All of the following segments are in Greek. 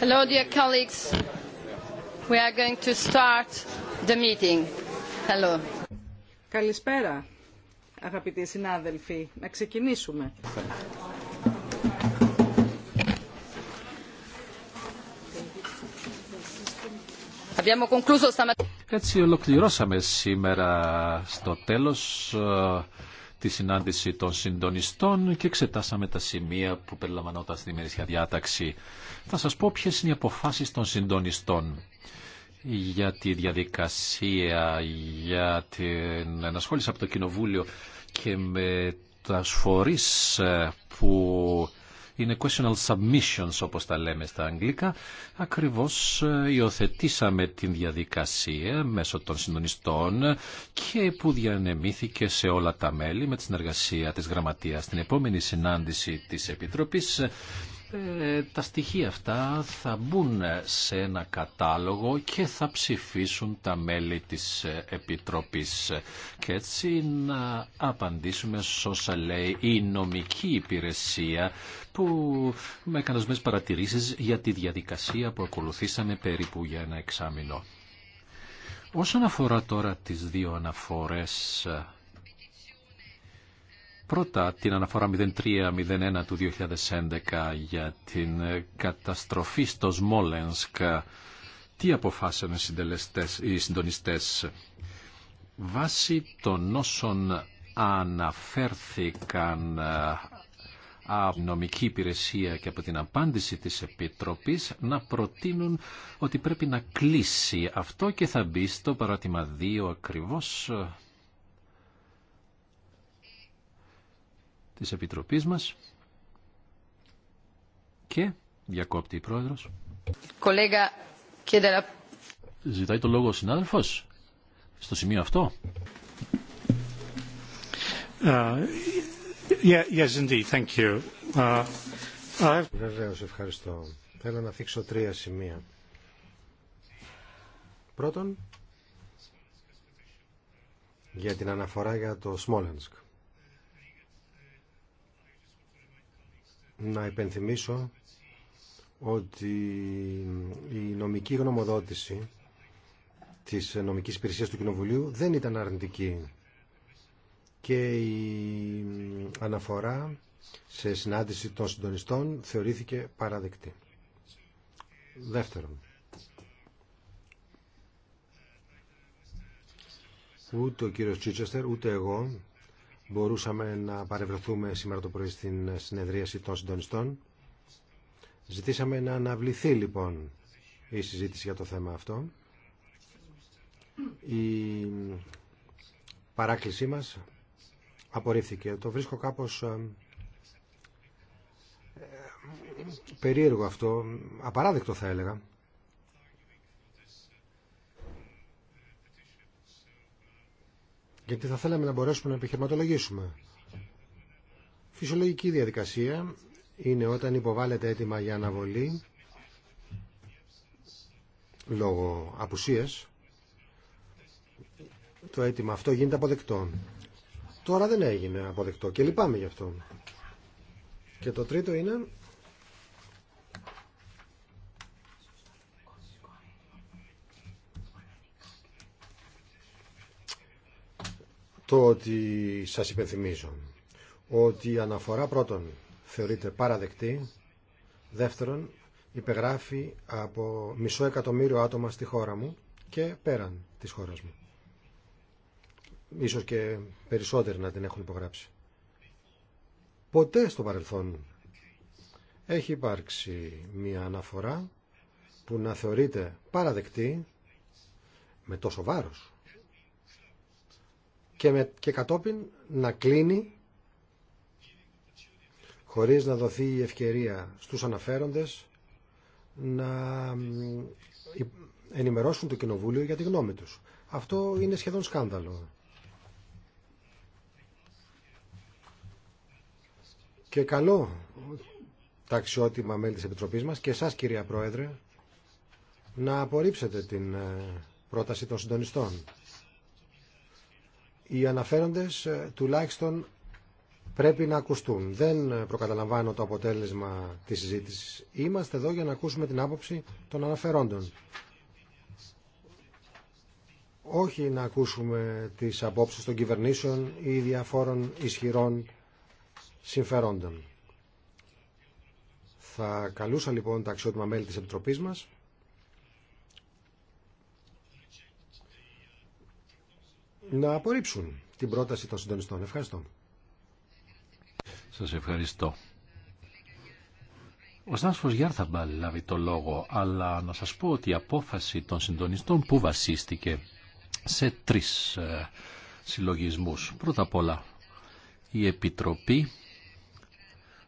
Hello, dear colleagues. We are going to start the meeting. Hello. Καλησπέρα, αγαπητοί συνάδελφοι. Να ξεκινήσουμε. Abbiamo concluso stamattina. Κάτι ολοκληρώσαμε σήμερα στο τέλος τη συνάντηση των συντονιστών και εξετάσαμε τα σημεία που περιλαμβανόταν στη ημερήσια διάταξη. Θα σας πω ποιες είναι οι αποφάσεις των συντονιστών για τη διαδικασία, για την ενασχόληση από το Κοινοβούλιο και με τα φορείς ε, που είναι questional submissions όπως τα λέμε στα αγγλικά. Ακριβώς ε, υιοθετήσαμε την διαδικασία μέσω των συντονιστών και που διανεμήθηκε σε όλα τα μέλη με τη συνεργασία της Γραμματείας. Στην επόμενη συνάντηση της Επιτροπής ε, τα στοιχεία αυτά θα μπουν σε ένα κατάλογο και θα ψηφίσουν τα μέλη της Επιτροπής. Και έτσι να απαντήσουμε σε όσα λέει η νομική υπηρεσία που με έκανε παρατηρήσεις για τη διαδικασία που ακολουθήσαμε περίπου για ένα εξάμηνο. Όσον αφορά τώρα τις δύο αναφορές Πρώτα την αναφορά 0301 του 2011 για την ε, καταστροφή στο Σμόλενσκ. Τι αποφάσισαν οι συντονιστές. Βάσει των όσων αναφέρθηκαν ε, από νομική υπηρεσία και από την απάντηση της Επιτροπής να προτείνουν ότι πρέπει να κλείσει αυτό και θα μπει στο παράτημα 2 ακριβώς ε, της Επιτροπής μας και διακόπτει η Πρόεδρος. Κολέγα, Ζητάει το λόγο ο συνάδελφος στο σημείο αυτό. Uh, uh ευχαριστώ. Θέλω να θίξω τρία σημεία. Πρώτον, για την αναφορά για το Σμόλενσκ. να υπενθυμίσω ότι η νομική γνωμοδότηση της νομικής υπηρεσία του Κοινοβουλίου δεν ήταν αρνητική και η αναφορά σε συνάντηση των συντονιστών θεωρήθηκε παραδεκτή. Δεύτερον, ούτε ο κύριος Τσίτσεστερ ούτε εγώ μπορούσαμε να παρευρεθούμε σήμερα το πρωί στην συνεδρίαση των συντονιστών. Ζητήσαμε να αναβληθεί λοιπόν η συζήτηση για το θέμα αυτό. Η παράκλησή μας απορρίφθηκε. Το βρίσκω κάπως ε, ε, περίεργο αυτό, απαράδεκτο θα έλεγα. γιατί θα θέλαμε να μπορέσουμε να επιχειρηματολογήσουμε. Φυσιολογική διαδικασία είναι όταν υποβάλλεται έτοιμα για αναβολή λόγω απουσίας. Το αίτημα αυτό γίνεται αποδεκτό. Τώρα δεν έγινε αποδεκτό και λυπάμαι γι' αυτό. Και το τρίτο είναι το ότι σας υπενθυμίζω ότι η αναφορά πρώτον θεωρείται παραδεκτή, δεύτερον υπεγράφει από μισό εκατομμύριο άτομα στη χώρα μου και πέραν της χώρας μου. Ίσως και περισσότεροι να την έχουν υπογράψει. Ποτέ στο παρελθόν έχει υπάρξει μια αναφορά που να θεωρείται παραδεκτή με τόσο βάρος και, κατόπιν να κλείνει χωρίς να δοθεί η ευκαιρία στους αναφέροντες να ενημερώσουν το Κοινοβούλιο για τη γνώμη τους. Αυτό είναι σχεδόν σκάνδαλο. Και καλό τα αξιότιμα μέλη της Επιτροπής μας και εσάς κυρία Πρόεδρε να απορρίψετε την ε, πρόταση των συντονιστών οι αναφέροντες ε, τουλάχιστον πρέπει να ακουστούν. Δεν προκαταλαμβάνω το αποτέλεσμα της συζήτησης. Είμαστε εδώ για να ακούσουμε την άποψη των αναφερόντων. Όχι να ακούσουμε τις απόψεις των κυβερνήσεων ή διαφόρων ισχυρών συμφερόντων. Θα καλούσα λοιπόν τα αξιότιμα μέλη της Επιτροπής μας να απορρίψουν την πρόταση των συντονιστών. Ευχαριστώ. Σας ευχαριστώ. Ο Στάσφος Γιάρ θα λάβει το λόγο, αλλά να σας πω ότι η απόφαση των συντονιστών που βασίστηκε σε τρεις ε, συλλογισμούς. Πρώτα απ' όλα, η Επιτροπή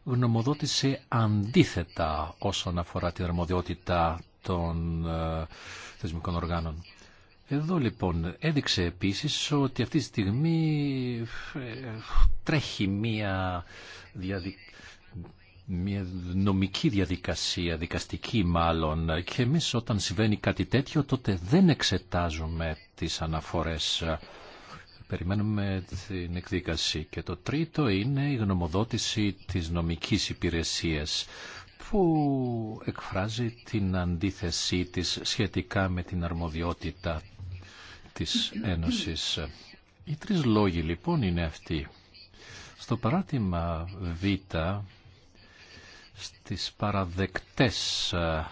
γνωμοδότησε αντίθετα όσον αφορά την αρμοδιότητα των ε, θεσμικών οργάνων. Εδώ λοιπόν έδειξε επίσης ότι αυτή τη στιγμή τρέχει μία, διαδικ... μία νομική διαδικασία, δικαστική μάλλον και εμείς όταν συμβαίνει κάτι τέτοιο τότε δεν εξετάζουμε τις αναφορές. Περιμένουμε την εκδίκαση. Και το τρίτο είναι η γνωμοδότηση της νομικής υπηρεσίας που εκφράζει την αντίθεσή της σχετικά με την αρμοδιότητα της Ένωσης. Οι τρεις λόγοι λοιπόν είναι αυτοί. Στο παράτημα Β, στις παραδεκτές ε,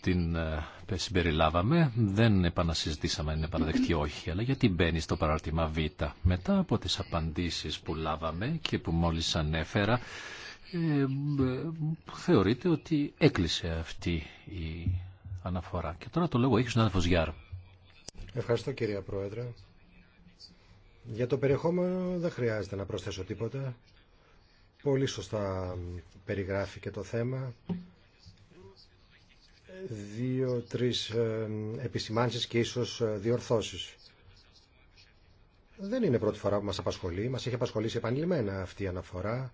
την ε, συμπεριλάβαμε, δεν επανασυζητήσαμε αν είναι παραδεκτή όχι, αλλά γιατί μπαίνει στο παράρτημα Β. Μετά από τις απαντήσεις που λάβαμε και που μόλις ανέφερα, ε, ε θεωρείται ότι έκλεισε αυτή η αναφορά. Και τώρα το λόγο έχει ο συνάδελφο Γιάρο. Ευχαριστώ κυρία Πρόεδρε. Για το περιεχόμενο δεν χρειάζεται να προσθέσω τίποτα. Πολύ σωστά περιγράφει το θέμα. Δύο-τρεις ε, επισημάνσεις και ίσως ε, διορθώσεις. Δεν είναι πρώτη φορά που μας απασχολεί. Μας έχει απασχολήσει επανειλημμένα αυτή η αναφορά.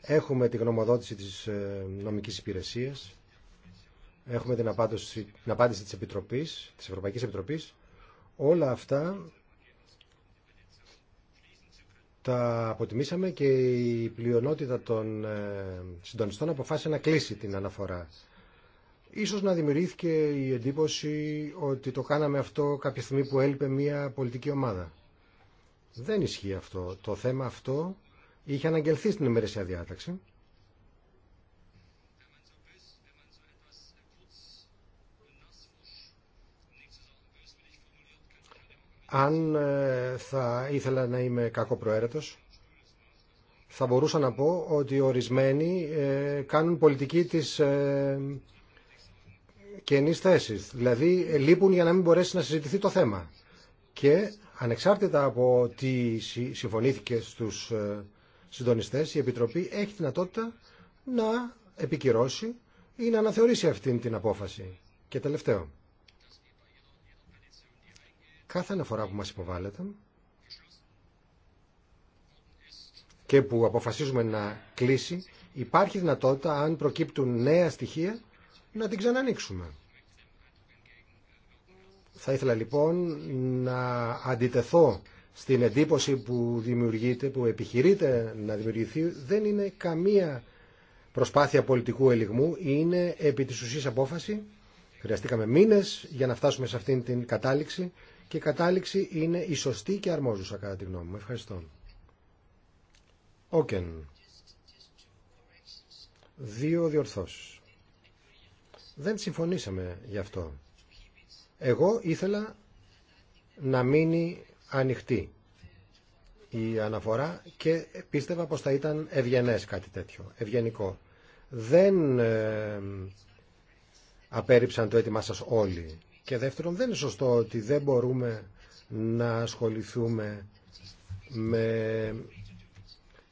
Έχουμε τη γνωμοδότηση της ε, νομικής υπηρεσίας έχουμε την απάντηση, την απάντηση της, Επιτροπής, της Ευρωπαϊκής Επιτροπής. Όλα αυτά τα αποτιμήσαμε και η πλειονότητα των ε, συντονιστών αποφάσισε να κλείσει την αναφορά. Ίσως να δημιουργήθηκε η εντύπωση ότι το κάναμε αυτό κάποια στιγμή που έλειπε μια πολιτική ομάδα. Δεν ισχύει αυτό. Το θέμα αυτό είχε αναγγελθεί στην ημερήσια διάταξη. Αν ε, θα ήθελα να είμαι προέρετος, θα μπορούσα να πω ότι ορισμένοι ε, κάνουν πολιτική της ε, καινής θέσης. Δηλαδή λείπουν για να μην μπορέσει να συζητηθεί το θέμα. Και ανεξάρτητα από τι συμφωνήθηκε στους συντονιστές, η Επιτροπή έχει δυνατότητα να επικυρώσει ή να αναθεωρήσει αυτήν την απόφαση. Και τελευταίο κάθε αναφορά που μας υποβάλλεται και που αποφασίζουμε να κλείσει, υπάρχει δυνατότητα, αν προκύπτουν νέα στοιχεία, να την ξανανοίξουμε. Θα ήθελα λοιπόν να αντιτεθώ στην εντύπωση που δημιουργείται, που επιχειρείται να δημιουργηθεί, δεν είναι καμία προσπάθεια πολιτικού ελιγμού, είναι επί της ουσίας απόφαση. Χρειαστήκαμε μήνες για να φτάσουμε σε αυτήν την κατάληξη και η κατάληξη είναι η σωστή και αρμόζουσα κατά τη γνώμη μου. Ευχαριστώ. Όκεν. Δύο διορθώσεις. Δεν συμφωνήσαμε γι' αυτό. Εγώ ήθελα να μείνει ανοιχτή η αναφορά και πίστευα πως θα ήταν ευγενές κάτι τέτοιο, ευγενικό. Δεν ε, απέρριψαν το έτοιμά σας όλοι. Και δεύτερον, δεν είναι σωστό ότι δεν μπορούμε να ασχοληθούμε με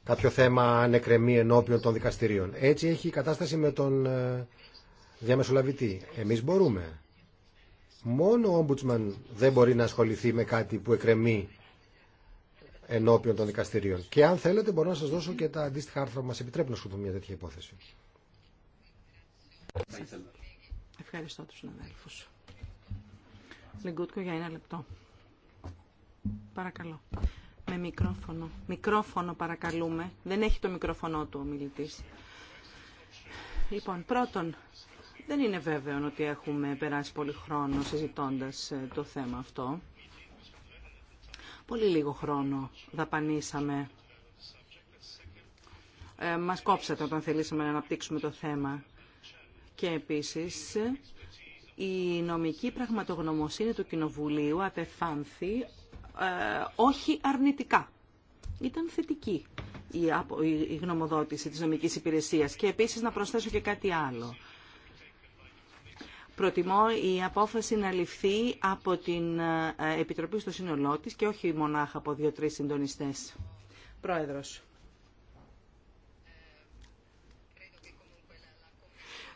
κάποιο θέμα ανεκρεμή ενώπιον των δικαστηρίων. Έτσι έχει η κατάσταση με τον ε, διαμεσολαβητή. Εμείς μπορούμε. Μόνο ο Ombudsman δεν μπορεί να ασχοληθεί με κάτι που εκρεμεί ενώπιον των δικαστηρίων. Και αν θέλετε μπορώ να σας δώσω και τα αντίστοιχα άρθρα που μας επιτρέπουν να ασχοληθούμε μια τέτοια υπόθεση. Ευχαριστώ τους αδελφούς. Λιγκούτκο για ένα λεπτό. Παρακαλώ. Με μικρόφωνο. Μικρόφωνο παρακαλούμε. Δεν έχει το μικρόφωνο του ο μιλητής. Λοιπόν, πρώτον, δεν είναι βέβαιο ότι έχουμε περάσει πολύ χρόνο συζητώντας ε, το θέμα αυτό. Πολύ λίγο χρόνο δαπανίσαμε. Ε, μας κόψατε όταν θελήσαμε να αναπτύξουμε το θέμα. Και επίσης, η νομική πραγματογνωμοσύνη του Κοινοβουλίου απεφάνθη ε, όχι αρνητικά. Ήταν θετική η, απο, η γνωμοδότηση της νομικής υπηρεσίας. Και επίσης να προσθέσω και κάτι άλλο. Προτιμώ η απόφαση να ληφθεί από την ε, Επιτροπή στο σύνολό της και όχι μονάχα από δύο-τρεις συντονιστές. Πρόεδρος.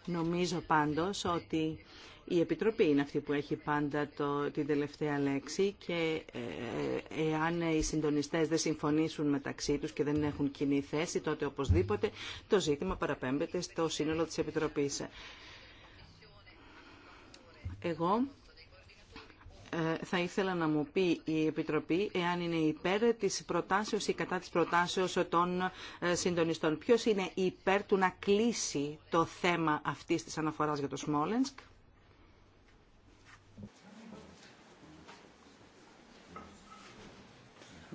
Νομίζω πάντως ότι η Επιτροπή είναι αυτή που έχει πάντα το, την τελευταία λέξη και ε, ε, εάν οι συντονιστές δεν συμφωνήσουν μεταξύ τους και δεν έχουν κοινή θέση, τότε οπωσδήποτε το ζήτημα παραπέμπεται στο σύνολο της Επιτροπής. Εγώ ε, θα ήθελα να μου πει η Επιτροπή εάν είναι υπέρ της προτάσεως ή κατά της προτάσεως των συντονιστών. Ποιος είναι υπέρ του να κλείσει το θέμα αυτής της αναφοράς για το Σμόλενσκ.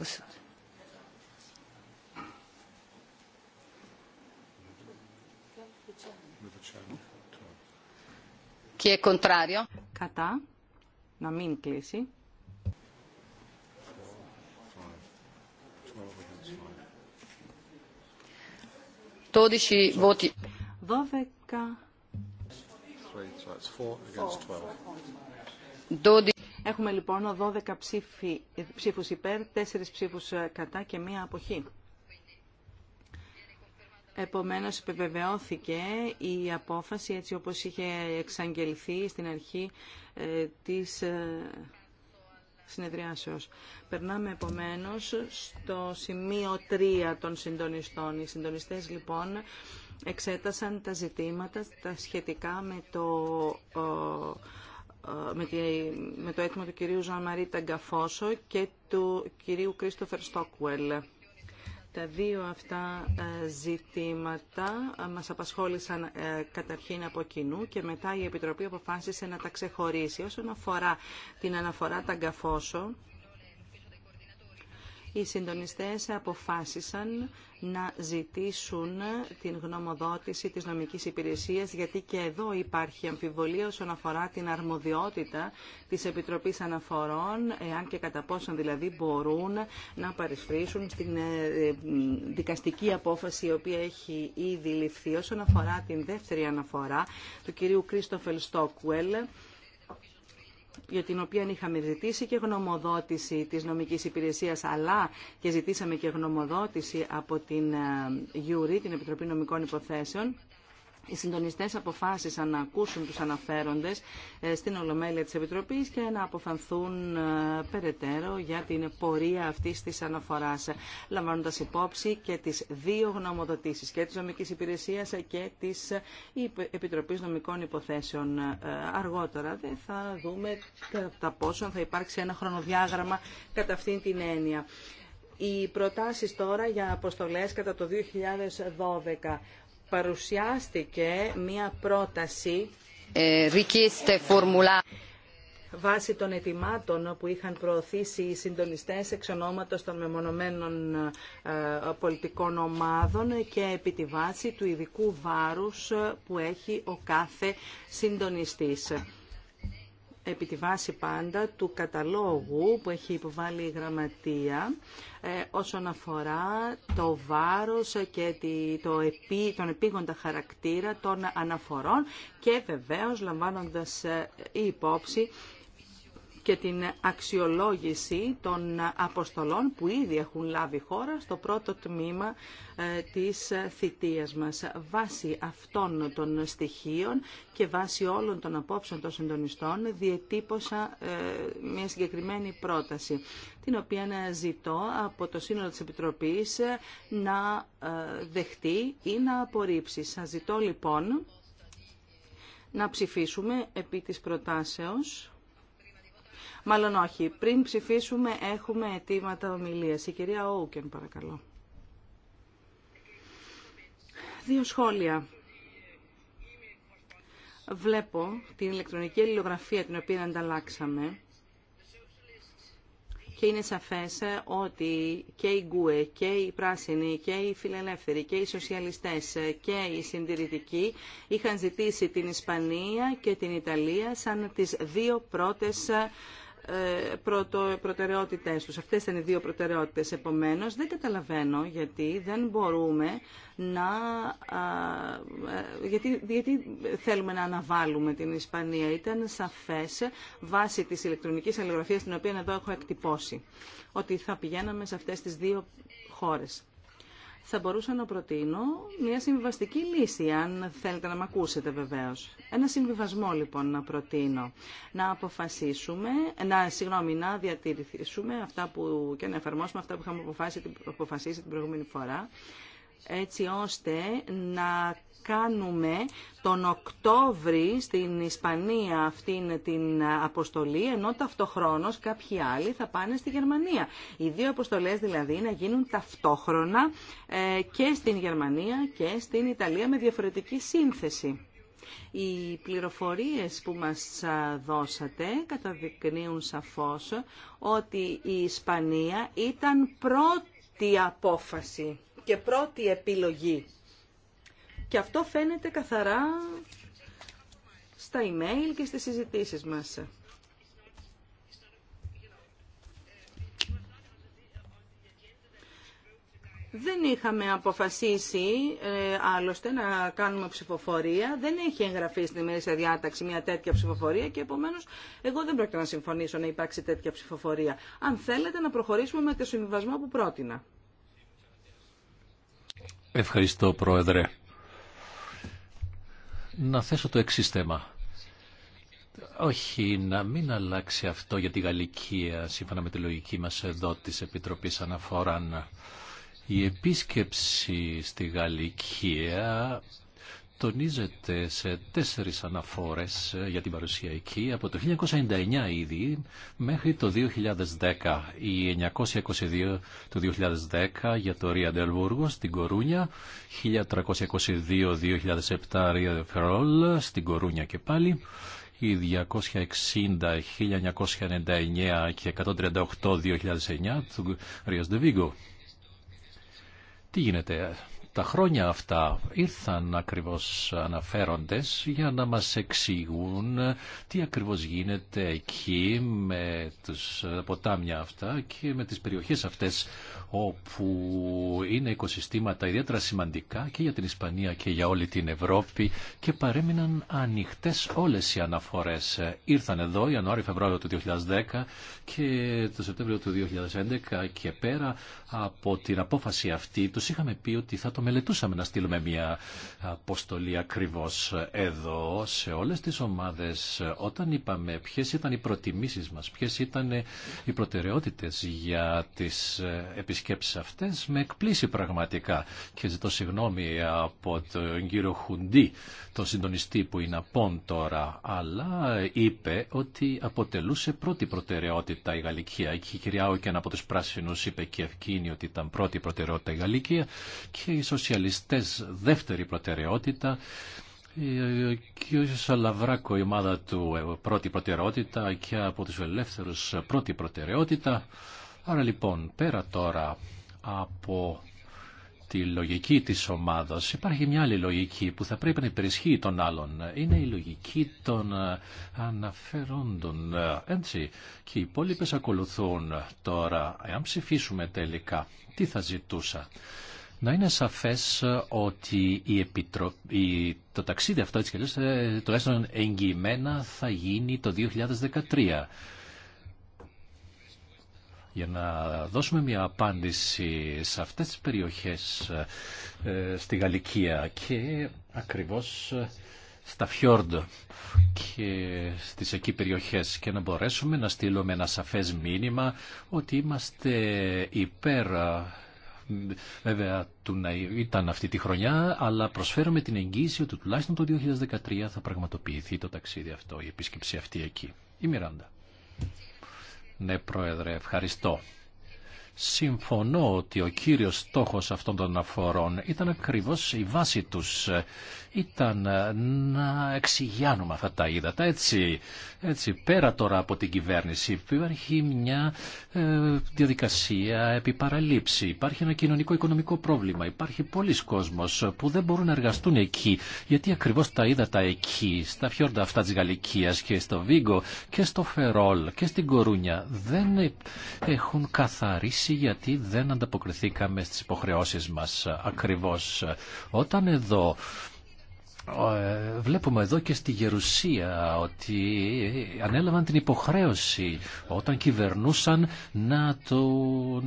Πώς... Και κοντράριο. Κατά. Να μην κλείσει. Τόδηση βότη. Δώδεκα. Έχουμε λοιπόν 12 ψήφου ψήφους υπέρ, 4 ψήφους ε, κατά και μία αποχή. Επομένως, επιβεβαιώθηκε η απόφαση έτσι όπως είχε εξαγγελθεί στην αρχή ε, της ε, συνεδριάσεως. Περνάμε επομένως στο σημείο 3 των συντονιστών. Οι συντονιστές λοιπόν εξέτασαν τα ζητήματα τα σχετικά με το με, το αίτημα του κυρίου Ζωάν Μαρί Ταγκαφόσο και του κυρίου Κρίστοφερ Στόκουελ. Τα δύο αυτά ε, ζητήματα ε, μας απασχόλησαν ε, καταρχήν από κοινού και μετά η Επιτροπή αποφάσισε να τα ξεχωρίσει. Όσον αφορά την αναφορά Ταγκαφόσο, οι συντονιστές αποφάσισαν να ζητήσουν την γνωμοδότηση της νομικής υπηρεσίας, γιατί και εδώ υπάρχει αμφιβολία όσον αφορά την αρμοδιότητα της Επιτροπής Αναφορών, εάν και κατά πόσον δηλαδή μπορούν να παρισφρήσουν στην ε, ε, δικαστική απόφαση η οποία έχει ήδη ληφθεί όσον αφορά την δεύτερη αναφορά του κυρίου Κρίστοφελ Στόκουελ για την οποία είχαμε ζητήσει και γνωμοδότηση της νομικής υπηρεσίας, αλλά και ζητήσαμε και γνωμοδότηση από την ε, Γιούρη, την Επιτροπή Νομικών Υποθέσεων, οι συντονιστέ αποφάσισαν να ακούσουν του αναφέροντε ε, στην Ολομέλεια τη Επιτροπή και να αποφανθούν ε, περαιτέρω για την πορεία αυτή τη αναφορά, ε, λαμβάνοντα υπόψη και τις δύο γνωμοδοτήσει και τη νομική Υπηρεσία και τη επιτροπή Νομικών Υποθέσεων. Αργότερα δεν θα δούμε κατά πόσο θα υπάρξει ένα χρονοδιάγραμμα κατά αυτήν την έννοια οι προτάσεις τώρα για αποστολές κατά το 2012 παρουσιάστηκε μία πρόταση ε, βάσει των ετοιμάτων που είχαν προωθήσει οι συντονιστές εξ ονόματος των μεμονωμένων ε, πολιτικών ομάδων και επί τη βάση του ειδικού βάρους που έχει ο κάθε συντονιστής επί τη βάση πάντα του καταλόγου που έχει υποβάλει η Γραμματεία ε, όσον αφορά το βάρος και το επί, τον επίγοντα χαρακτήρα των αναφορών και βεβαίως λαμβάνοντας ε, υπόψη και την αξιολόγηση των αποστολών που ήδη έχουν λάβει χώρα στο πρώτο τμήμα ε, της θητείας μας. Βάσει αυτών των στοιχείων και βάσει όλων των απόψεων των συντονιστών διετύπωσα ε, μια συγκεκριμένη πρόταση την οποία ζητώ από το σύνολο της Επιτροπής ε, να δεχτεί ή να απορρίψει. Σας ζητώ λοιπόν να ψηφίσουμε επί της προτάσεως Μάλλον όχι. Πριν ψηφίσουμε έχουμε αιτήματα ομιλία. Η κυρία Όουκεν παρακαλώ. Δύο σχόλια. Βλέπω την ηλεκτρονική αλληλογραφία την οποία ανταλλάξαμε και είναι σαφές ότι και οι γκουε και οι πράσινοι και οι φιλελεύθεροι και οι σοσιαλιστές και οι συντηρητικοί είχαν ζητήσει την Ισπανία και την Ιταλία σαν τις δύο πρώτες ε, πρωτο, προτεραιότητές τους. Αυτές είναι οι δύο προτεραιότητες. Επομένως, δεν καταλαβαίνω γιατί δεν μπορούμε να... Ε, γιατί, γιατί θέλουμε να αναβάλουμε την Ισπανία. Ήταν σαφές βάσει της ηλεκτρονικής αλληλογραφία, την οποία εδώ έχω εκτυπώσει ότι θα πηγαίναμε σε αυτές τις δύο χώρες θα μπορούσα να προτείνω μια συμβιβαστική λύση, αν θέλετε να με ακούσετε βεβαίως. Ένα συμβιβασμό λοιπόν να προτείνω. Να αποφασίσουμε, να, συγγνώμη, να διατηρήσουμε αυτά που, και να εφαρμόσουμε αυτά που είχαμε αποφασίσει την προηγούμενη φορά, έτσι ώστε να κάνουμε τον Οκτώβρη στην Ισπανία αυτή την αποστολή, ενώ ταυτοχρόνως κάποιοι άλλοι θα πάνε στη Γερμανία. Οι δύο αποστολές δηλαδή να γίνουν ταυτόχρονα ε, και στην Γερμανία και στην Ιταλία με διαφορετική σύνθεση. Οι πληροφορίες που μας δώσατε καταδεικνύουν σαφώς ότι η Ισπανία ήταν πρώτη απόφαση και πρώτη επιλογή. Και αυτό φαίνεται καθαρά στα email και στις συζητήσεις μας. Δεν είχαμε αποφασίσει ε, άλλωστε να κάνουμε ψηφοφορία. Δεν έχει εγγραφεί στην ημερήσια διάταξη μια τέτοια ψηφοφορία και επομένω εγώ δεν πρόκειται να συμφωνήσω να υπάρξει τέτοια ψηφοφορία. Αν θέλετε να προχωρήσουμε με το συμβιβασμό που πρότεινα. Ευχαριστώ Πρόεδρε να θέσω το εξή θέμα. Όχι, να μην αλλάξει αυτό για τη Γαλλικία, σύμφωνα με τη λογική μας εδώ της Επιτροπής Αναφοράν. Η επίσκεψη στη Γαλλικία τονίζεται σε τέσσερις αναφόρες ε, για την παρουσία εκεί από το 1999 ήδη μέχρι το 2010 ή 922 το 2010 για το Ρία Ντελβούργο στην Κορούνια 1322-2007 Ρία Φερόλ στην Κορούνια και πάλι η 260 1999 και 138 2009 του Ρίος Ντεβίγκο Τι γίνεται τα χρόνια αυτά ήρθαν ακριβώς αναφέροντες για να μας εξηγούν τι ακριβώς γίνεται εκεί με τους ποτάμια αυτά και με τις περιοχές αυτές όπου είναι οικοσυστήματα ιδιαίτερα σημαντικά και για την Ισπανία και για όλη την Ευρώπη και παρέμειναν ανοιχτές όλες οι αναφορές. Ήρθαν εδώ Ιανουάριο-Φεβρουάριο του 2010 και το Σεπτέμβριο του 2011 και πέρα από την απόφαση αυτή τους είχαμε πει ότι θα το μελετούσαμε να στείλουμε μια αποστολή ακριβώς εδώ σε όλες τις ομάδες όταν είπαμε ποιες ήταν οι προτιμήσεις μας, ποιες ήταν οι προτεραιότητες για τις επισκέψεις αυτές με εκπλήσει πραγματικά και ζητώ συγγνώμη από τον κύριο Χουντή τον συντονιστή που είναι απόν τώρα αλλά είπε ότι αποτελούσε πρώτη προτεραιότητα η Γαλλικία και η κυρία από τους πράσινους είπε και ευκίνη ότι ήταν πρώτη προτεραιότητα η Γαλλικία και σοσιαλιστές δεύτερη προτεραιότητα ε, και ο Σαλαβράκο η ομάδα του ε, πρώτη προτεραιότητα και από τους ελεύθερους ε, πρώτη προτεραιότητα. Άρα λοιπόν πέρα τώρα από τη λογική της ομάδας υπάρχει μια άλλη λογική που θα πρέπει να υπερισχύει των άλλων. Είναι η λογική των αναφερόντων. Έτσι. Και οι υπόλοιπε ακολουθούν τώρα. Εάν ψηφίσουμε τελικά, τι θα ζητούσα να είναι σαφές ε, ότι η Επιτρο... το ταξίδι αυτό έτσι και ε, τουλάχιστον εγγυημένα θα γίνει το 2013 για να δώσουμε μια απάντηση σε αυτές τις περιοχές ε, στη Γαλλικία και ακριβώς στα φιόρντ και στις εκεί περιοχές και να μπορέσουμε να στείλουμε ένα σαφές μήνυμα ότι είμαστε υπέρ Βέβαια του να ήταν αυτή τη χρονιά, αλλά προσφέρουμε την εγγύηση ότι τουλάχιστον το 2013 θα πραγματοποιηθεί το ταξίδι αυτό, η επίσκεψη αυτή εκεί. Η Μιράντα. Ναι, Πρόεδρε, ευχαριστώ. Συμφωνώ ότι ο κύριος στόχος αυτών των αφορών ήταν ακριβώς η βάση τους. Ήταν ε, να εξηγιάνουμε αυτά τα ύδατα. Έτσι, έτσι πέρα τώρα από την κυβέρνηση υπάρχει μια ε, διαδικασια επιπαραληψη παραλήψη. Υπάρχει ένα κοινωνικό-οικονομικό πρόβλημα. Υπάρχει πολλοί κόσμος που δεν μπορούν να εργαστούν εκεί. Γιατί ακριβώς τα ύδατα εκεί, στα φιόρντα αυτά της Γαλλικίας και στο Βίγκο και στο Φερόλ και στην Κορούνια δεν ε, έχουν καθαρίσει γιατί δεν ανταποκριθήκαμε στις υποχρεώσεις μας ακριβώς. Όταν εδώ ε, βλέπουμε εδώ και στη Γερουσία ότι ανέλαβαν την υποχρέωση όταν κυβερνούσαν να, το,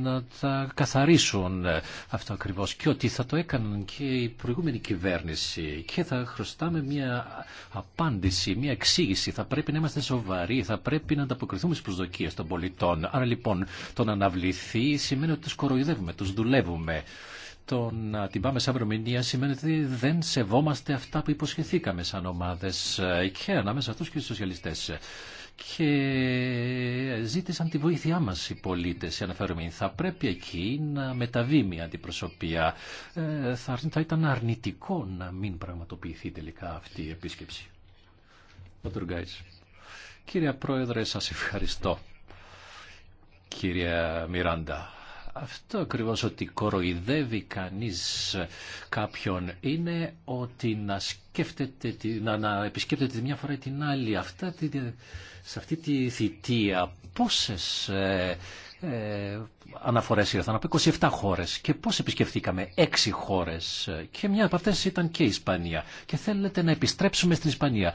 να τα καθαρίσουν αυτό ακριβώς και ότι θα το έκαναν και η προηγούμενη κυβέρνηση και θα χρωστάμε μια απάντηση, μια εξήγηση. Θα πρέπει να είμαστε σοβαροί, θα πρέπει να ανταποκριθούμε στις προσδοκίες των πολιτών. Άρα λοιπόν το να αναβληθεί σημαίνει ότι τους κοροϊδεύουμε, τους δουλεύουμε το να την πάμε σαν προμηνία σημαίνει ότι δεν σεβόμαστε αυτά που υποσχεθήκαμε σαν ομάδες ε, και ανάμεσα αυτούς και στους σοσιαλιστές και ζήτησαν τη βοήθειά μας οι πολίτες οι αναφερόμενοι. Θα πρέπει εκεί να μεταβεί μια αντιπροσωπεία. Ε, θα, θα ήταν αρνητικό να μην πραγματοποιηθεί τελικά αυτή η επίσκεψη. Ο Κύριε Πρόεδρε, σας ευχαριστώ. Κύριε Μιράντα, αυτό ακριβώ ότι κοροϊδεύει κανείς κάποιον είναι ότι να σκέφτεται, να, να επισκέπτεται μια φορά την άλλη. Αυτά, σε αυτή τη θητεία πόσες ε, ε, αναφορές ήρθαν από 27 χώρες και πώς επισκεφθήκαμε 6 χώρες και μια από αυτές ήταν και η Ισπανία και θέλετε να επιστρέψουμε στην Ισπανία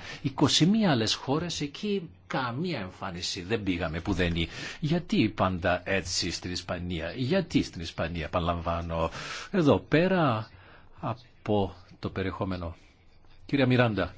21 άλλες χώρες εκεί καμία εμφάνιση δεν πήγαμε που δεν είναι γιατί πάντα έτσι στην Ισπανία γιατί στην Ισπανία επαναλαμβάνω εδώ πέρα από το περιεχόμενο κυρία Μιράντα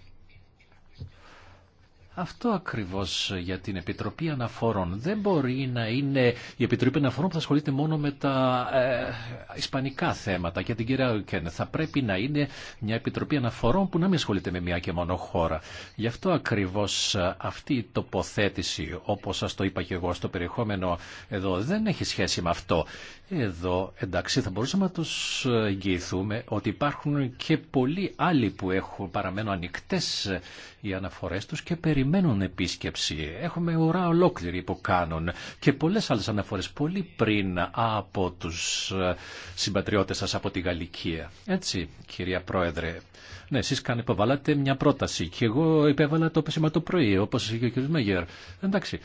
αυτό ακριβώς για την Επιτροπή Αναφορών. Δεν μπορεί να είναι η Επιτροπή Αναφορών που θα ασχολείται μόνο με τα ε, ισπανικά θέματα και την κυρία Θα πρέπει να είναι μια Επιτροπή Αναφορών που να μην ασχολείται με μια και μόνο χώρα. Γι' αυτό ακριβώς ε, αυτή η τοποθέτηση, όπως σας το είπα και εγώ στο περιεχόμενο εδώ, δεν έχει σχέση με αυτό. Εδώ εντάξει θα μπορούσαμε να τους εγγυηθούμε ότι υπάρχουν και πολλοί άλλοι που έχουν, παραμένουν ανοιχτές οι αναφορές τους και περιμένουν επίσκεψη. Έχουμε ουρά ολόκληρη που κάνουν και πολλές άλλες αναφορές πολύ πριν από τους συμπατριώτες σας από τη Γαλλικία. Έτσι κυρία Πρόεδρε. Ναι, εσείς καν υποβάλατε μια πρόταση και εγώ υπέβαλα το πεσήμα το πρωί όπως είχε ο κ. Μέγερ. Εντάξει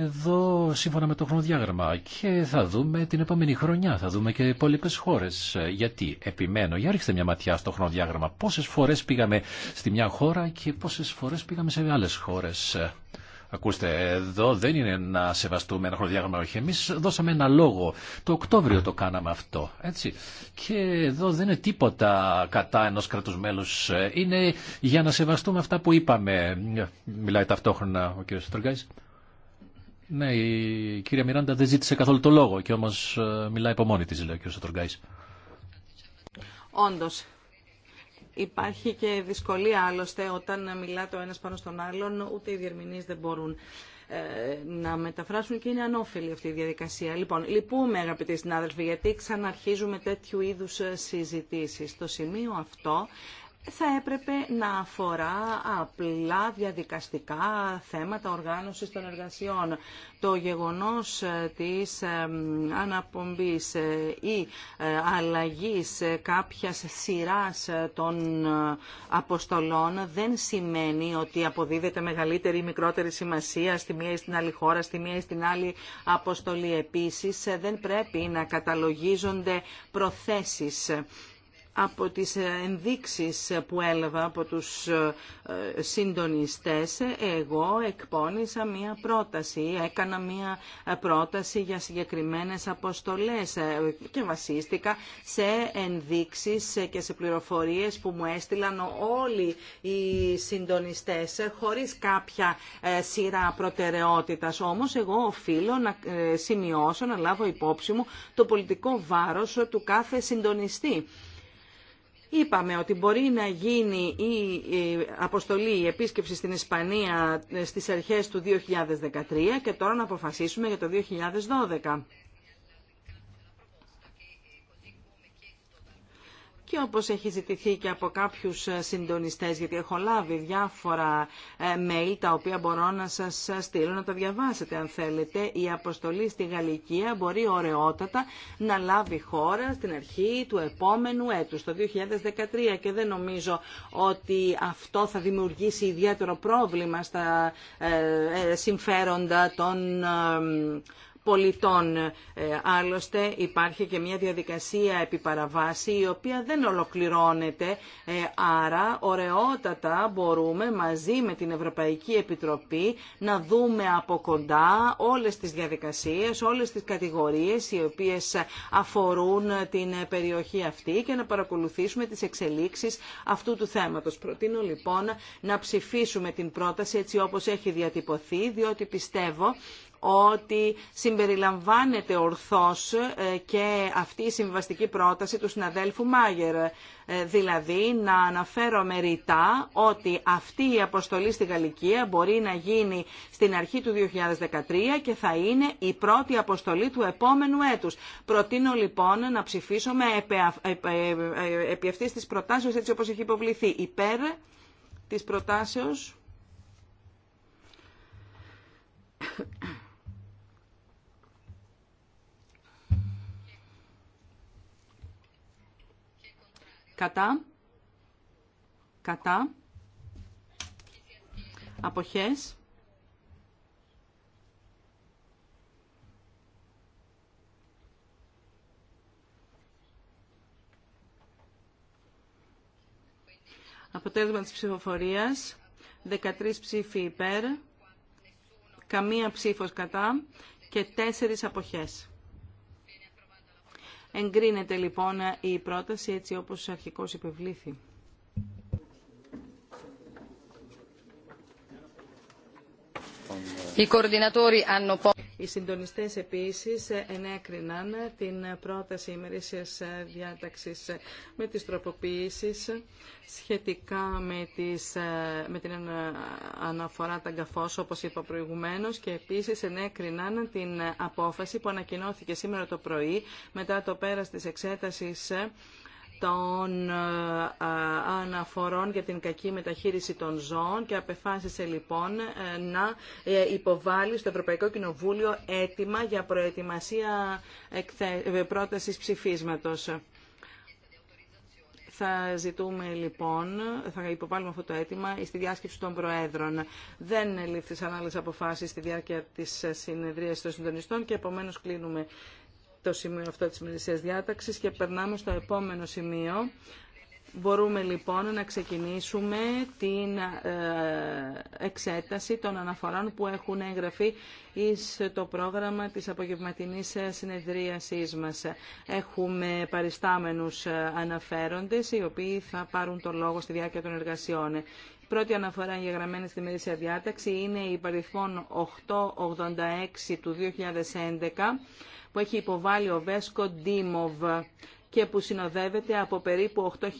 εδώ σύμφωνα με το χρονοδιάγραμμα και θα δούμε την επόμενη χρονιά, θα δούμε και υπόλοιπε χώρε. Γιατί, επιμένω, για ρίξτε μια ματιά στο χρονοδιάγραμμα. Πόσε φορέ πήγαμε στη μια χώρα και πόσε φορέ πήγαμε σε άλλε χώρε. Ακούστε, εδώ δεν είναι να σεβαστούμε ένα χρονοδιάγραμμα, όχι. Εμεί δώσαμε ένα λόγο. Το Οκτώβριο το κάναμε αυτό. Έτσι. Και εδώ δεν είναι τίποτα κατά ενό κράτου μέλου. Είναι για να σεβαστούμε αυτά που είπαμε. Μιλάει ταυτόχρονα ο κ. Στρογγάη. Ναι, η κυρία Μιράντα δεν ζήτησε καθόλου το λόγο και όμως ε, μιλάει από μόνη της, λέει ο κ. Σατρογκάης. Όντως, υπάρχει και δυσκολία άλλωστε όταν μιλά το ένας πάνω στον άλλον, ούτε οι διερμηνείς δεν μπορούν ε, να μεταφράσουν και είναι ανώφελη αυτή η διαδικασία. Λοιπόν, λυπούμε αγαπητοί συνάδελφοι γιατί ξαναρχίζουμε τέτοιου είδους ε, συζητήσεις. Στο σημείο αυτό θα έπρεπε να αφορά απλά διαδικαστικά θέματα οργάνωσης των εργασιών. Το γεγονός ε, της ε, αναπομπής ε, ή αλλαγής κάποιας σειράς των αποστολών δεν σημαίνει ότι αποδίδεται μεγαλύτερη ή μικρότερη σημασία στη μία ή στην άλλη χώρα, στη μία ή στην άλλη αποστολή. Επίσης, δεν πρέπει να καταλογίζονται προθέσεις από τις ενδείξεις που έλαβα από τους ε, συντονιστές, εγώ εκπώνησα μία πρόταση, έκανα μία ε, πρόταση για συγκεκριμένες αποστολές ε, και βασίστηκα σε ενδείξεις και σε πληροφορίες που μου έστειλαν όλοι οι συντονιστές, χωρίς κάποια σειρά προτεραιότητας. Όμως εγώ οφείλω να σημειώσω, να λάβω υπόψη μου το πολιτικό βάρος του κάθε συντονιστή. Είπαμε ότι μπορεί να γίνει η αποστολή, η επίσκεψη στην Ισπανία ε, στις αρχές του 2013 και τώρα να αποφασίσουμε για το 2012. και όπως έχει ζητηθεί και από κάποιους ε, συντονιστές, γιατί έχω λάβει διάφορα ε, mail τα οποία μπορώ να σας ε, στείλω να τα διαβάσετε αν θέλετε. Η αποστολή στη Γαλλικία μπορεί ωραιότατα να λάβει χώρα στην αρχή του επόμενου έτους, το 2013 και δεν νομίζω ότι αυτό θα δημιουργήσει ιδιαίτερο πρόβλημα στα συμφέροντα των πολιτών. Ε, άλλωστε υπάρχει και μια διαδικασία επιπαραβάση η οποία δεν ολοκληρώνεται, ε, άρα ωραιότατα μπορούμε μαζί με την Ευρωπαϊκή Επιτροπή να δούμε από κοντά όλες τις διαδικασίες, όλες τις κατηγορίες οι οποίες αφορούν την περιοχή αυτή και να παρακολουθήσουμε τις εξελίξεις αυτού του θέματος. Προτείνω λοιπόν να ψηφίσουμε την πρόταση έτσι όπως έχει διατυπωθεί, διότι πιστεύω ότι συμπεριλαμβάνεται ορθώς ε, και αυτή η συμβαστική πρόταση του συναδέλφου Μάγερ. Ε, δηλαδή να αναφέρω ρητά ότι αυτή η αποστολή στη Γαλλικία μπορεί να γίνει στην αρχή του 2013 και θα είναι η πρώτη αποστολή του επόμενου έτους. Προτείνω λοιπόν να ψηφίσουμε επί αυτής ε, της προτάσεως έτσι όπως έχει υποβληθεί υπέρ της προτάσεως κατά, κατά, αποχές, Αποτέλεσμα της ψηφοφορίας, 13 ψήφοι υπέρ, καμία ψήφος κατά και 4 αποχές. Εγκρίνεται λοιπόν η πρόταση έτσι όπως αρχικώς υπευλήθη. Οι οι συντονιστές επίσης ενέκριναν την πρόταση ημερήσιας διάταξης με τις τροποποιήσεις σχετικά με, τις, με την αναφορά ταγκαφός όπως είπα προηγουμένως και επίσης ενέκριναν την απόφαση που ανακοινώθηκε σήμερα το πρωί μετά το πέρας της εξέτασης των ε, αναφορών για την κακή μεταχείριση των ζώων και απεφάσισε λοιπόν ε, να ε, υποβάλει στο Ευρωπαϊκό Κοινοβούλιο έτοιμα για προετοιμασία πρότασης ψηφίσματος. Θα ζητούμε λοιπόν, θα υποβάλουμε αυτό το αίτημα στη διάσκεψη των Προέδρων. Δεν λήφθησαν άλλε αποφάσει στη διάρκεια τη συνεδρία των συντονιστών και επομένω κλείνουμε το σημείο αυτό της μερισίας διάταξης και περνάμε στο επόμενο σημείο. Μπορούμε λοιπόν να ξεκινήσουμε την ε, εξέταση των αναφορών που έχουν εγγραφεί εις το πρόγραμμα της απογευματινής συνεδρίασής μας. Έχουμε παριστάμενους ε, αναφέροντες οι οποίοι θα πάρουν το λόγο στη διάρκεια των εργασιών. η Πρώτη αναφορά εγγεγραμμένη στη μερίσια διάταξη είναι η παριθμόν 886 του 2011 που έχει υποβάλει ο Βέσκο Ντίμοβ και που συνοδεύεται από περίπου 8.000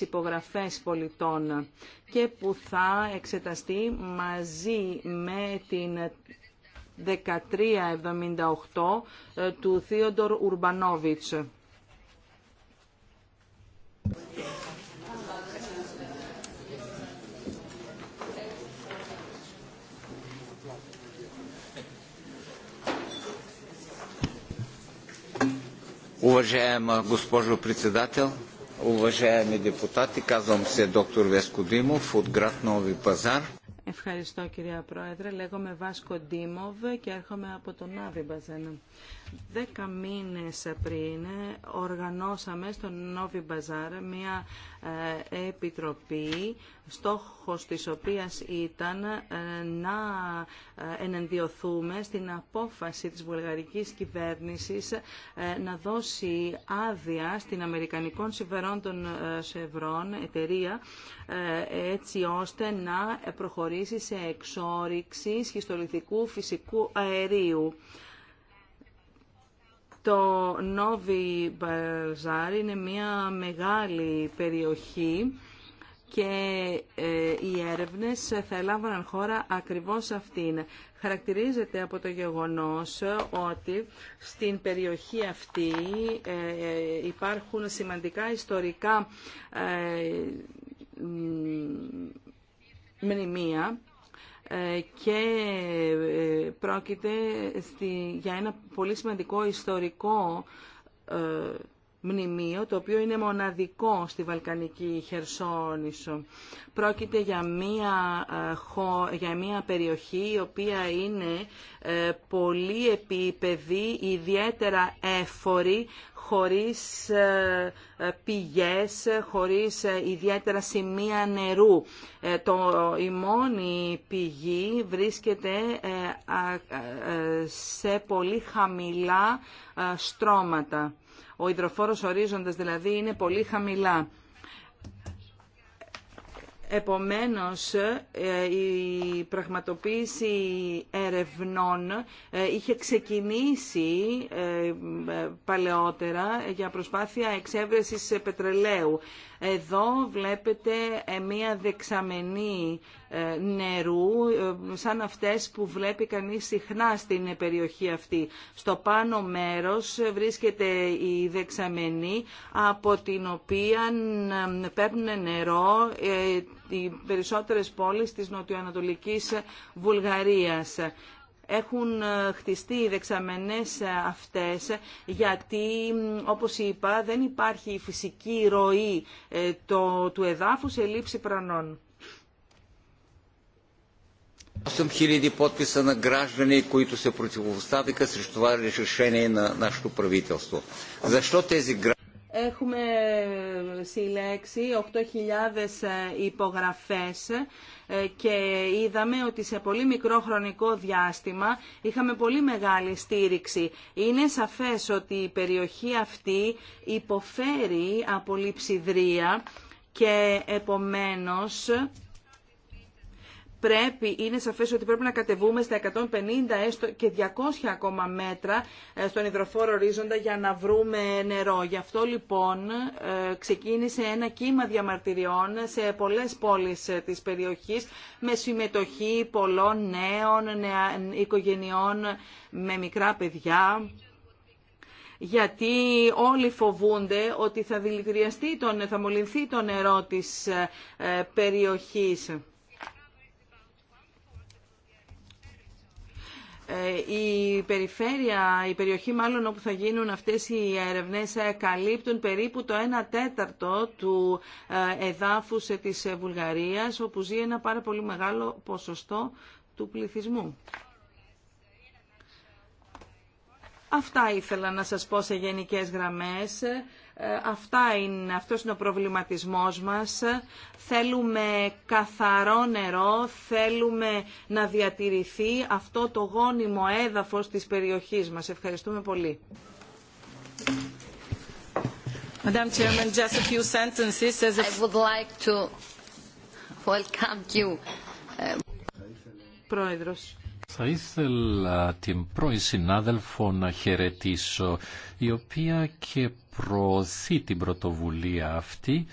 υπογραφές πολιτών και που θα εξεταστεί μαζί με την 1378 ε, του Θείοντορ Ουρμπανόβιτς. Уважаема госпожо председател, уважаеми депутати, казвам се доктор Веско Димов от град Нови пазар. Ευχαριστώ κυρία Πρόεδρε. Λέγομαι Βάσκο Ντίμοβ και έρχομαι από τον Άβη Μπαζένα. Δέκα μήνες πριν οργανώσαμε στον Νόβι Μπαζάρ μια ε, επιτροπή στόχος της οποίας ήταν ε, να ε, ενενδιωθούμε στην απόφαση της βουλγαρικής κυβέρνησης να δώσει άδεια στην Αμερικανικών των Σευρών εταιρεία έτσι ώστε να προχωρήσει σε εξόρυξη σχιστολιθικού φυσικού αερίου. Το Νόβι Μπαζάρ είναι μια μεγάλη περιοχή και ε, οι έρευνες θα έλαβαν χώρα ακριβώς αυτήν. Χαρακτηρίζεται από το γεγονός ότι στην περιοχή αυτή ε, υπάρχουν σημαντικά ιστορικά ε, μνημεία ε, και ε, πρόκειται στη, για ένα πολύ σημαντικό ιστορικό ε, μνημείο το οποίο είναι μοναδικό στη Βαλκανική Χερσόνησο. Πρόκειται για μια, ε, για μια περιοχή η οποία είναι ε, πολύ επίπεδη, ιδιαίτερα έφορη, χωρίς ε, πηγές, χωρίς ιδιαίτερα σημεία νερού. Το, η μόνη πηγή βρίσκεται σε πολύ χαμηλά στρώματα ο υδροφόρος ορίζοντας δηλαδή είναι πολύ χαμηλά. Επομένως, ε, η πραγματοποίηση ερευνών ε, είχε ξεκινήσει ε, παλαιότερα για προσπάθεια εξέβρεσης πετρελαίου. Εδώ βλέπετε μία δεξαμενή ε, νερού ε, σαν αυτές που βλέπει κανείς συχνά στην περιοχή αυτή. Στο πάνω μέρος βρίσκεται η δεξαμενή από την οποία παίρνουν νερό ε, οι περισσότερες πόλεις της νοτιοανατολικής Βουλγαρίας έχουν χτιστεί οι δεξαμενές αυτές γιατί όπως είπα δεν υπάρχει η φυσική ροή το, του εδάφους σε λήψη πρανών. Έχουμε συλλέξει 8.000 ε, υπογραφές ε, και είδαμε ότι σε πολύ μικρό χρονικό διάστημα είχαμε πολύ μεγάλη στήριξη. Είναι σαφές ότι η περιοχή αυτή υποφέρει από λειψιδρία και επομένως πρέπει, είναι σαφές ότι πρέπει να κατεβούμε στα 150 έστω και 200 ακόμα μέτρα ε, στον υδροφόρο ορίζοντα για να βρούμε νερό. Γι' αυτό λοιπόν ε, ξεκίνησε ένα κύμα διαμαρτυριών σε πολλές πόλεις ε, της περιοχής με συμμετοχή πολλών νέων, νέα, οικογενειών με μικρά παιδιά γιατί όλοι φοβούνται ότι θα δηλητηριαστεί, θα μολυνθεί το νερό της περιοχής. Ε, η περιφέρεια, η περιοχή μάλλον όπου θα γίνουν αυτές οι ερευνές ε, καλύπτουν περίπου το 1 τέταρτο του ε, εδάφους της Βουλγαρίας όπου ζει ένα πάρα πολύ μεγάλο ποσοστό του πληθυσμού. Αυτά ήθελα να σας πω σε γενικές γραμμές. Αυτά είναι, αυτός είναι ο προβληματισμός μας. Θέλουμε καθαρό νερό, θέλουμε να διατηρηθεί αυτό το γόνιμο έδαφος της περιοχής μας. Ευχαριστούμε πολύ. Madam Chairman, just a few sentences. As I would like to welcome you. Πρόεδρος. Θα ήθελα την πρώην συνάδελφο να χαιρετήσω, η οποία και προωθεί την πρωτοβουλία αυτή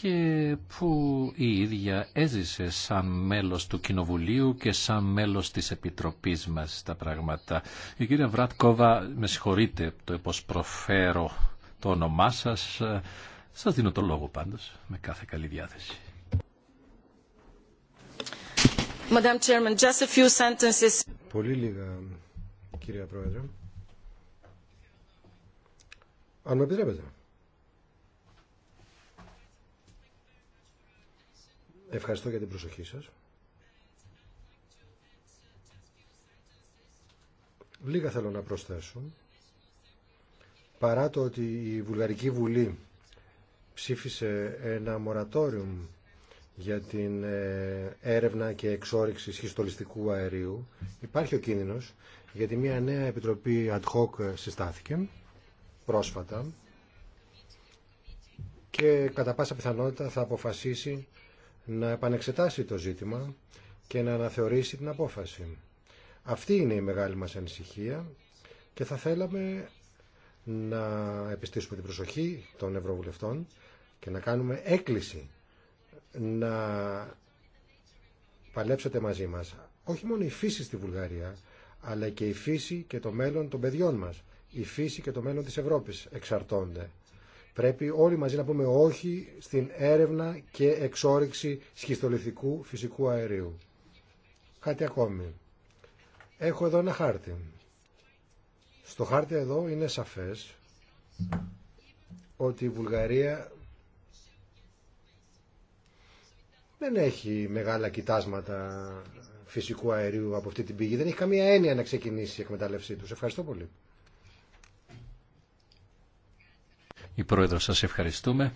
και που η ίδια έζησε σαν μέλος του Κοινοβουλίου και σαν μέλος της Επιτροπής μας τα πράγματα. Η κυρία Βράτκοβα, με συγχωρείτε το πως προφέρω το όνομά σας, σας δίνω το λόγο πάντως, με κάθε καλή διάθεση. Πολύ λίγα, κυρία Πρόεδρε. Αν με επιτρέπετε. Ευχαριστώ για την προσοχή σας. Λίγα θέλω να προσθέσω. Παρά το ότι η Βουλγαρική Βουλή ψήφισε ένα μορατόριο για την ε, έρευνα και εξόριξη σχιστολιστικού αερίου υπάρχει ο κίνδυνος γιατί μια νέα επιτροπή ad hoc συστάθηκε πρόσφατα και κατά πάσα πιθανότητα θα αποφασίσει να επανεξετάσει το ζήτημα και να αναθεωρήσει την απόφαση. Αυτή είναι η μεγάλη μας ανησυχία και θα θέλαμε να επιστήσουμε την προσοχή των Ευρωβουλευτών και να κάνουμε έκκληση να παλέψετε μαζί μας. Όχι μόνο η φύση στη Βουλγαρία, αλλά και η φύση και το μέλλον των παιδιών μας. Η φύση και το μέλλον της Ευρώπης εξαρτώνται. Πρέπει όλοι μαζί να πούμε όχι στην έρευνα και εξόριξη σχιστολιθικού φυσικού αερίου. Κάτι ακόμη. Έχω εδώ ένα χάρτη. Στο χάρτη εδώ είναι σαφές ότι η Βουλγαρία δεν έχει μεγάλα κοιτάσματα φυσικού αερίου από αυτή την πηγή. Δεν έχει καμία έννοια να ξεκινήσει η εκμετάλλευσή του. Ευχαριστώ πολύ. Η Πρόεδρο, σας ευχαριστούμε.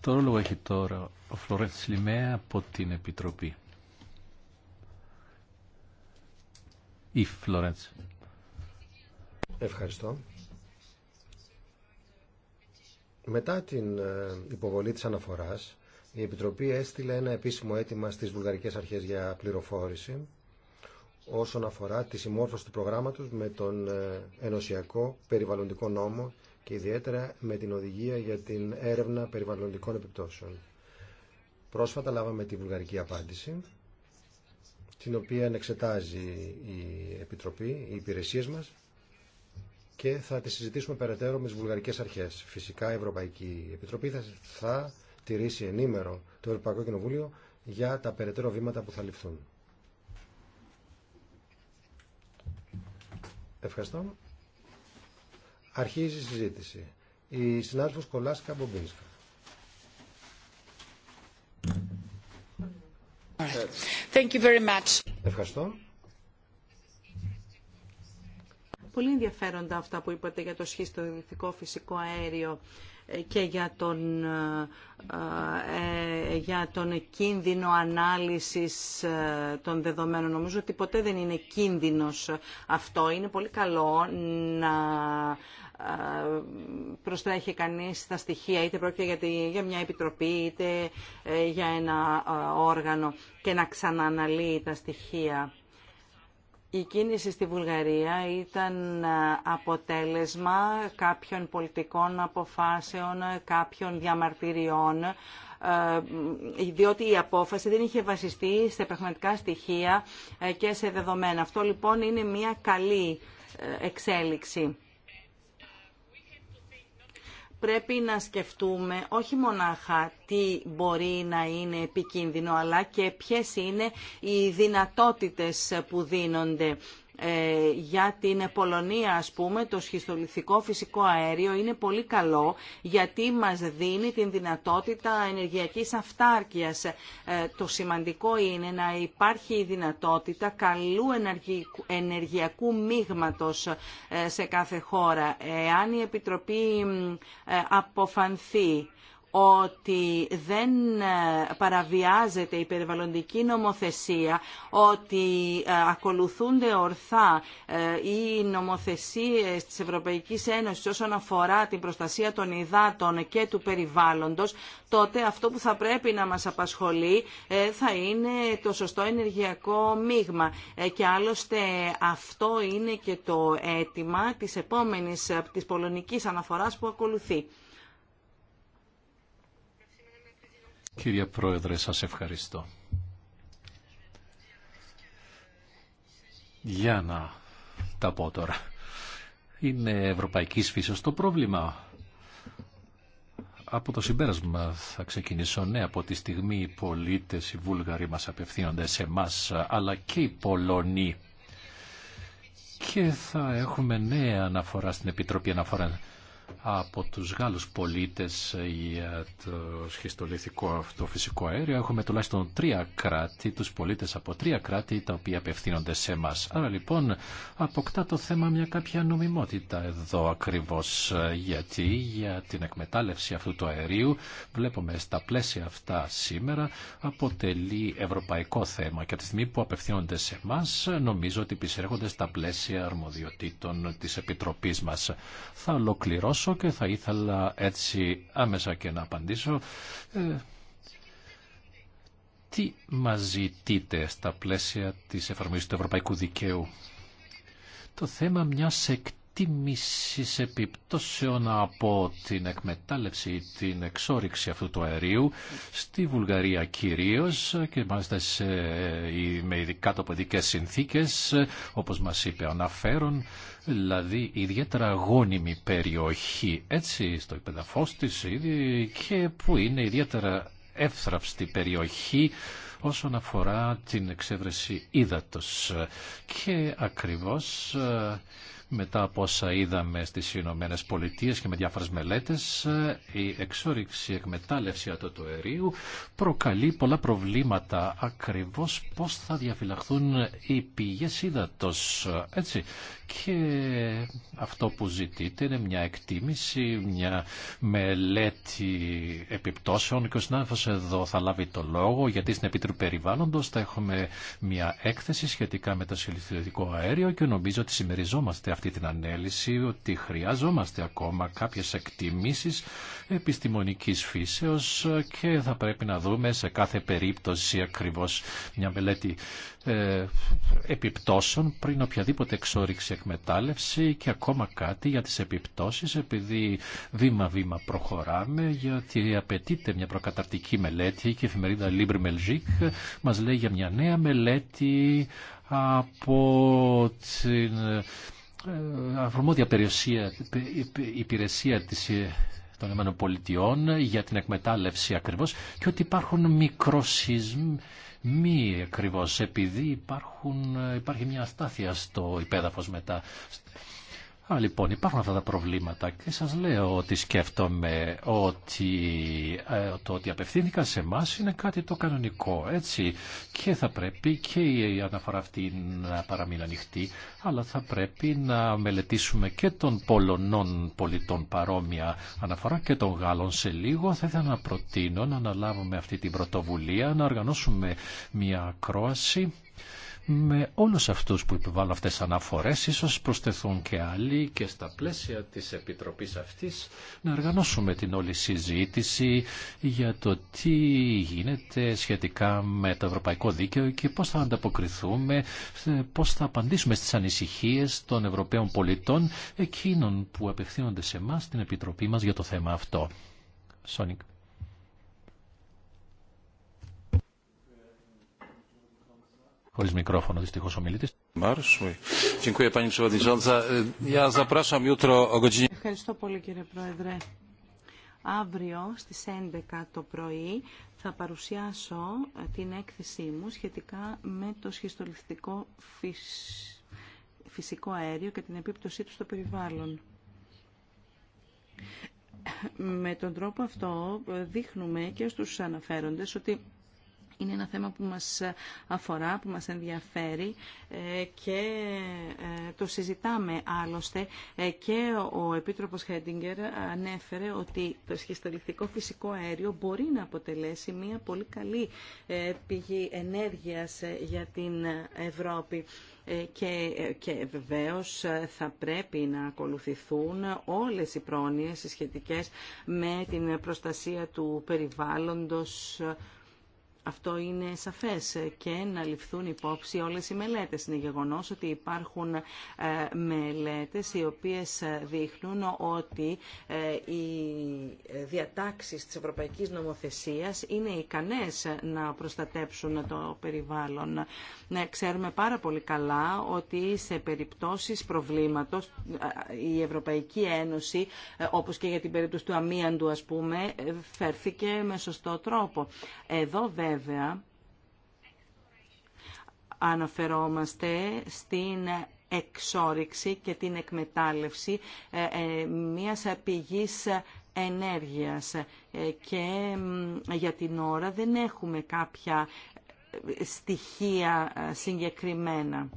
Το ρόλο έχει τώρα ο Φλωρέντης Λιμέα από την Επιτροπή. Η Φλωρέντς. Ευχαριστώ. Μετά την ε, υποβολή της αναφοράς, η Επιτροπή έστειλε ένα επίσημο αίτημα στις βουλγαρικές αρχές για πληροφόρηση όσον αφορά τη συμμόρφωση του προγράμματος με τον ε, ενωσιακό περιβαλλοντικό νόμο και ιδιαίτερα με την οδηγία για την έρευνα περιβαλλοντικών επιπτώσεων. Πρόσφατα λάβαμε τη βουλγαρική απάντηση, την οποία εξετάζει η Επιτροπή, οι υπηρεσίες μας, και θα τη συζητήσουμε περαιτέρω με τι βουλγαρικές αρχές. Φυσικά η Ευρωπαϊκή Επιτροπή θα, θα τηρήσει ενήμερο το Ευρωπαϊκό Κοινοβούλιο για τα περαιτέρω βήματα που θα ληφθούν. Ευχαριστώ. Αρχίζει η συζήτηση. Η συνάδελφος Κολάσκα Μπομπίνσκα. Thank you very much. Ευχαριστώ. Πολύ ενδιαφέροντα αυτά που είπατε για το δημιουργικό φυσικό αέριο ε, και για τον, ε, ε, για τον κίνδυνο ανάλυσης των δεδομένων. Νομίζω ότι ποτέ δεν είναι κίνδυνος αυτό. Είναι πολύ καλό να προστρέχει κανείς τα στοιχεία, είτε πρόκειται για μια επιτροπή, είτε για ένα όργανο και να ξανααναλύει τα στοιχεία. Η κίνηση στη Βουλγαρία ήταν ε, αποτέλεσμα κάποιων πολιτικών αποφάσεων, κάποιων διαμαρτυριών, ε, διότι η απόφαση δεν είχε βασιστεί σε πραγματικά στοιχεία ε, και σε δεδομένα. Αυτό λοιπόν είναι μια καλή εξέλιξη πρέπει να σκεφτούμε όχι μονάχα τι μπορεί να είναι επικίνδυνο, αλλά και ποιες είναι οι δυνατότητες που δίνονται. Ε, για την Πολωνία ας πούμε το σχιστολιθικό φυσικό αέριο είναι πολύ καλό γιατί μας δίνει την δυνατότητα ενεργειακής αυτάρκειας. Ε, το σημαντικό είναι να υπάρχει η δυνατότητα καλού ενεργειακού μείγματος ε, σε κάθε χώρα. Εάν η Επιτροπή αποφανθεί ότι δεν ε, παραβιάζεται η περιβαλλοντική νομοθεσία, ότι ε, ακολουθούνται ορθά ε, οι νομοθεσίες της Ευρωπαϊκής Ένωσης όσον αφορά την προστασία των υδάτων και του περιβάλλοντος, τότε αυτό που θα πρέπει να μας απασχολεί θα είναι το σωστό ενεργειακό μείγμα. Και άλλωστε αυτό είναι και το αίτημα της επόμενης της πολωνικής αναφοράς που ακολουθεί. Κύριε Πρόεδρε, σας ευχαριστώ. Για να τα πω τώρα. Είναι ευρωπαϊκής φύσης το πρόβλημα. Από το συμπέρασμα θα ξεκινήσω. Ναι, από τη στιγμή οι πολίτες, οι Βούλγαροι μας απευθύνονται σε εμά, αλλά και οι Πολωνοί. Και θα έχουμε νέα αναφορά στην Επιτροπή Αναφορά από τους Γάλλους πολίτες για το σχιστολιθικό αυτό φυσικό αέριο. Έχουμε τουλάχιστον τρία κράτη, τους πολίτες από τρία κράτη τα οποία απευθύνονται σε εμά. Άρα λοιπόν αποκτά το θέμα μια κάποια νομιμότητα εδώ ακριβώς γιατί για την εκμετάλλευση αυτού του αερίου βλέπουμε στα πλαίσια αυτά σήμερα αποτελεί ευρωπαϊκό θέμα και από τη στιγμή που απευθύνονται σε εμά, νομίζω ότι επισέρχονται στα πλαίσια αρμοδιοτήτων της Επιτροπής μας. Θα ολοκληρώσω και θα ήθελα έτσι άμεσα και να απαντήσω. Ε, τι μας ζητείτε στα πλαίσια της εφαρμογής του ευρωπαϊκού δικαίου. Το θέμα μιας εκτίμησης εκτίμησης επιπτώσεων από την εκμετάλλευση, ή την εξόριξη αυτού του αερίου στη Βουλγαρία κυρίως και μάλιστα σε, ε, με ειδικά τοποδικές συνθήκες όπως μας είπε αναφέρον δηλαδή ιδιαίτερα γόνιμη περιοχή έτσι στο υπεδαφός της ήδη και που είναι ιδιαίτερα εύθραυστη περιοχή όσον αφορά την εξέβρεση ύδατος και ακριβώς ε, μετά από όσα είδαμε στις Ηνωμένε Πολιτείες και με διάφορες μελέτες, η εξόριξη εκμετάλλευση αερίου προκαλεί πολλά προβλήματα ακριβώς πώς θα διαφυλαχθούν οι πηγές ύδατος. Έτσι. Και αυτό που ζητείτε είναι μια εκτίμηση, μια μελέτη επιπτώσεων και ο συνάδελφος εδώ θα λάβει το λόγο γιατί στην Επίτροπη Περιβάλλοντος θα έχουμε μια έκθεση σχετικά με το αέριο και νομίζω ότι συμμεριζόμαστε αυτή την ανέλυση ότι χρειάζομαστε ακόμα κάποιες εκτιμήσεις επιστημονικής φύσεως και θα πρέπει να δούμε σε κάθε περίπτωση ακριβώς μια μελέτη ε, επιπτώσεων πριν οποιαδήποτε εξόριξη εκμετάλλευση και ακόμα κάτι για τις επιπτώσεις επειδή βήμα-βήμα προχωράμε γιατί απαιτείται μια προκαταρτική μελέτη και η εφημερίδα Libre μας λέει για μια νέα μελέτη από την ε, αρμόδια περιοσία, υπηρεσία της ε, των ΗΠΑ για την εκμετάλλευση ακριβώς και ότι υπάρχουν μικροσυσμοί ακριβώς επειδή υπάρχουν, ε, υπάρχει μια αστάθεια στο υπέδαφος μετά λοιπόν, υπάρχουν αυτά τα προβλήματα και σας λέω ότι σκέφτομαι ότι ε, το ότι απευθύνθηκαν σε εμά είναι κάτι το κανονικό, έτσι. Και θα πρέπει και η αναφορά αυτή να παραμείνει ανοιχτή, αλλά θα πρέπει να μελετήσουμε και των Πολωνών πολιτών παρόμοια αναφορά και των Γάλλων σε λίγο. Θα ήθελα να προτείνω να αναλάβουμε αυτή την πρωτοβουλία, να οργανώσουμε μια ακρόαση με όλους αυτούς που επιβάλλουν αυτές τις αναφορές, ίσως προσθεθούν και άλλοι και στα πλαίσια της Επιτροπής αυτής να οργανώσουμε την όλη συζήτηση για το τι γίνεται σχετικά με το ευρωπαϊκό δίκαιο και πώς θα ανταποκριθούμε, πώς θα απαντήσουμε στις ανησυχίες των Ευρωπαίων πολιτών, εκείνων που απευθύνονται σε εμά την Επιτροπή μας για το θέμα αυτό. Sonic. Χωρίς μικρόφωνο δυστυχώς ο μιλήτης. Ευχαριστώ πολύ κύριε Πρόεδρε. Αύριο στις 11 το πρωί θα παρουσιάσω ε, την έκθεσή μου σχετικά με το σχιστολιστικό φυσικό αέριο και την επίπτωσή του στο περιβάλλον. Με τον τρόπο αυτό ε, δείχνουμε και στους αναφέροντες ότι είναι ένα θέμα που μας αφορά, που μας ενδιαφέρει ε, και ε, το συζητάμε άλλωστε ε, και ο Επίτροπος Χέντιγκερ ανέφερε ότι το σχιστολιθικό φυσικό αέριο μπορεί να αποτελέσει μια πολύ καλή πηγή ενέργειας για την Ευρώπη και, και βεβαίως θα πρέπει να ακολουθηθούν όλες οι πρόνοιες σχετικές με την προστασία του περιβάλλοντος αυτό είναι σαφές και να ληφθούν υπόψη όλες οι μελέτες. Είναι γεγονός ότι υπάρχουν ε, μελέτες οι οποίες δείχνουν ότι ε, οι διατάξεις της Ευρωπαϊκής Νομοθεσίας είναι ικανές να προστατέψουν το περιβάλλον. Ναι, ξέρουμε πάρα πολύ καλά ότι σε περιπτώσεις προβλήματος ε, η Ευρωπαϊκή Ένωση, όπως και για την περίπτωση του αμίαντου ας πούμε, φέρθηκε με σωστό τρόπο. Εδώ βέβαια αναφερόμαστε στην εξόριξη και την εκμετάλλευση ε, ε, μιας πηγής ενέργειας ε, και για την ώρα δεν έχουμε κάποια στοιχεία συγκεκριμένα.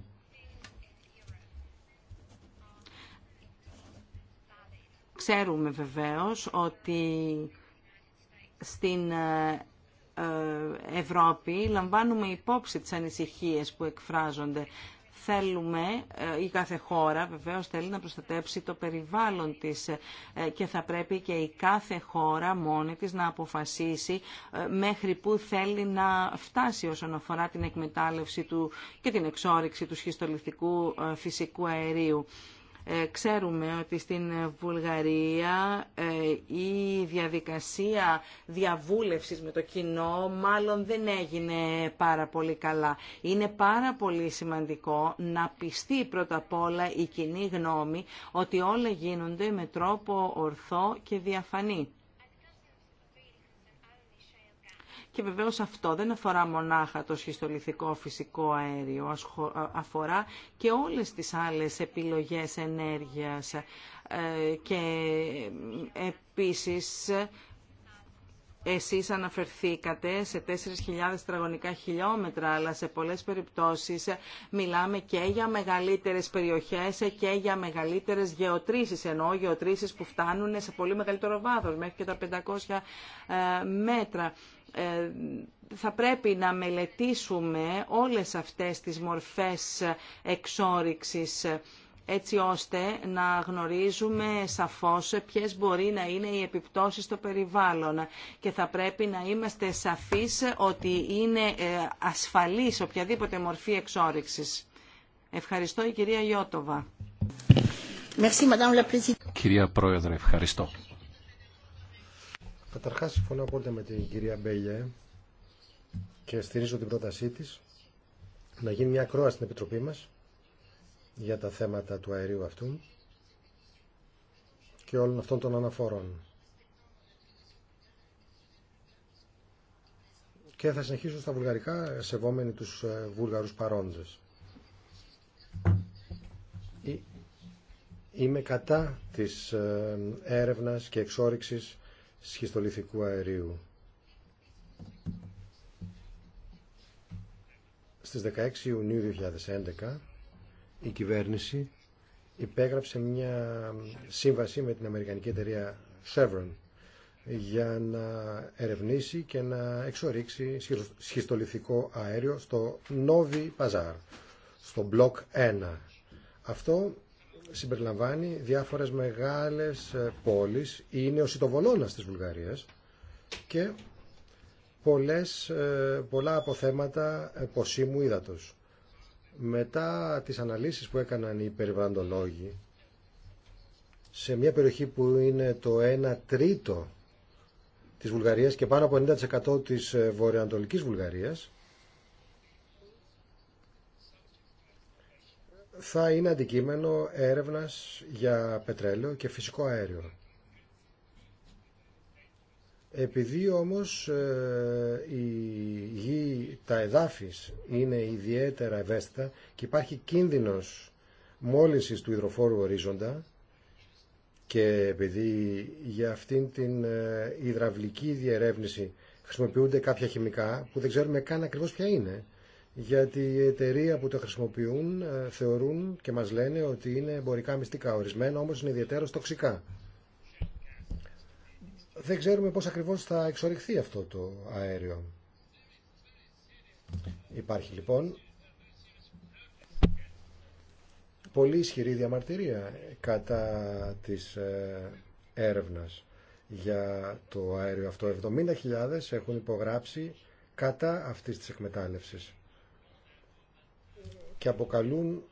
Ξέρουμε βεβαίως ότι στην ε, Ευρώπη λαμβάνουμε υπόψη τις ανησυχίες που εκφράζονται. Θέλουμε, ε, η κάθε χώρα βεβαίως θέλει να προστατέψει το περιβάλλον της ε, και θα πρέπει και η κάθε χώρα μόνη της να αποφασίσει μέχρι που θέλει να φτάσει όσον αφορά την εκμετάλλευση του και την εξόριξη του σχιστολιθικού φυσικού αερίου. Ε, ξέρουμε ότι στην Βουλγαρία ε, η διαδικασία διαβούλευσης με το κοινό μάλλον δεν έγινε πάρα πολύ καλά. Είναι πάρα πολύ σημαντικό να πιστεί πρώτα απ' όλα η κοινή γνώμη ότι όλα γίνονται με τρόπο ορθό και διαφανή. και βεβαίως αυτό δεν αφορά μονάχα το σχιστολιθικό φυσικό αέριο, αφορά και όλες τις άλλες επιλογές ενέργειας ε, και ε, επίσης εσείς αναφερθήκατε σε 4.000 τετραγωνικά χιλιόμετρα, αλλά σε πολλές περιπτώσεις μιλάμε και για μεγαλύτερες περιοχές και για μεγαλύτερες γεωτρήσεις, ενώ γεωτρήσεις που φτάνουν σε πολύ μεγαλύτερο βάθος, μέχρι και τα 500 ε, μέτρα θα πρέπει να μελετήσουμε όλες αυτές τις μορφές εξόριξης έτσι ώστε να γνωρίζουμε σαφώς ποιες μπορεί να είναι οι επιπτώσεις στο περιβάλλον και θα πρέπει να είμαστε σαφείς ότι είναι ε, ασφαλής οποιαδήποτε μορφή εξόριξης. Ευχαριστώ η κυρία Γιώτοβα. Κυρία Πρόεδρε, ευχαριστώ. Καταρχάς συμφωνώ απόλυτα με την κυρία Μπέγε και στηρίζω την πρότασή της να γίνει μια ακρόα στην Επιτροπή μας για τα θέματα του αερίου αυτού και όλων αυτών των αναφορών. Και θα συνεχίσω στα βουλγαρικά σεβόμενοι τους ε, βούλγαρους παρόντες. Είμαι κατά της ε, έρευνας και εξόριξης σχιστολιθικού αερίου. Στις 16 Ιουνίου 2011 η κυβέρνηση υπέγραψε μια σύμβαση με την Αμερικανική εταιρεία Chevron για να ερευνήσει και να εξορίξει σχιστολιθικό αέριο στο Νόβι Παζάρ, στο μπλοκ 1. Αυτό συμπεριλαμβάνει διάφορες μεγάλες ε, πόλεις, είναι ο Σιτοβολώνας της Βουλγαρίας και πολλές, ε, πολλά αποθέματα ε, ποσίμου ύδατος. Μετά τις αναλύσεις που έκαναν οι περιβαλλοντολόγοι σε μια περιοχή που είναι το 1 τρίτο της Βουλγαρίας και πάνω από 90% της βορειοανατολικής Βουλγαρίας θα είναι αντικείμενο έρευνας για πετρέλαιο και φυσικό αέριο. Επειδή όμως ε, η γη, τα εδάφης είναι ιδιαίτερα ευαίσθητα και υπάρχει κίνδυνος μόλυνσης του υδροφόρου ορίζοντα και επειδή για αυτήν την ε, υδραυλική διερεύνηση χρησιμοποιούνται κάποια χημικά που δεν ξέρουμε καν ακριβώς ποια είναι γιατί η εταιρεία που τα χρησιμοποιούν ε, θεωρούν και μας λένε ότι είναι εμπορικά μυστικά. Ορισμένα όμως είναι ιδιαίτερα τοξικά. Δεν ξέρουμε πώς ακριβώς θα εξοριχθεί αυτό το αέριο. Υπάρχει λοιπόν πολύ ισχυρή διαμαρτυρία κατά της ε, έρευνας για το αέριο αυτό. 70.000 έχουν υπογράψει κατά αυτής της εκμετάλλευσης και αποκαλούν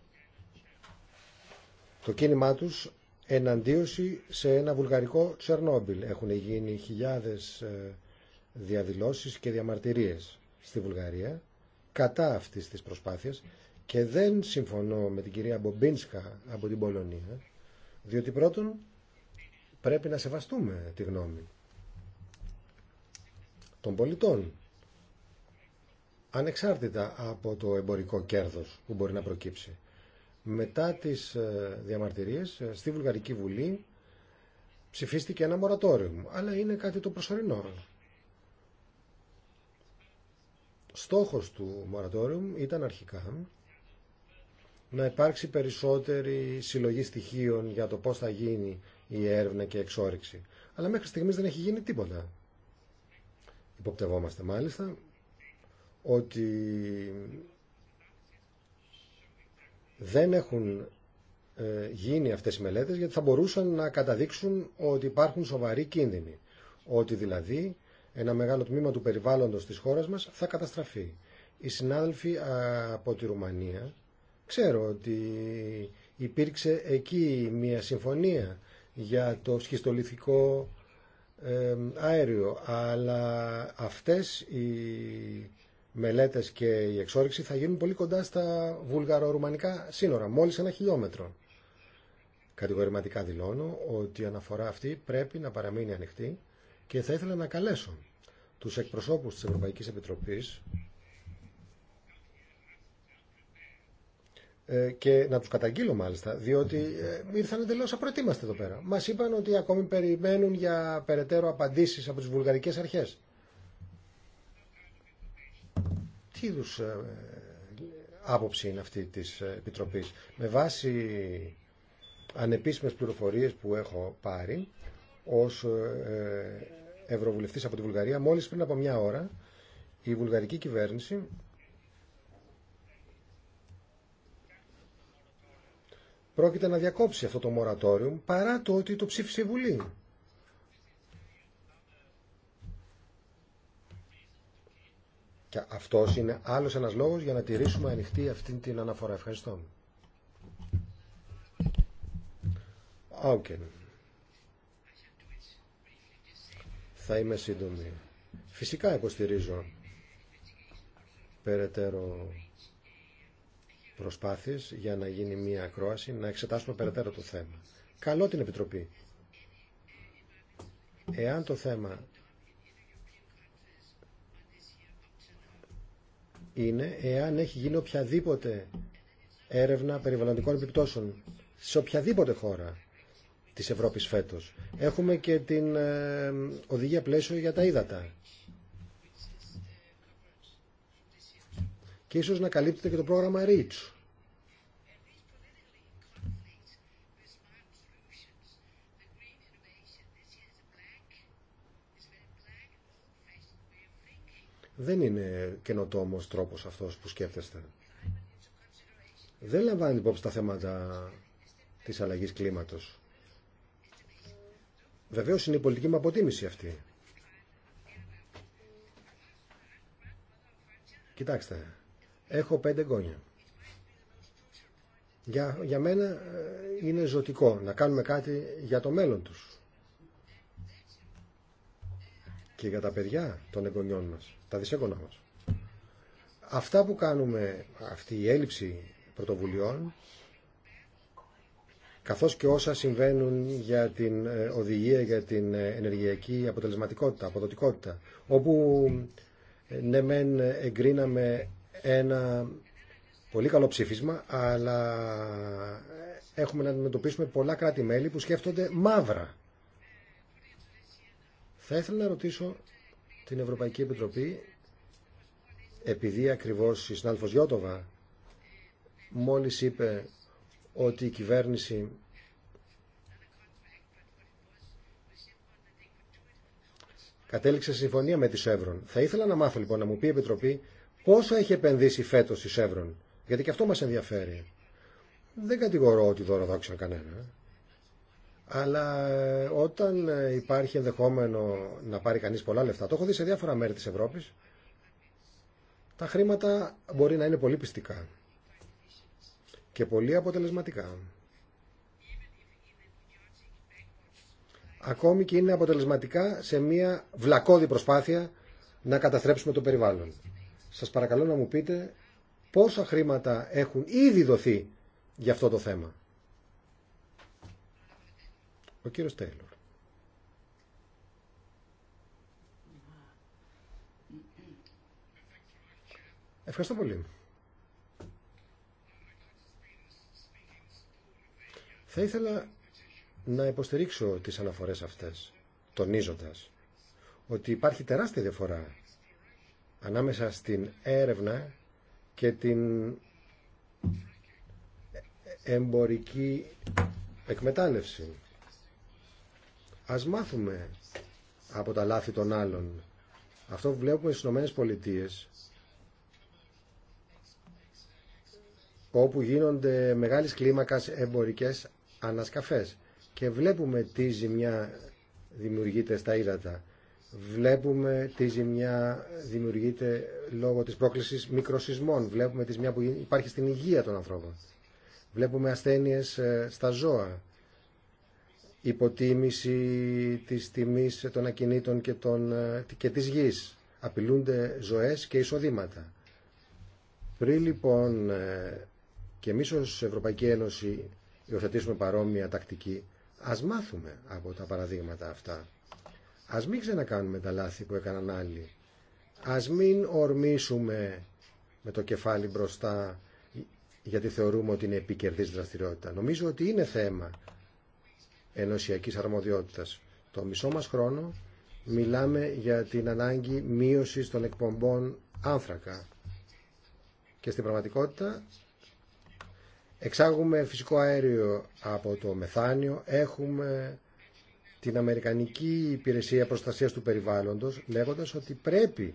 το κίνημά τους εναντίωση σε ένα βουλγαρικό Τσερνόμπιλ. Έχουν γίνει χιλιάδες ε, διαδηλώσεις και διαμαρτυρίες στη Βουλγαρία κατά αυτής της προσπάθειας και δεν συμφωνώ με την κυρία Μπομπίνσκα από την Πολωνία διότι πρώτον πρέπει να σεβαστούμε τη γνώμη των πολιτών ανεξάρτητα από το εμπορικό κέρδος που μπορεί να προκύψει. Μετά τις ε, διαμαρτυρίες ε, στη Βουλγαρική Βουλή ψηφίστηκε ένα μορατόριο, αλλά είναι κάτι το προσωρινό. Στόχος του μορατόριου ήταν αρχικά να υπάρξει περισσότερη συλλογή στοιχείων για το πώς θα γίνει η έρευνα και η εξόριξη. Αλλά μέχρι στιγμής δεν έχει γίνει τίποτα. Υποπτευόμαστε μάλιστα ότι δεν έχουν ε, γίνει αυτές οι μελέτες γιατί θα μπορούσαν να καταδείξουν ότι υπάρχουν σοβαροί κίνδυνοι. Ότι δηλαδή ένα μεγάλο τμήμα του περιβάλλοντος της χώρας μας θα καταστραφεί. Οι συνάδελφοι από τη Ρουμανία ξέρω ότι υπήρξε εκεί μια συμφωνία για το σχιστολιθικό ε, αέριο αλλά αυτές οι μελέτες και η εξόριξη θα γίνουν πολύ κοντά στα βουλγαρο-ρουμανικά σύνορα, μόλις ένα χιλιόμετρο. Κατηγορηματικά δηλώνω ότι η αναφορά αυτή πρέπει να παραμείνει ανοιχτή και θα ήθελα να καλέσω τους εκπροσώπους τη Ευρωπαϊκή Επιτροπής ε, και να τους καταγγείλω μάλιστα, διότι ε, ήρθαν εντελώς απροετοίμαστε εδώ πέρα. Μας είπαν ότι ακόμη περιμένουν για περαιτέρω απαντήσεις από τις βουλγαρικές αρχές. τι είδου άποψη είναι αυτή της Επιτροπής. Με βάση ανεπίσημες πληροφορίες που έχω πάρει ως ε, Ευρωβουλευτής από τη Βουλγαρία, μόλις πριν από μια ώρα η βουλγαρική κυβέρνηση πρόκειται να διακόψει αυτό το μορατόριο παρά το ότι το ψήφισε η Βουλή. Και αυτός είναι άλλος ένας λόγος για να τηρήσουμε ανοιχτή αυτή την αναφορά. Ευχαριστώ. Okay. Θα είμαι σύντομη. Φυσικά υποστηρίζω περαιτέρω προσπάθειες για να γίνει μία ακρόαση, να εξετάσουμε περαιτέρω το θέμα. Καλό την Επιτροπή. Εάν το θέμα είναι εάν έχει γίνει οποιαδήποτε έρευνα περιβαλλοντικών επιπτώσεων σε οποιαδήποτε χώρα της Ευρώπης φέτος. Έχουμε και την ε, οδηγία πλαίσιο για τα ύδατα. Και ίσως να καλύπτεται και το πρόγραμμα REACH. Δεν είναι καινοτόμο τρόπος αυτός που σκέφτεστε. Δεν λαμβάνει υπόψη τα θέματα της αλλαγής κλίματος. Βεβαίω, είναι η πολιτική μου αποτίμηση αυτή. Κοιτάξτε, έχω πέντε γόνια. Για, για μένα ε, είναι ζωτικό να κάνουμε κάτι για το μέλλον τους και για τα παιδιά των εγγονιών μας, τα δυσέγγονά μας. Αυτά που κάνουμε, αυτή η έλλειψη πρωτοβουλειών, καθώς και όσα συμβαίνουν για την ε, οδηγία, για την ε, ενεργειακή αποτελεσματικότητα, αποδοτικότητα, όπου ε, ναι μεν εγκρίναμε ένα πολύ καλό ψήφισμα, αλλά έχουμε να αντιμετωπίσουμε πολλά κράτη-μέλη που σκέφτονται μαύρα θα ήθελα να ρωτήσω την Ευρωπαϊκή Επιτροπή, επειδή ακριβώς η συνάδελφος Γιώτοβα μόλις είπε ότι η κυβέρνηση κατέληξε συμφωνία με τη Σεύρον. Θα ήθελα να μάθω λοιπόν να μου πει η Επιτροπή πόσο έχει επενδύσει φέτος η Σεύρον. Γιατί και αυτό μας ενδιαφέρει. Δεν κατηγορώ ότι δώρο δόξαν κανένα. Αλλά ε, όταν ε, υπάρχει ενδεχόμενο να πάρει κανείς πολλά λεφτά, το έχω δει σε διάφορα μέρη της Ευρώπης, τα χρήματα μπορεί να είναι πολύ πιστικά και πολύ αποτελεσματικά. Ακόμη και είναι αποτελεσματικά σε μια βλακώδη προσπάθεια να καταστρέψουμε το περιβάλλον. Σας παρακαλώ να μου πείτε πόσα χρήματα έχουν ήδη δοθεί για αυτό το θέμα. Ο κύριος Τέιλορ. Ευχαριστώ πολύ. Θα ήθελα να υποστηρίξω τις αναφορές αυτές, τονίζοντας ότι υπάρχει τεράστια διαφορά ανάμεσα στην έρευνα και την εμπορική εκμετάλλευση. Ας μάθουμε από τα λάθη των άλλων. Αυτό που βλέπουμε στις Ηνωμένες Πολιτείες, όπου γίνονται μεγάλες κλίμακας εμπορικές ανασκαφές και βλέπουμε τι ζημιά δημιουργείται στα ύδατα. Βλέπουμε τι ζημιά δημιουργείται λόγω της πρόκλησης μικροσυσμών. Βλέπουμε τη ζημιά που υπάρχει στην υγεία των ανθρώπων. Βλέπουμε ασθένειες ε, στα ζώα υποτίμηση της τιμής των ακινήτων και, των, ε, και της γης. Απειλούνται ζωές και εισοδήματα. Πριν λοιπόν ε, και εμείς ως Ευρωπαϊκή Ένωση υιοθετήσουμε παρόμοια τακτική, ας μάθουμε από τα παραδείγματα αυτά. Ας μην ξανακάνουμε τα λάθη που έκαναν άλλοι. Ας μην ορμήσουμε με το κεφάλι μπροστά γιατί θεωρούμε ότι είναι επικερδής δραστηριότητα. Νομίζω ότι είναι θέμα ενωσιακής αρμοδιότητας. Το μισό μας χρόνο μιλάμε για την ανάγκη μείωσης των εκπομπών άνθρακα. Και στην πραγματικότητα εξάγουμε φυσικό αέριο από το μεθάνιο, έχουμε την Αμερικανική Υπηρεσία Προστασίας του Περιβάλλοντος λέγοντας ότι πρέπει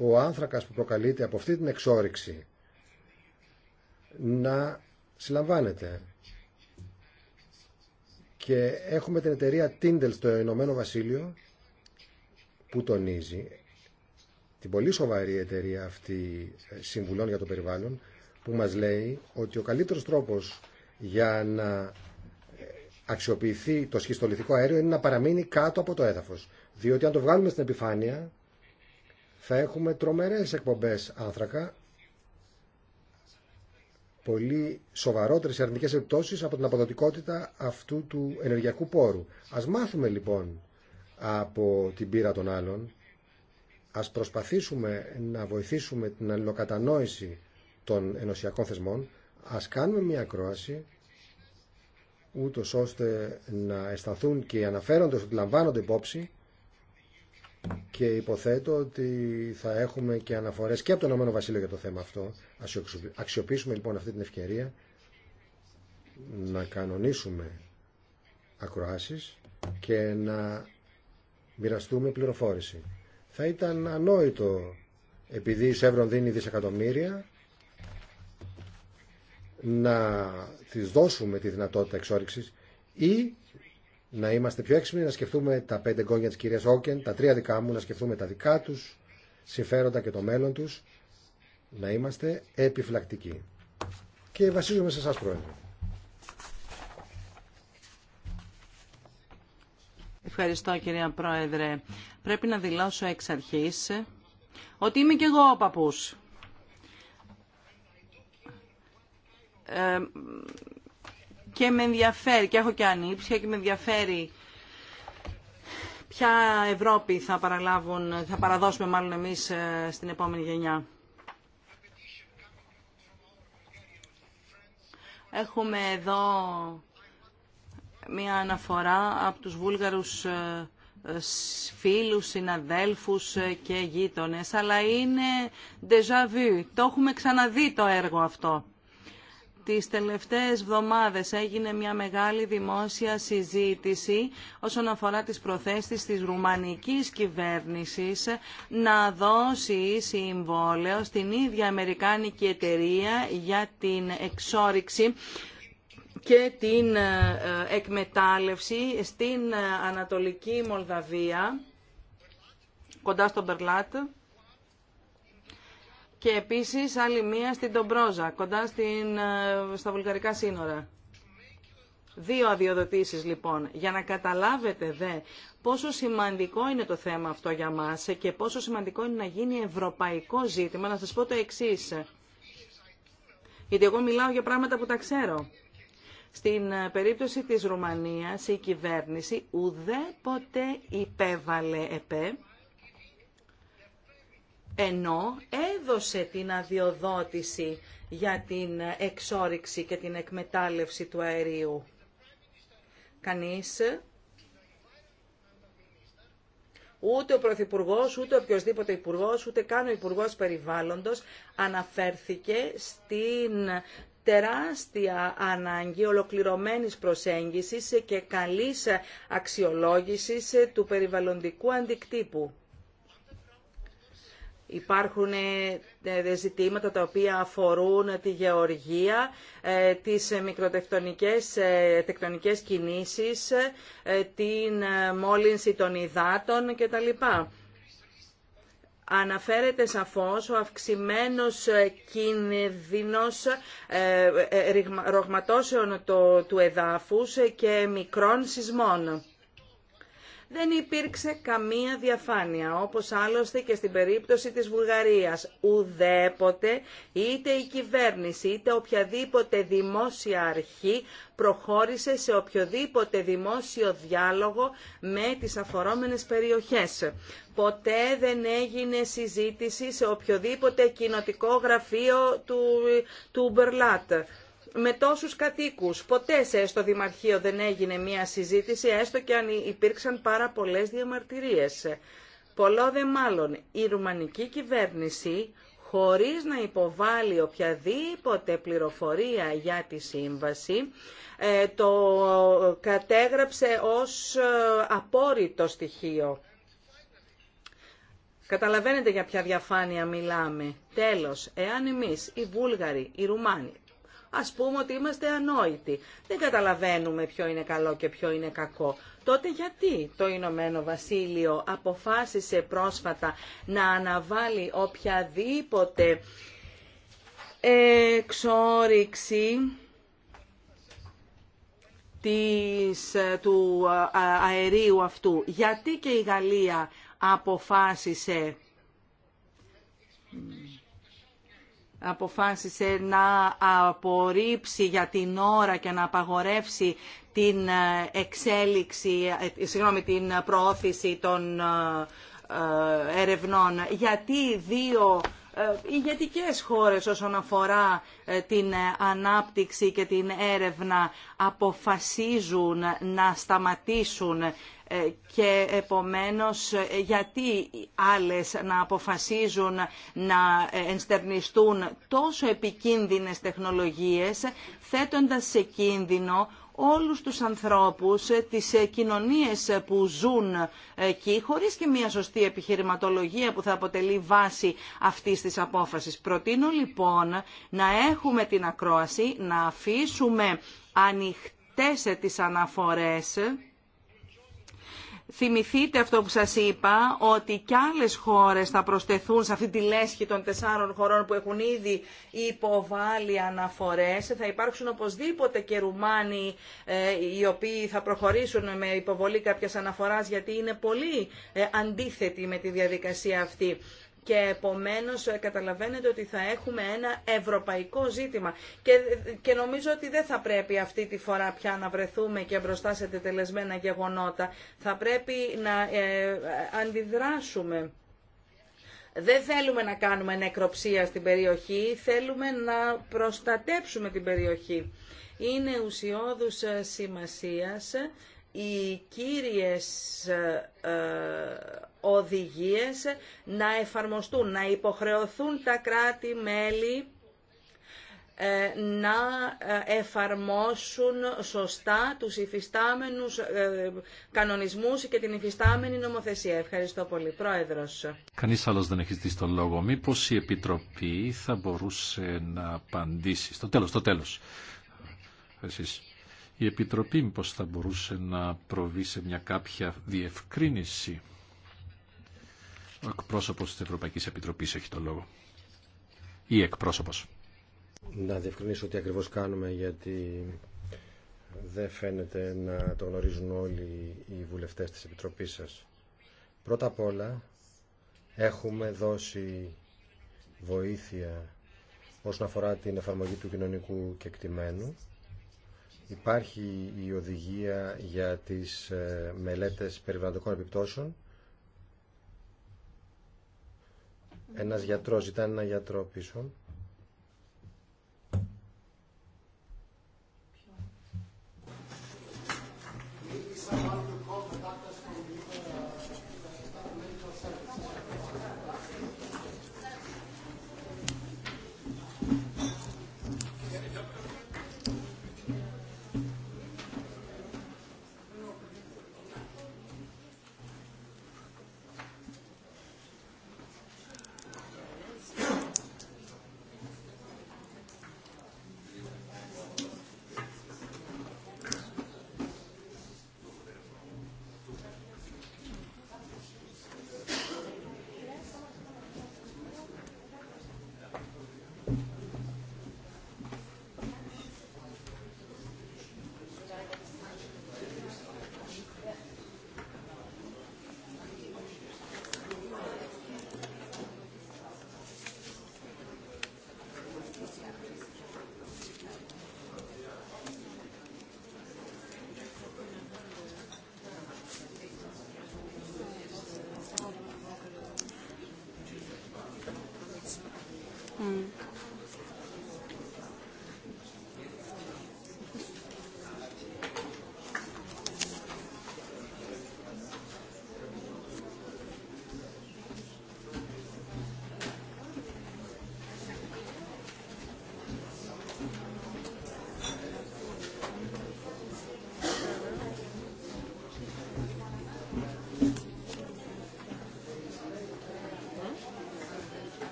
ο άνθρακας που προκαλείται από αυτή την εξόριξη να συλλαμβάνεται. Και έχουμε την εταιρεία Tindel στο Ηνωμένο Βασίλειο που τονίζει την πολύ σοβαρή εταιρεία αυτή ε, συμβουλών για το περιβάλλον που μας λέει ότι ο καλύτερος τρόπος για να ε, αξιοποιηθεί το σχιστολιθικό αέριο είναι να παραμείνει κάτω από το έδαφος. Διότι αν το βγάλουμε στην επιφάνεια θα έχουμε τρομερές εκπομπές άνθρακα πολύ σοβαρότερες αρνητικές επιπτώσεις από την αποδοτικότητα αυτού του ενεργειακού πόρου. Ας μάθουμε λοιπόν από την πείρα των άλλων, ας προσπαθήσουμε να βοηθήσουμε την αλληλοκατανόηση των ενωσιακών θεσμών, ας κάνουμε μια ακρόαση ούτω ώστε να αισθανθούν και οι αναφέροντες ότι λαμβάνονται υπόψη και υποθέτω ότι θα έχουμε και αναφορές και από τον Ομένο Βασίλειο για το θέμα αυτό. αξιοποιήσουμε λοιπόν αυτή την ευκαιρία να κανονίσουμε ακροάσεις και να μοιραστούμε πληροφόρηση. Θα ήταν ανόητο επειδή η Σεύρον δίνει δισεκατομμύρια να τις δώσουμε τη δυνατότητα εξόριξης ή να είμαστε πιο έξυπνοι, να σκεφτούμε τα πέντε γκόνια τη κυρία Όκεν, τα τρία δικά μου, να σκεφτούμε τα δικά τους συμφέροντα και το μέλλον τους, να είμαστε επιφυλακτικοί. Και βασίζομαι σε εσά Πρόεδρε. Ευχαριστώ, κυρία Πρόεδρε. Πρέπει να δηλώσω εξ αρχής ότι είμαι κι εγώ ο παππούς. Ε, και με ενδιαφέρει, και έχω και ανήψια και με ενδιαφέρει ποια Ευρώπη θα, παραλάβουν, θα παραδώσουμε μάλλον εμείς ε, στην επόμενη γενιά. Έχουμε εδώ μία αναφορά από τους Βούλγαρους ε, φίλους, συναδέλφους ε, και γείτονες, αλλά είναι déjà vu. Το έχουμε ξαναδεί το έργο αυτό. Τις τελευταίες εβδομάδες έγινε μια μεγάλη δημόσια συζήτηση όσον αφορά τις προθέσεις της ρουμανικής κυβέρνησης να δώσει συμβόλαιο στην ίδια Αμερικάνικη εταιρεία για την εξόριξη και την ε, εκμετάλλευση στην Ανατολική Μολδαβία, κοντά στον Περλάτ και επίση άλλη μία στην Τομπρόζα, κοντά στην, ε, στα βουλγαρικά σύνορα. Δύο αδειοδοτήσεις λοιπόν. Για να καταλάβετε δε πόσο σημαντικό είναι το θέμα αυτό για μας και πόσο σημαντικό είναι να γίνει ευρωπαϊκό ζήτημα, να σας πω το εξή. Γιατί εγώ μιλάω για πράγματα που τα ξέρω. Στην ε, περίπτωση της Ρουμανίας η κυβέρνηση ουδέποτε υπέβαλε ΕΠΕ ενώ έδωσε την αδειοδότηση για την εξόριξη και την εκμετάλλευση του αερίου. Κανείς, ούτε ο Πρωθυπουργό, ούτε οποιοδήποτε υπουργό, ούτε καν ο Υπουργό Περιβάλλοντος αναφέρθηκε στην τεράστια ανάγκη ολοκληρωμένης προσέγγισης και καλής αξιολόγησης του περιβαλλοντικού αντικτύπου. Υπάρχουν ε, ε, ζητήματα τα οποία αφορούν τη γεωργία, ε, τις μικροτεκτονικές τεκτονικές κινήσεις, την μόλυνση των υδάτων κτλ. Αναφέρεται σαφώς ο αυξημένος κίνδυνος ρογματώσεων του εδάφους και μικρών σεισμών δεν υπήρξε καμία διαφάνεια, όπως άλλωστε και στην περίπτωση της Βουλγαρίας. Ουδέποτε, είτε η κυβέρνηση, είτε οποιαδήποτε δημόσια αρχή προχώρησε σε οποιοδήποτε δημόσιο διάλογο με τις αφορόμενες περιοχές. Ποτέ δεν έγινε συζήτηση σε οποιοδήποτε κοινοτικό γραφείο του, του Μπερλάτ με τόσους κατοίκους. Ποτέ σε έστω Δημαρχείο δεν έγινε μία συζήτηση, έστω και αν υπήρξαν πάρα πολλές διαμαρτυρίες. Πολλό δε μάλλον η ρουμανική κυβέρνηση, χωρίς να υποβάλει οποιαδήποτε πληροφορία για τη σύμβαση, ε, το κατέγραψε ως ε, απόρριτο στοιχείο. Καταλαβαίνετε για ποια διαφάνεια μιλάμε. Τέλος, εάν εμείς οι Βούλγαροι, οι Ρουμάνοι ας πούμε ότι είμαστε ανόητοι. Δεν καταλαβαίνουμε ποιο είναι καλό και ποιο είναι κακό. Τότε γιατί το Ηνωμένο Βασίλειο αποφάσισε πρόσφατα να αναβάλει οποιαδήποτε εξόριξη της, του αερίου αυτού. Γιατί και η Γαλλία αποφάσισε αποφάσισε να απορρίψει για την ώρα και να απαγορεύσει την ε, εξέλιξη, ε, ε, συγγνώμη, την προώθηση των ερευνών. Γιατί δύο ηγετικές χώρες όσον αφορά την ανάπτυξη και την έρευνα αποφασίζουν να σταματήσουν ε, και επομένως ε, γιατί άλλες να αποφασίζουν να ε, ενστερνιστούν τόσο επικίνδυνες τεχνολογίες θέτοντας σε κίνδυνο όλους τους ανθρώπους, τις κοινωνίες που ζουν εκεί, χωρίς και μια σωστή επιχειρηματολογία που θα αποτελεί βάση αυτής της απόφασης. Προτείνω λοιπόν να έχουμε την ακρόαση, να αφήσουμε ανοιχτές τις αναφορές Θυμηθείτε αυτό που σας είπα, ότι κι άλλες χώρες θα προσθεθούν σε αυτή τη λέσχη των τεσσάρων χωρών που έχουν ήδη υποβάλει αναφορές. Θα υπάρξουν οπωσδήποτε και Ρουμάνοι ε, οι οποίοι θα προχωρήσουν με υποβολή κάποιας αναφοράς γιατί είναι πολύ ε, αντίθετοι με τη διαδικασία αυτή και επομένως ε, καταλαβαίνετε ότι θα έχουμε ένα ευρωπαϊκό ζήτημα και, και νομίζω ότι δεν θα πρέπει αυτή τη φορά πια να βρεθούμε και μπροστά σε τελεσμένα γεγονότα. Θα πρέπει να ε, αντιδράσουμε. Δεν θέλουμε να κάνουμε νεκροψία στην περιοχή, θέλουμε να προστατέψουμε την περιοχή. Είναι ουσιώδους ε, σημασίας οι κύριες οδηγίες να εφαρμοστούν, να υποχρεωθούν τα κράτη-μέλη ε, να ε, εφαρμόσουν σωστά τους υφιστάμενους ε, κανονισμούς και την υφιστάμενη νομοθεσία. Ευχαριστώ πολύ. Πρόεδρος. Κανείς άλλος δεν έχει δει τον λόγο. Μήπως η Επιτροπή θα μπορούσε να απαντήσει. Στο τέλος, το τέλος. Εσείς. Η Επιτροπή μήπως θα μπορούσε να προβεί σε μια κάποια διευκρίνηση. Ο εκπρόσωπος της Ευρωπαϊκής Επιτροπής έχει το λόγο. Ή εκπρόσωπος. Να διευκρινίσω τι ακριβώς κάνουμε γιατί δεν φαίνεται να το γνωρίζουν όλοι οι βουλευτές της Επιτροπής σας. Πρώτα απ' όλα έχουμε δώσει βοήθεια όσον αφορά την εφαρμογή του κοινωνικού κεκτημένου. Υπάρχει η οδηγία για τις ε, μελέτες περιβαλλοντικών επιπτώσεων Ένας γιατρός, ήταν ένα γιατρό πίσω.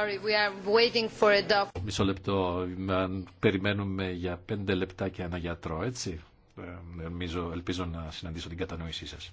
Sorry, Μισό λεπτό, περιμένουμε για πέντε λεπτά και ένα γιατρό, έτσι. Ε, ελπίζω να συναντήσω την κατανόησή σας.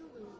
Υπότιτλοι AUTHORWAVE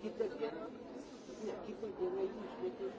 Κοίτα και να γίνεις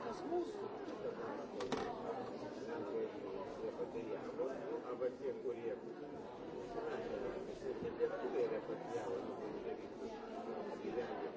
Δυστυχώς Gracias.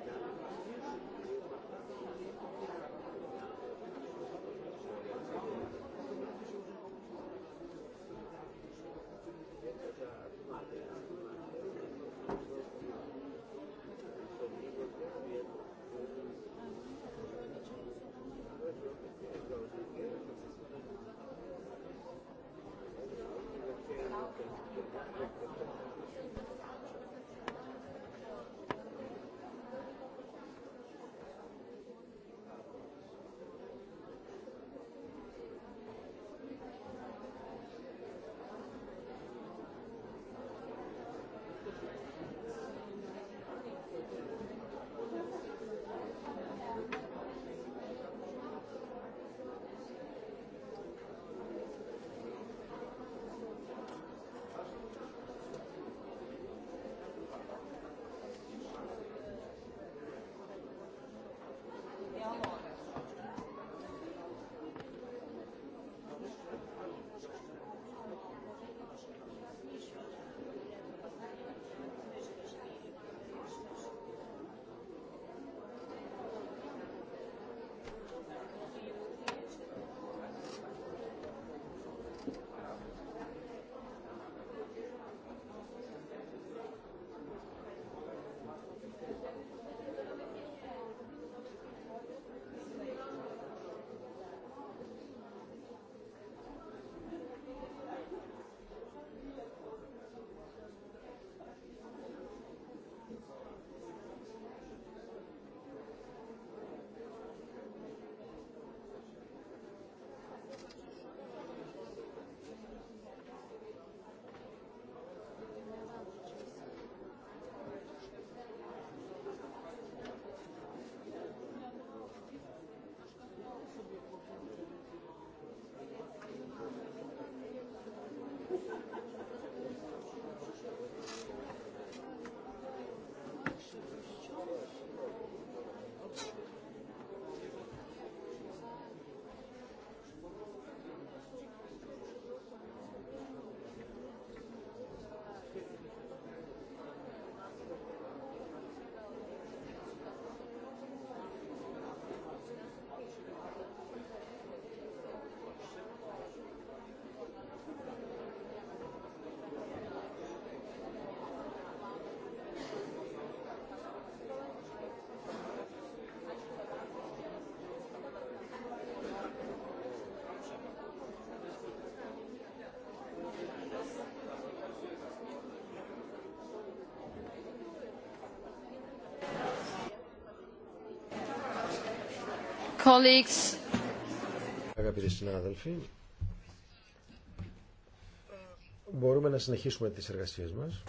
Αγαπητοί συνάδελφοι, μπορούμε να συνεχίσουμε τις εργασίες μας.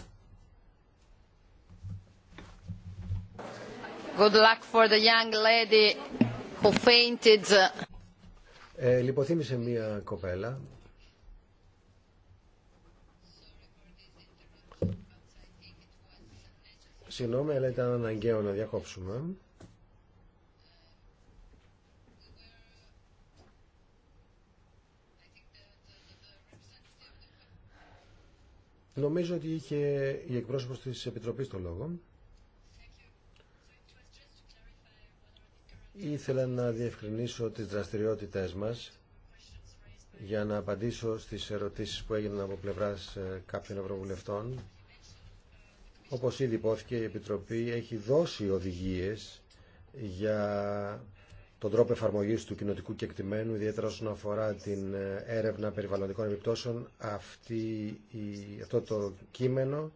Good luck for the young lady who fainted. Ε, λιποθύμησε μία κοπέλα. Συγγνώμη, αλλά ήταν αναγκαίο να διακόψουμε. Νομίζω ότι είχε η εκπρόσωπος της Επιτροπής το λόγο. Ήθελα να διευκρινίσω τις δραστηριότητες μας για να απαντήσω στις ερωτήσεις που έγιναν από πλευράς ε, κάποιων ευρωβουλευτών. Όπως ήδη υπόθηκε, η Επιτροπή έχει δώσει οδηγίες για τον τρόπο εφαρμογής του κοινοτικού κεκτημένου, ιδιαίτερα όσον αφορά την ε, έρευνα περιβαλλοντικών επιπτώσεων, αυτή, η, αυτό το κείμενο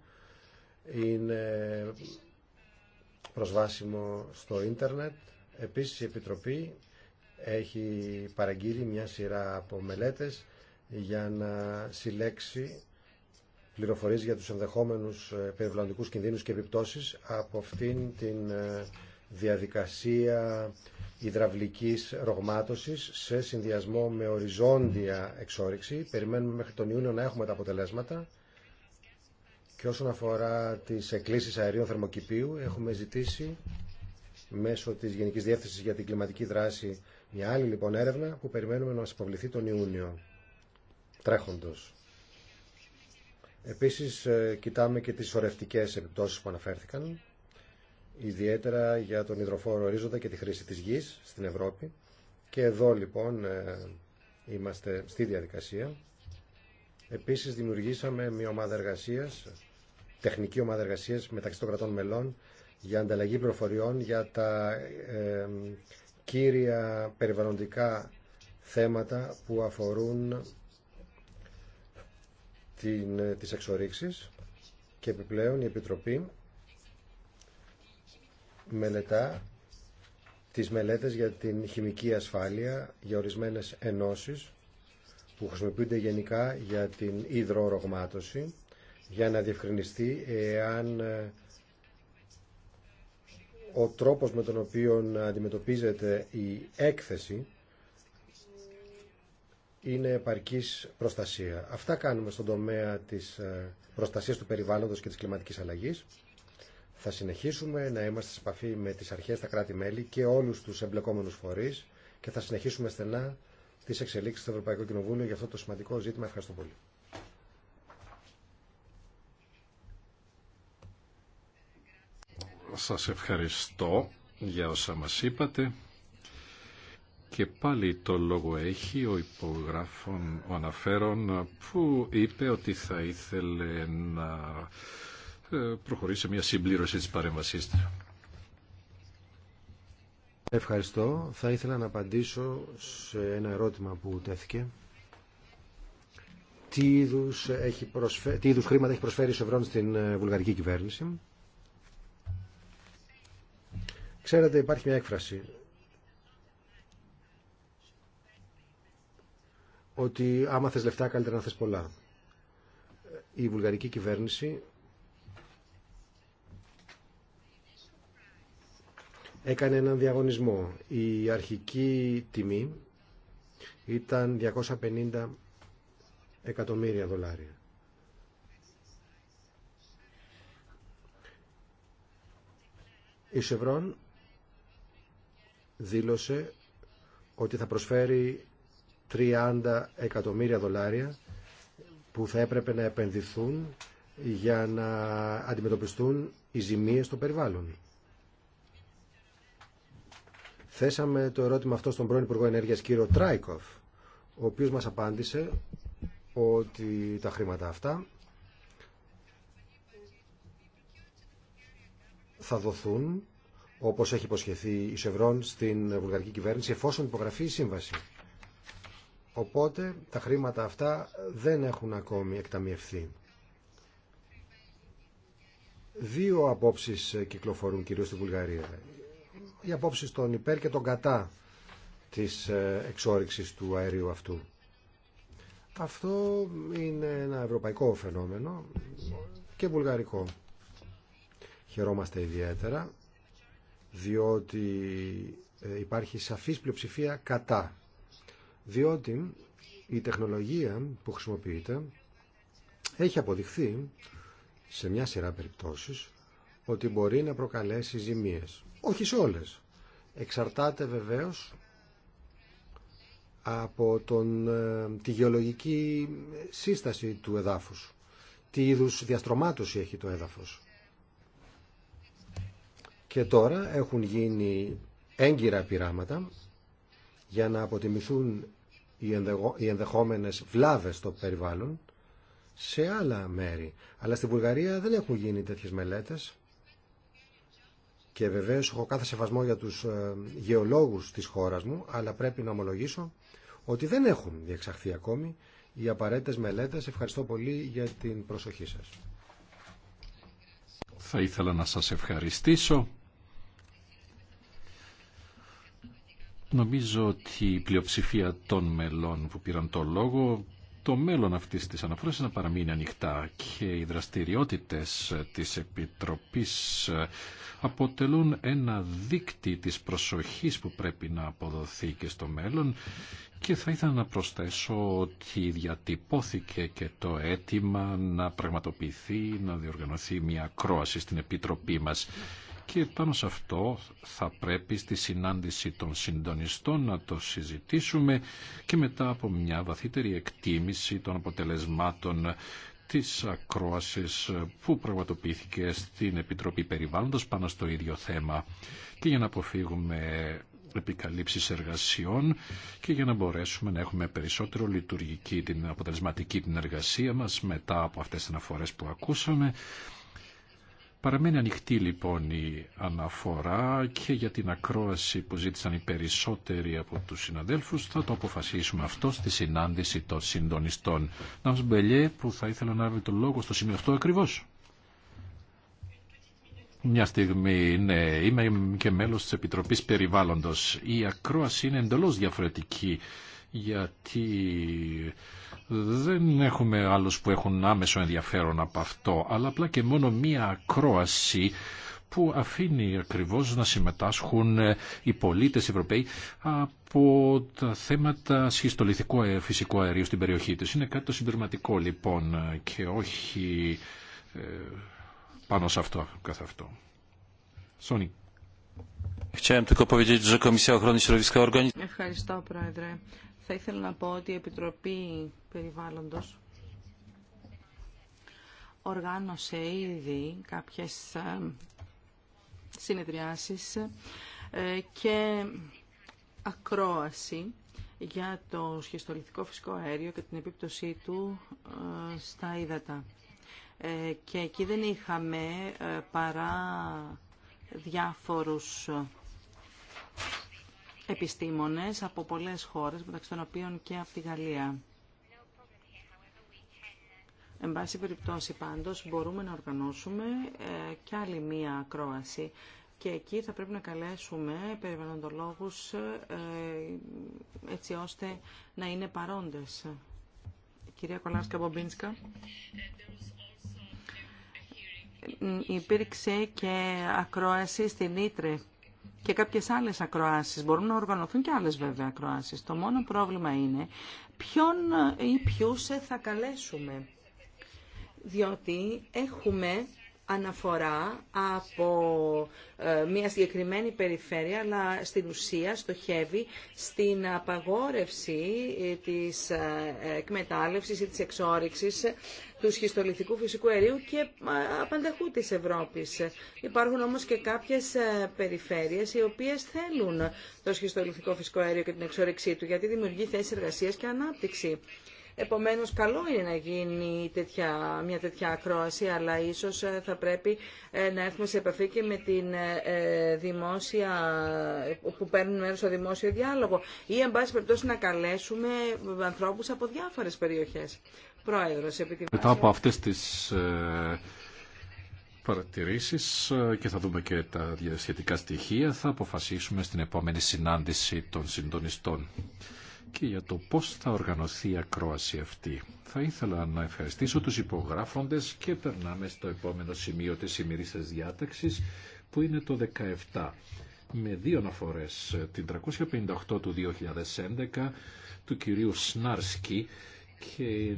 είναι προσβάσιμο στο ίντερνετ. Επίσης η Επιτροπή έχει παραγγείλει μια σειρά από μελέτες για να συλλέξει πληροφορίες για τους ενδεχόμενους ε, περιβαλλοντικούς κινδύνους και επιπτώσεις από αυτήν την ε, διαδικασία υδραυλικής ρογμάτωσης σε συνδυασμό με οριζόντια εξόριξη. Περιμένουμε μέχρι τον Ιούνιο να έχουμε τα αποτελέσματα. Και όσον αφορά τις εκκλήσεις αερίων θερμοκηπίου, έχουμε ζητήσει μέσω της Γενικής Διεύθυνσης για την Κλιματική Δράση μια άλλη λοιπόν έρευνα που περιμένουμε να μας υποβληθεί τον Ιούνιο τρέχοντος. Επίσης ε, κοιτάμε και τις σωρευτικές επιπτώσεις που αναφέρθηκαν ιδιαίτερα για τον υδροφόρο ορίζοντα και τη χρήση της γης στην Ευρώπη. Και εδώ λοιπόν ε, είμαστε στη διαδικασία. Επίσης δημιουργήσαμε μια ομάδα εργασίας, τεχνική ομάδα εργασίας μεταξύ των κρατών μελών για ανταλλαγή πληροφοριών για τα ε, κύρια περιβαλλοντικά θέματα που αφορούν την, ε, τις εξορίξεις και επιπλέον η Επιτροπή μελετά τις μελέτες για την χημική ασφάλεια για ορισμένες ενώσεις που χρησιμοποιούνται γενικά για την υδρορογμάτωση για να διευκρινιστεί εάν ε, ο τρόπος με τον οποίο αντιμετωπίζεται η έκθεση είναι επαρκής προστασία. Αυτά κάνουμε στον τομέα της ε, προστασίας του περιβάλλοντος και της κλιματικής αλλαγής. Θα συνεχίσουμε να είμαστε σε επαφή με τις αρχές, τα κράτη-μέλη και όλους τους εμπλεκόμενους φορείς και θα συνεχίσουμε στενά τις εξελίξεις στο Ευρωπαϊκό Κοινοβούλιο για αυτό το σημαντικό ζήτημα. Ευχαριστώ πολύ. Σας ευχαριστώ για όσα μας είπατε. Και πάλι το λόγο έχει ο υπογράφων, ο αναφέρον, που είπε ότι θα ήθελε να ε, προχωρήσει σε μια συμπλήρωση της παρέμβασής του. Ευχαριστώ. Θα ήθελα να απαντήσω σε ένα ερώτημα που τέθηκε. Τι είδους, έχει προσφέ... Τι είδους χρήματα έχει προσφέρει η Σευρών στην ε, βουλγαρική κυβέρνηση. Ξέρετε υπάρχει μια έκφραση ότι άμα θες λεφτά καλύτερα να θες πολλά. Η βουλγαρική κυβέρνηση έκανε έναν διαγωνισμό. Η αρχική τιμή ήταν 250 εκατομμύρια δολάρια. Η Σευρών δήλωσε ότι θα προσφέρει 30 εκατομμύρια δολάρια που θα έπρεπε να επενδυθούν για να αντιμετωπιστούν οι ζημίες στο περιβάλλον. Θέσαμε το ερώτημα αυτό στον πρώην Υπουργό ενέργεια κύριο Τράικοφ, ο οποίος μας απάντησε ότι τα χρήματα αυτά θα δοθούν όπως έχει υποσχεθεί η Σευρών στην βουλγαρική κυβέρνηση εφόσον υπογραφεί η σύμβαση. Οπότε τα χρήματα αυτά δεν έχουν ακόμη εκταμιευθεί. Δύο απόψεις κυκλοφορούν κυρίως στη Βουλγαρία οι απόψει των υπέρ και των κατά της ε, εξόριξη του αερίου αυτού. Αυτό είναι ένα ευρωπαϊκό φαινόμενο και βουλγαρικό. Χαιρόμαστε ιδιαίτερα διότι ε, υπάρχει σαφής πλειοψηφία κατά. Διότι η τεχνολογία που χρησιμοποιείται έχει αποδειχθεί σε μια σειρά περιπτώσεις ότι μπορεί να προκαλέσει ζημίες όχι σε όλες. Εξαρτάται βεβαίως από τον, ε, τη γεωλογική σύσταση του εδάφους. Τι είδους διαστρωμάτωση έχει το έδαφος. Και τώρα έχουν γίνει έγκυρα πειράματα για να αποτιμηθούν οι ενδεχόμενες βλάβες στο περιβάλλον σε άλλα μέρη. Αλλά στην Βουλγαρία δεν έχουν γίνει τέτοιες μελέτες και βεβαίω έχω κάθε σεβασμό για τους ε, γεωλόγου της χώρας μου, αλλά πρέπει να ομολογήσω ότι δεν έχουν διεξαχθεί ακόμη οι απαραίτητε μελέτες. Ευχαριστώ πολύ για την προσοχή σας. Θα ήθελα να σας ευχαριστήσω. Νομίζω ότι η πλειοψηφία των μελών που πήραν το λόγο το μέλλον αυτής της αναφοράς να παραμείνει ανοιχτά και οι δραστηριότητες της Επιτροπής ε, αποτελούν ένα δίκτυ της προσοχής που πρέπει να αποδοθεί και στο μέλλον και θα ήθελα να προσθέσω ότι διατυπώθηκε και το αίτημα να πραγματοποιηθεί, να διοργανωθεί μια ακρόαση στην Επιτροπή μας και πάνω σε αυτό θα πρέπει στη συνάντηση των συντονιστών να το συζητήσουμε και μετά από μια βαθύτερη εκτίμηση των αποτελεσμάτων της ακρόασης που πραγματοποιήθηκε στην Επιτροπή Περιβάλλοντος πάνω στο ίδιο θέμα και για να αποφύγουμε επικαλύψεις εργασιών και για να μπορέσουμε να έχουμε περισσότερο λειτουργική την αποτελεσματική την εργασία μας μετά από αυτές τις αναφορές που ακούσαμε Παραμένει ανοιχτή λοιπόν η αναφορά και για την ακρόαση που ζήτησαν οι περισσότεροι από τους συναδέλφους θα το αποφασίσουμε αυτό στη συνάντηση των συντονιστών. Να μας μπελιέ που θα ήθελα να έρθει το λόγο στο σημείο αυτό ακριβώς. Μια στιγμή, ναι, είμαι και μέλος της Επιτροπής Περιβάλλοντος. Η ακρόαση είναι εντελώς διαφορετική γιατί δεν έχουμε άλλους που έχουν άμεσο ενδιαφέρον από αυτό, αλλά απλά και μόνο μία ακρόαση που αφήνει ακριβώς να συμμετάσχουν ε, οι πολίτες Ευρωπαίοι από τα θέματα σχιστολιθικού φυσικού αερίου στην περιοχή τους. Είναι κάτι το λοιπόν ε, και όχι ε, πάνω σε αυτό καθ' αυτό. Σόνι. Ευχαριστώ, Πρόεδρε. Θα ήθελα να πω ότι η Επιτροπή περιβάλλοντος οργάνωσε ήδη κάποιες ε, συνεδριάσεις ε, και ακρόαση για το σχιστολιθικό φυσικό αέριο και την επίπτωσή του ε, στα ύδατα. Και εκεί δεν είχαμε παρά διάφορους επιστήμονες από πολλές χώρες, μεταξύ των οποίων και από τη Γαλλία. Εν πάση περιπτώσει πάντως μπορούμε να οργανώσουμε ε, και άλλη μία ακρόαση και εκεί θα πρέπει να καλέσουμε περιβαλλοντολόγους ε, έτσι ώστε να είναι παρόντες. Κυρία Κυρία Μπομπίνσκα. Υπήρξε και ακρόαση στην Ήτρε και κάποιες άλλες ακροάσεις. Μπορούν να οργανωθούν και άλλες βέβαια ακροάσεις. Το μόνο πρόβλημα είναι ποιον ή ποιους θα καλέσουμε διότι έχουμε αναφορά από ε, μια συγκεκριμένη περιφέρεια, αλλά στην ουσία στοχεύει στην απαγόρευση ε, της ε, εκμετάλλευσης ή της εξόριξης του σχιστολιθικού φυσικού αερίου και απανταχού της Ευρώπης. Υπάρχουν όμως και κάποιες περιφέρειες οι οποίες θέλουν το σχιστολιθικό φυσικό αέριο και την εξόρυξή του, γιατί δημιουργεί θέσεις εργασίας και ανάπτυξη. Επομένως, καλό είναι να γίνει τέτοια, μια τέτοια ακρόαση, αλλά ίσως ε, θα πρέπει ε, να έρθουμε σε επαφή και με την ε, δημόσια, που παίρνουν μέρος στο δημόσιο διάλογο ή, εν πάση περιπτώσει, να καλέσουμε ανθρώπους από διάφορες περιοχές. Πρόεδρο, επί Μετά από αυτές τις παρατηρήσεις και θα δούμε και τα σχετικά στοιχεία θα αποφασίσουμε στην επόμενη συνάντηση των συντονιστών και για το πώς θα οργανωθεί η ακρόαση αυτή. Θα ήθελα να ευχαριστήσω τους υπογράφοντες και περνάμε στο επόμενο σημείο της ημερήσιας διάταξης που είναι το 17 με δύο αναφορές, την 358 του 2011 του κυρίου Σνάρσκι και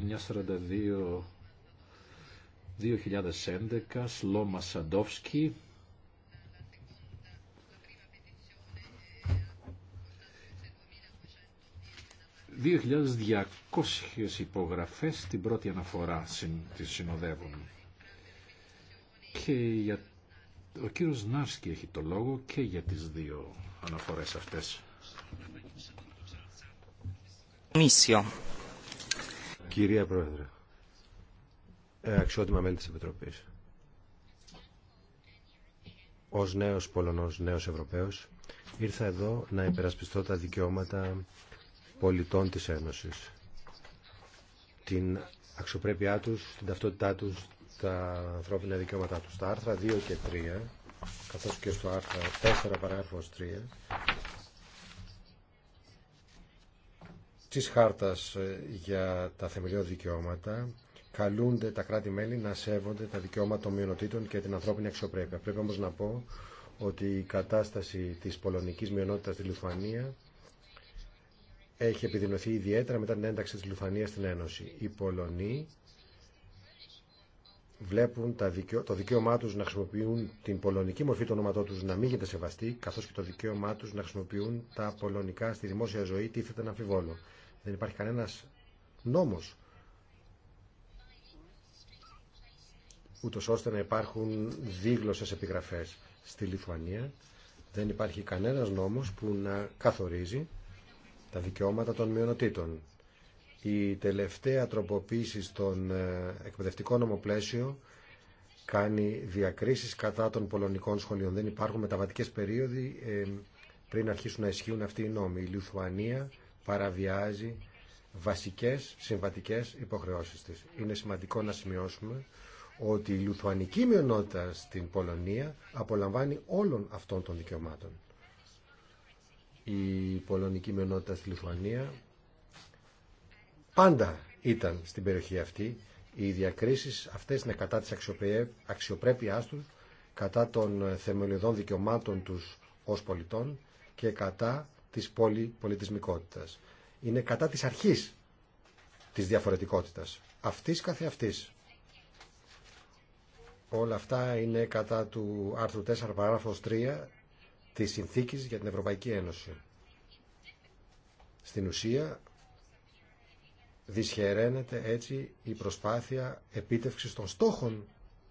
942 2011 Σλόμα Σαντόφσκι 2.200 υπογραφές την πρώτη αναφορά της συνοδεύουν. Και ο κύριος Νάρσκι έχει το λόγο και για τις δύο αναφορές αυτές. Μίσιο. Κυρία Πρόεδρε, ε, αξιότιμα μέλη της Επιτροπής. Ως νέος Πολωνός, νέος Ευρωπαίος, ήρθα εδώ να υπερασπιστώ τα δικαιώματα πολιτών της Ένωσης. Την αξιοπρέπειά τους, την ταυτότητά τους, τα ανθρώπινα δικαιώματά τους. Τα άρθρα 2 και 3, καθώς και στο άρθρο 4 παράγραφος 3, της χάρτας ε, για τα θεμελιώδη δικαιώματα καλούνται τα κράτη-μέλη να σέβονται τα δικαιώματα των μειονοτήτων και την ανθρώπινη αξιοπρέπεια. Πρέπει όμως να πω ότι η κατάσταση της πολωνικής μειονότητας στη Λιθουανία έχει επιδεινωθεί ιδιαίτερα μετά την ένταξη της Λουθανίας στην Ένωση. Οι Πολωνοί βλέπουν το δικαίωμά τους να χρησιμοποιούν την πολωνική μορφή του ονόματό τους να μην γίνεται σεβαστή, καθώς και το δικαίωμά τους να χρησιμοποιούν τα πολωνικά στη δημόσια ζωή τίθεται να αμφιβόλο. Δεν υπάρχει κανένας νόμος ούτω ώστε να υπάρχουν δίγλωσες επιγραφές στη Λιθουανία. Δεν υπάρχει κανένας νόμος που να καθορίζει τα δικαιώματα των μειονοτήτων. Η τελευταία τροποποίηση στον ε, εκπαιδευτικό νομοπλαίσιο κάνει διακρίσεις κατά των πολωνικών σχολείων. Δεν υπάρχουν μεταβατικές περίοδοι ε, πριν αρχίσουν να ισχύουν αυτοί οι νόμοι. Η Λιουθουανία παραβιάζει βασικές συμβατικές υποχρεώσεις της. Είναι σημαντικό να σημειώσουμε ότι η λουθουανική μειονότητα στην Πολωνία απολαμβάνει όλων αυτών των δικαιωμάτων η πολωνική μενότητα στη Λιθουανία πάντα ήταν στην περιοχή αυτή. Οι διακρίσεις αυτές είναι κατά της αξιοπρέπειάς τους, κατά των θεμελιωδών δικαιωμάτων τους ως πολιτών και κατά της πολυπολιτισμικότητας. Είναι κατά της αρχής της διαφορετικότητας. Αυτής καθε αυτής. Όλα αυτά είναι κατά του άρθρου 4 παράγραφος 3 της συνθήκης για την Ευρωπαϊκή Ένωση. Στην ουσία δυσχεραίνεται έτσι η προσπάθεια επίτευξης των στόχων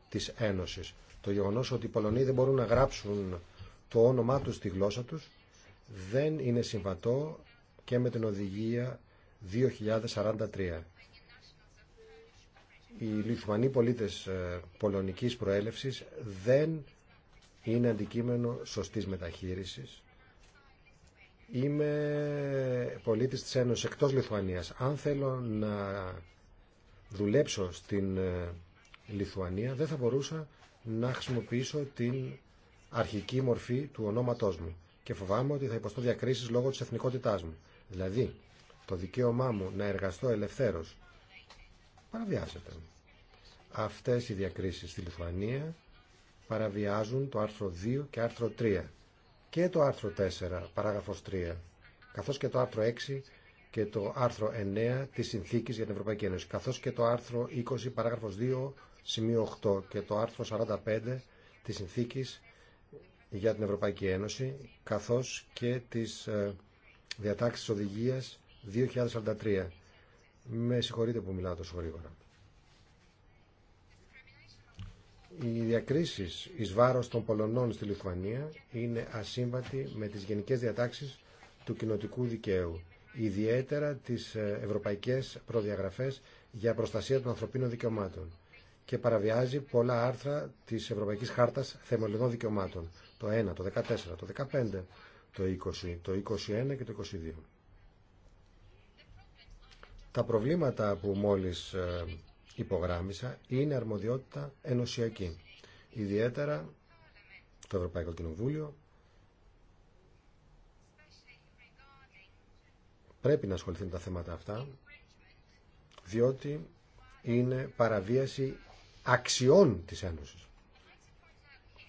της Ένωσης. Το γεγονός ότι οι Πολωνοί δεν μπορούν να γράψουν το όνομά τους στη γλώσσα τους δεν είναι συμβατό και με την οδηγία 2043. Οι Λιθουανοί πολίτες ε, πολωνικής προέλευσης δεν είναι αντικείμενο σωστής μεταχείρισης. Είμαι πολίτης της Ένωσης εκτός Λιθουανίας. Αν θέλω να δουλέψω στην ε, Λιθουανία δεν θα μπορούσα να χρησιμοποιήσω την αρχική μορφή του ονόματός μου και φοβάμαι ότι θα υποστώ διακρίσεις λόγω της εθνικότητάς μου. Δηλαδή, το δικαίωμά μου να εργαστώ ελευθέρος παραβιάζεται. Αυτές οι διακρίσεις στη Λιθουανία παραβιάζουν το άρθρο 2 και άρθρο 3 και το άρθρο 4, παράγραφος 3, καθώς και το άρθρο 6 και το άρθρο 9 της Συνθήκης για την Ευρωπαϊκή Ένωση, καθώς και το άρθρο 20, παράγραφος 2, σημείο 8 και το άρθρο 45 της Συνθήκης για την Ευρωπαϊκή Ένωση, καθώς και τις ε, διατάξεις οδηγίας 2043. Με συγχωρείτε που μιλάω τόσο γρήγορα. Οι διακρίσει ει βάρο των Πολωνών στη Λιθουανία είναι ασύμβατη με τι γενικέ διατάξει του κοινοτικού δικαίου, ιδιαίτερα τι ε, ευρωπαϊκέ προδιαγραφέ για προστασία των ανθρωπίνων δικαιωμάτων και παραβιάζει πολλά άρθρα τη Ευρωπαϊκή Χάρτα Θεμελιωδών Δικαιωμάτων, το 1, το 14, το 15, το 20, το 21 και το 22. Τα προβλήματα που μόλις ε, υπογράμμισα, είναι αρμοδιότητα ενωσιακή. Ιδιαίτερα το Ευρωπαϊκό Κοινοβούλιο πρέπει να ασχοληθεί με τα θέματα αυτά, διότι είναι παραβίαση αξιών της Ένωσης.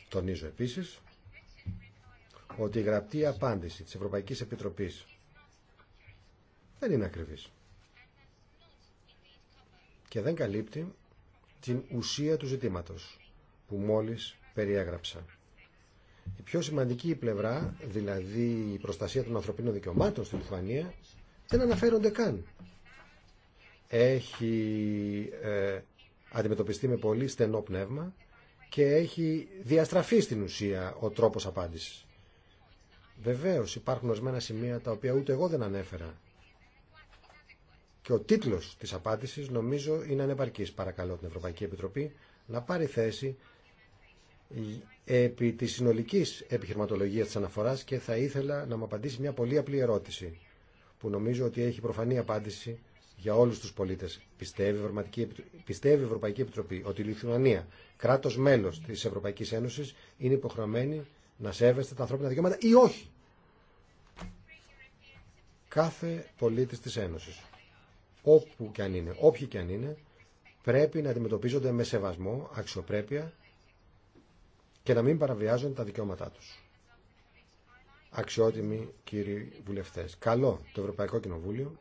Τονίζω επίσης ότι η γραπτή απάντηση της Ευρωπαϊκής Επιτροπής δεν είναι ακριβής και δεν καλύπτει την ουσία του ζητήματος που μόλις περιέγραψα. Η πιο σημαντική πλευρά, δηλαδή η προστασία των ανθρωπίνων δικαιωμάτων στη Λιθουανία, δεν αναφέρονται καν. Έχει ε, αντιμετωπιστεί με πολύ στενό πνεύμα και έχει διαστραφεί στην ουσία ο τρόπος απάντησης. Βεβαίως υπάρχουν ορισμένα σημεία τα οποία ούτε εγώ δεν ανέφερα και ο τίτλο τη απάντηση νομίζω είναι ανεπαρκή. Παρακαλώ την Ευρωπαϊκή Επιτροπή να πάρει θέση επί τη συνολική επιχειρηματολογία τη αναφορά και θα ήθελα να μου απαντήσει μια πολύ απλή ερώτηση που νομίζω ότι έχει προφανή απάντηση για όλου του πολίτε, Πιστεύει η Ευρωπαϊκή, Επιτροπή ότι η Λιθουανία, κράτο μέλο τη Ευρωπαϊκή Ένωση είναι υποχρεωμένη να σέβεστε τα ανθρώπινα δικαιώματα ή όχι. Κάθε πολίτη τη Ένωση όπου και αν είναι, όποιοι και αν είναι, πρέπει να αντιμετωπίζονται με σεβασμό, αξιοπρέπεια και να μην παραβιάζουν τα δικαιώματά τους. Αξιότιμοι κύριοι βουλευτές, καλό το Ευρωπαϊκό Κοινοβούλιο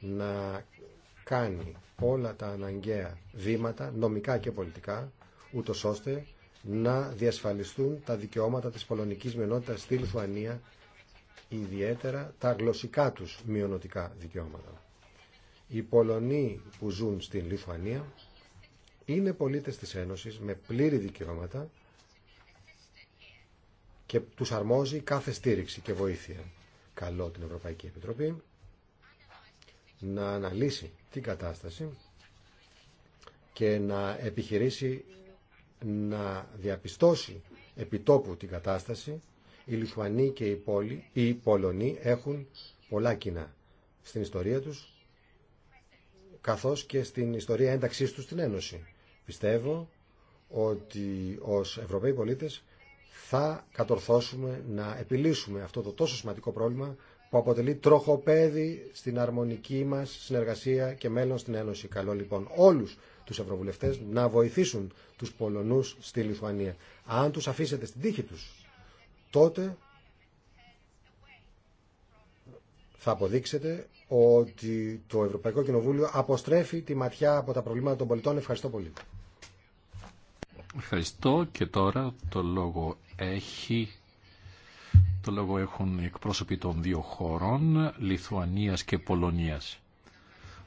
να κάνει όλα τα αναγκαία βήματα, νομικά και πολιτικά, ούτως ώστε να διασφαλιστούν τα δικαιώματα της πολωνικής μειονότητας στη Λιθουανία, ιδιαίτερα τα γλωσσικά τους μειονοτικά δικαιώματα. Οι Πολωνοί που ζουν στην Λιθουανία είναι πολίτες της Ένωσης με πλήρη δικαιώματα και τους αρμόζει κάθε στήριξη και βοήθεια. Καλό την Ευρωπαϊκή Επιτροπή να αναλύσει την κατάσταση και να επιχειρήσει να διαπιστώσει επιτόπου την κατάσταση. Οι Λιθουανοί και οι, Πολοι, οι Πολωνοί έχουν πολλά κοινά στην ιστορία τους καθώς και στην ιστορία ένταξής τους στην Ένωση. Πιστεύω ότι ως Ευρωπαίοι πολίτες θα κατορθώσουμε να επιλύσουμε αυτό το τόσο σημαντικό πρόβλημα που αποτελεί τροχοπέδι στην αρμονική μας συνεργασία και μέλλον στην Ένωση. Καλό λοιπόν όλους τους ευρωβουλευτές να βοηθήσουν τους Πολωνούς στη Λιθουανία. Αν τους αφήσετε στην τύχη τους, τότε θα αποδείξετε ότι το Ευρωπαϊκό Κοινοβούλιο αποστρέφει τη ματιά από τα προβλήματα των πολιτών. Ευχαριστώ πολύ. Ευχαριστώ και τώρα το λόγο έχει το λόγο έχουν οι εκπρόσωποι των δύο χωρών, Λιθουανίας και Πολωνίας.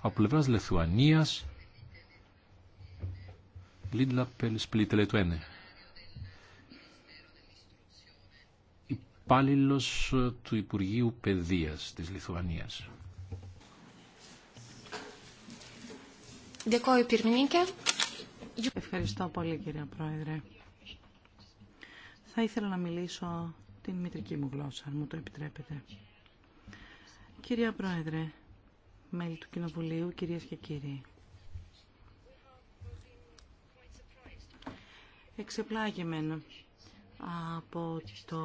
Από πλευράς Λιθουανίας, Λίντλα Πελσπλίτελε του Ένε. Υπάλληλος του Υπουργείου Παιδείας της Λιθουανίας. Ευχαριστώ πολύ κυρία Πρόεδρε. Θα ήθελα να μιλήσω την μητρική μου γλώσσα, αν μου το επιτρέπετε. Κυρία Πρόεδρε, μέλη του Κοινοβουλίου, κυρίες και κύριοι. Εξεπλάγημενο από το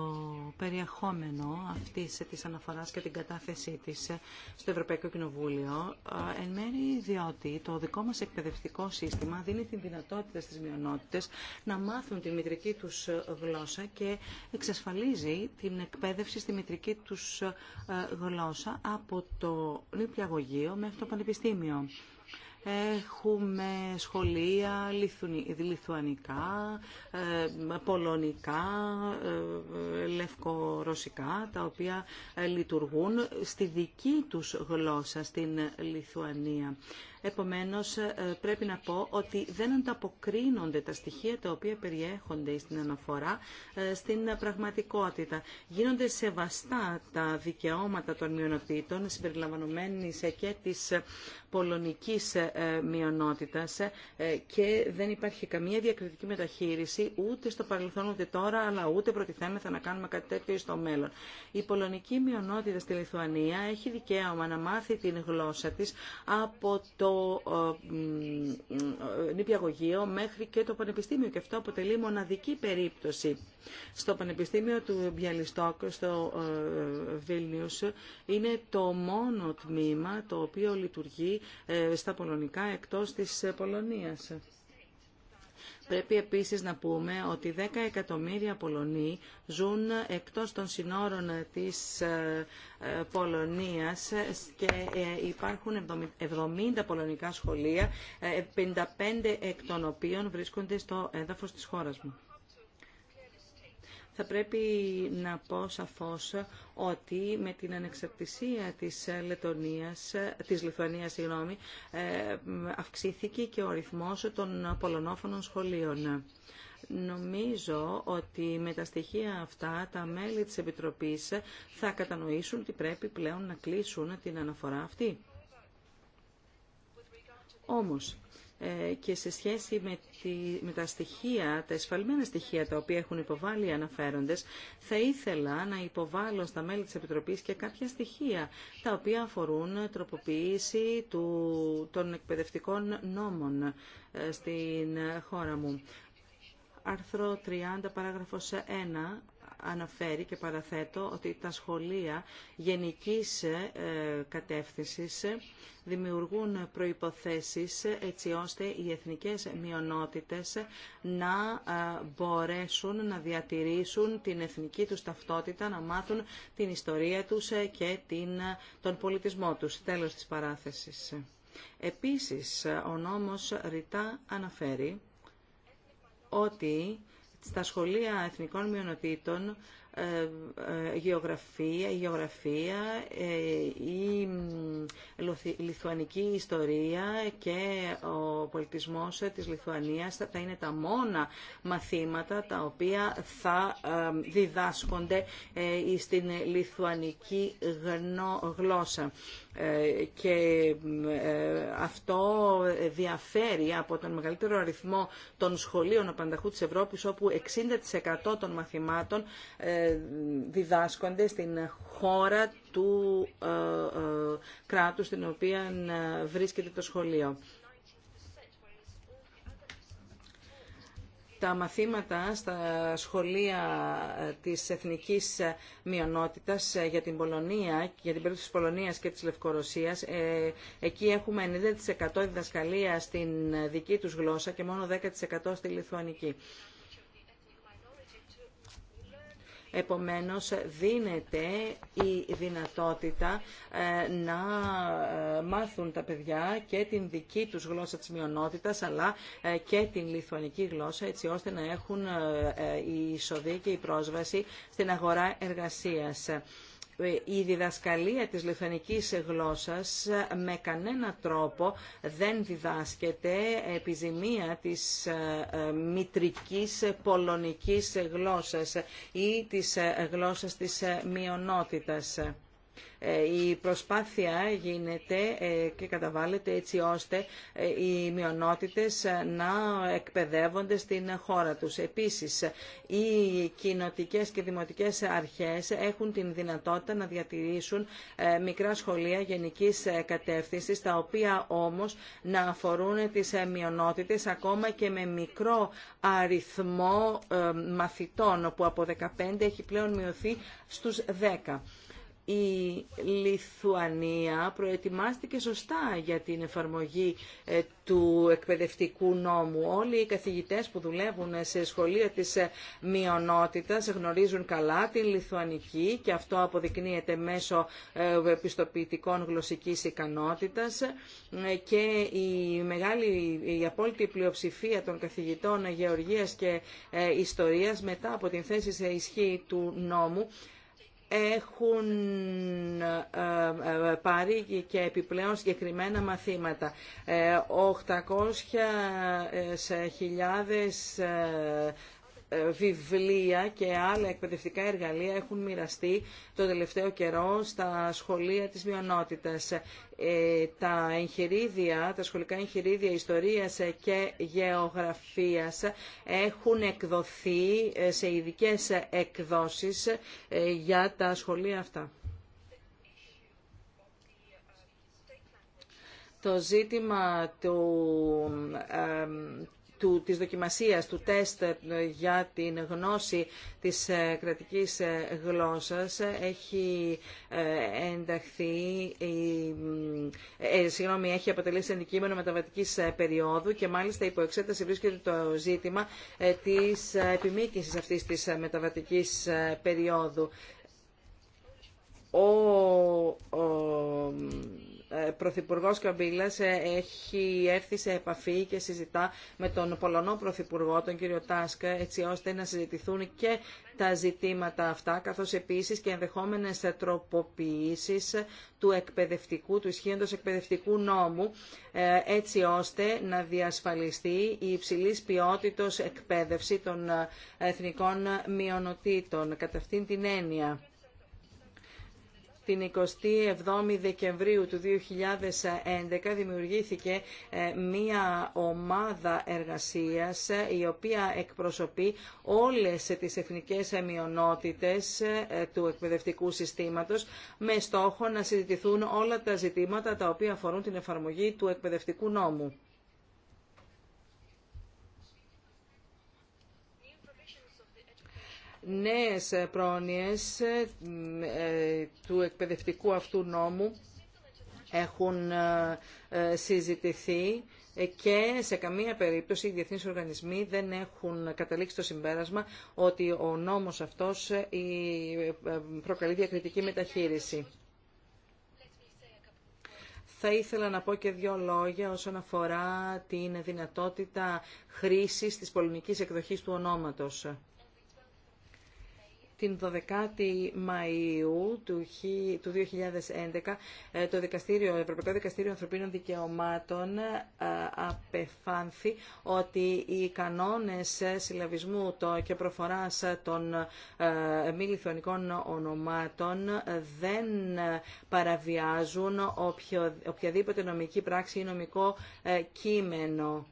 περιεχόμενο αυτής της αναφοράς και την κατάθεσή της στο Ευρωπαϊκό Κοινοβούλιο, ε, εν μέρει διότι το δικό μας εκπαιδευτικό σύστημα δίνει την δυνατότητα στις μειονότητες να μάθουν τη μητρική τους γλώσσα και εξασφαλίζει την εκπαίδευση στη μητρική τους ε, γλώσσα από το νηπιαγωγείο μέχρι το πανεπιστήμιο. Έχουμε σχολεία λιθουανικά, ε, πολωνικά, ε, λευκορωσικά, τα οποία ε, λειτουργούν στη δική τους γλώσσα στην Λιθουανία. Επομένως, ε, πρέπει να πω ότι δεν ανταποκρίνονται τα στοιχεία τα οποία περιέχονται στην αναφορά ε, στην πραγματικότητα. Γίνονται σεβαστά τα δικαιώματα των μειονοτήτων, συμπεριλαμβανομένης ε, και της πολωνικής μειονότητας και δεν υπάρχει καμία διακριτική μεταχείριση ούτε στο παρελθόν ούτε τώρα, αλλά ούτε προτιθέμεθα να κάνουμε κάτι τέτοιο στο μέλλον. Η πολωνική μειονότητα στη Λιθουανία έχει δικαίωμα να μάθει την γλώσσα της από το ε, ε, νηπιαγωγείο μέχρι και το πανεπιστήμιο και αυτό αποτελεί μοναδική περίπτωση. Στο Πανεπιστήμιο του Μπιαλιστόκ, στο ε, Βίλνιους, είναι το μόνο τμήμα το οποίο λειτουργεί στα πολωνικά εκτός της Πολωνίας. Πρέπει επίσης να πούμε ότι 10 εκατομμύρια Πολωνοί ζουν εκτός των συνόρων της ε, ε, Πολωνίας και ε, υπάρχουν 70 πολωνικά σχολεία, 55 εκ των οποίων βρίσκονται στο έδαφος της χώρας μου. Θα πρέπει να πω σαφώς ότι με την ανεξαρτησία της Λετωνίας, της Λιθουανίας, συγγνώμη, ε, αυξήθηκε και ο ρυθμός των πολωνόφωνων σχολείων. Νομίζω ότι με τα στοιχεία αυτά τα μέλη της Επιτροπής θα κατανοήσουν ότι πρέπει πλέον να κλείσουν την αναφορά αυτή. Όμως, ε, και σε σχέση με, τη, με τα στοιχεία, τα εσφαλμένα στοιχεία τα οποία έχουν υποβάλει οι αναφέροντες, θα ήθελα να υποβάλω στα μέλη της Επιτροπής και κάποια στοιχεία τα οποία αφορούν τροποποίηση του, των εκπαιδευτικών νόμων ε, στην χώρα μου. Άρθρο 30, παράγραφος 1, αναφέρει και παραθέτω ότι τα σχολεία γενικής ε, κατεύθυνσης δημιουργούν προϋποθέσεις έτσι ώστε οι εθνικές μειονότητες να ε, μπορέσουν να διατηρήσουν την εθνική τους ταυτότητα, να μάθουν την ιστορία τους ε, και την, τον πολιτισμό τους. Τέλος της παράθεσης. Επίσης, ο νόμος ρητά αναφέρει ότι στα σχολεία εθνικών μειονοτήτων ε, ε, γεωγραφία, γεωγραφία, ε, η λιθουανική ιστορία και ο πολιτισμός της Λιθουανίας θα είναι τα μόνα μαθήματα τα οποία θα διδάσκονται στην λιθουανική γλώσσα. Ε, και ε, αυτό διαφέρει από τον μεγαλύτερο αριθμό των σχολείων απανταχού της Ευρώπης όπου 60% των μαθημάτων ε, διδάσκονται στην χώρα του κράτους στην οποία βρίσκεται το σχολείο. τα μαθήματα στα σχολεία ε, της εθνικής ε, μειονότητας ε, για την Πολωνία, για την περίπτωση της Πολωνίας και της Λευκορωσίας. εκεί έχουμε 90% διδασκαλία στην δική τους γλώσσα και μόνο 10% στη λιθουανική. Επομένως, δίνεται η δυνατότητα ε, να ε, μάθουν τα παιδιά και την δική τους γλώσσα της μειονότητας, αλλά ε, και την λιθουανική γλώσσα, έτσι ώστε να έχουν η εισοδή και η πρόσβαση στην αγορά εργασίας η διδασκαλία της λιθανικής γλώσσας με κανένα τρόπο δεν διδάσκεται επιζημία της ε, μητρικής πολωνικής γλώσσας ή της ε, γλώσσας της ε, μειονότητας. Ε, η προσπάθεια γίνεται ε, και καταβάλλεται έτσι ώστε ε, οι μειονότητες να εκπαιδεύονται στην χώρα τους. Επίσης, οι κοινοτικές και δημοτικές αρχές έχουν την δυνατότητα να διατηρήσουν μικρά σχολεία γενικής κατεύθυνσης, τα οποία όμως να αφορούν τις μειονότητες ακόμα και με μικρό αριθμό μαθητών, που από 15 έχει πλέον μειωθεί στους 10 η Λιθουανία προετοιμάστηκε σωστά για την εφαρμογή ε, του εκπαιδευτικού νόμου. Όλοι οι καθηγητές που δουλεύουν ε, σε σχολεία της ε, μειονότητας γνωρίζουν καλά την Λιθουανική και αυτό αποδεικνύεται μέσω επιστοποιητικών γλωσσικής ικανότητας και η μεγάλη, η απόλυτη πλειοψηφία των καθηγητών γεωργίας και ιστορίας μετά από την θέση σε ισχύ του νόμου έχουν ε, ε, πάρει και επιπλέον συγκεκριμένα μαθήματα. 800 ε, 800.000 ε, βιβλία και άλλα εκπαιδευτικά εργαλεία έχουν μοιραστεί το τελευταίο καιρό στα σχολεία της μειονότητας. Ε, τα εγχειρίδια, τα σχολικά εγχειρίδια ιστορίας και γεωγραφίας έχουν εκδοθεί ε, σε ειδικές εκδόσεις για τα σχολεία αυτά. Το ζήτημα του, του, της δοκιμασίας, του τεστ ε, για την γνώση της ε, κρατικής ε, γλώσσας έχει ενταχθεί, ε, συγγνώμη, έχει αποτελέσει αντικείμενο μεταβατικής περίοδου και μάλιστα υπό εξέταση βρίσκεται το ζήτημα της επιμήκυνσης αυτής της μεταβατικής περίοδου. ο ε, πρωθυπουργό Καμπίλα ε, έχει έρθει σε επαφή και συζητά με τον Πολωνό Πρωθυπουργό, τον κύριο Τάσκα, έτσι ώστε να συζητηθούν και τα ζητήματα αυτά, καθώς επίσης και ενδεχόμενες τροποποιήσεις του εκπαιδευτικού, του ισχύοντος εκπαιδευτικού νόμου, ε, έτσι ώστε να διασφαλιστεί η υψηλής ποιότητος εκπαίδευση των εθνικών μειονοτήτων. Κατά αυτήν την έννοια την 27η Δεκεμβρίου του 2011 δημιουργήθηκε ε, μία ομάδα εργασίας ε, η οποία εκπροσωπεί όλες τις εθνικές μειονότητες ε, του εκπαιδευτικού συστήματος με στόχο να συζητηθούν όλα τα ζητήματα τα οποία αφορούν την εφαρμογή του εκπαιδευτικού νόμου. νέες πρόνοιες ε, του εκπαιδευτικού αυτού νόμου έχουν ε, συζητηθεί και σε καμία περίπτωση οι διεθνείς οργανισμοί δεν έχουν καταλήξει το συμπέρασμα ότι ο νόμος αυτός ε, προκαλεί διακριτική μεταχείριση. Θα ήθελα να πω και δύο λόγια όσον αφορά την δυνατότητα χρήσης της πολιτικής εκδοχής του ονόματος την 12η Μαΐου του 2011 ε, το δικαστήριο, Ευρωπαϊκό Δικαστήριο Ανθρωπίνων Δικαιωμάτων ε, απεφάνθη ότι οι κανόνες συλλαβισμού και προφοράς των ε, μη λιθουανικών ονομάτων δεν παραβιάζουν οποιαδήποτε νομική πράξη ή νομικό κείμενο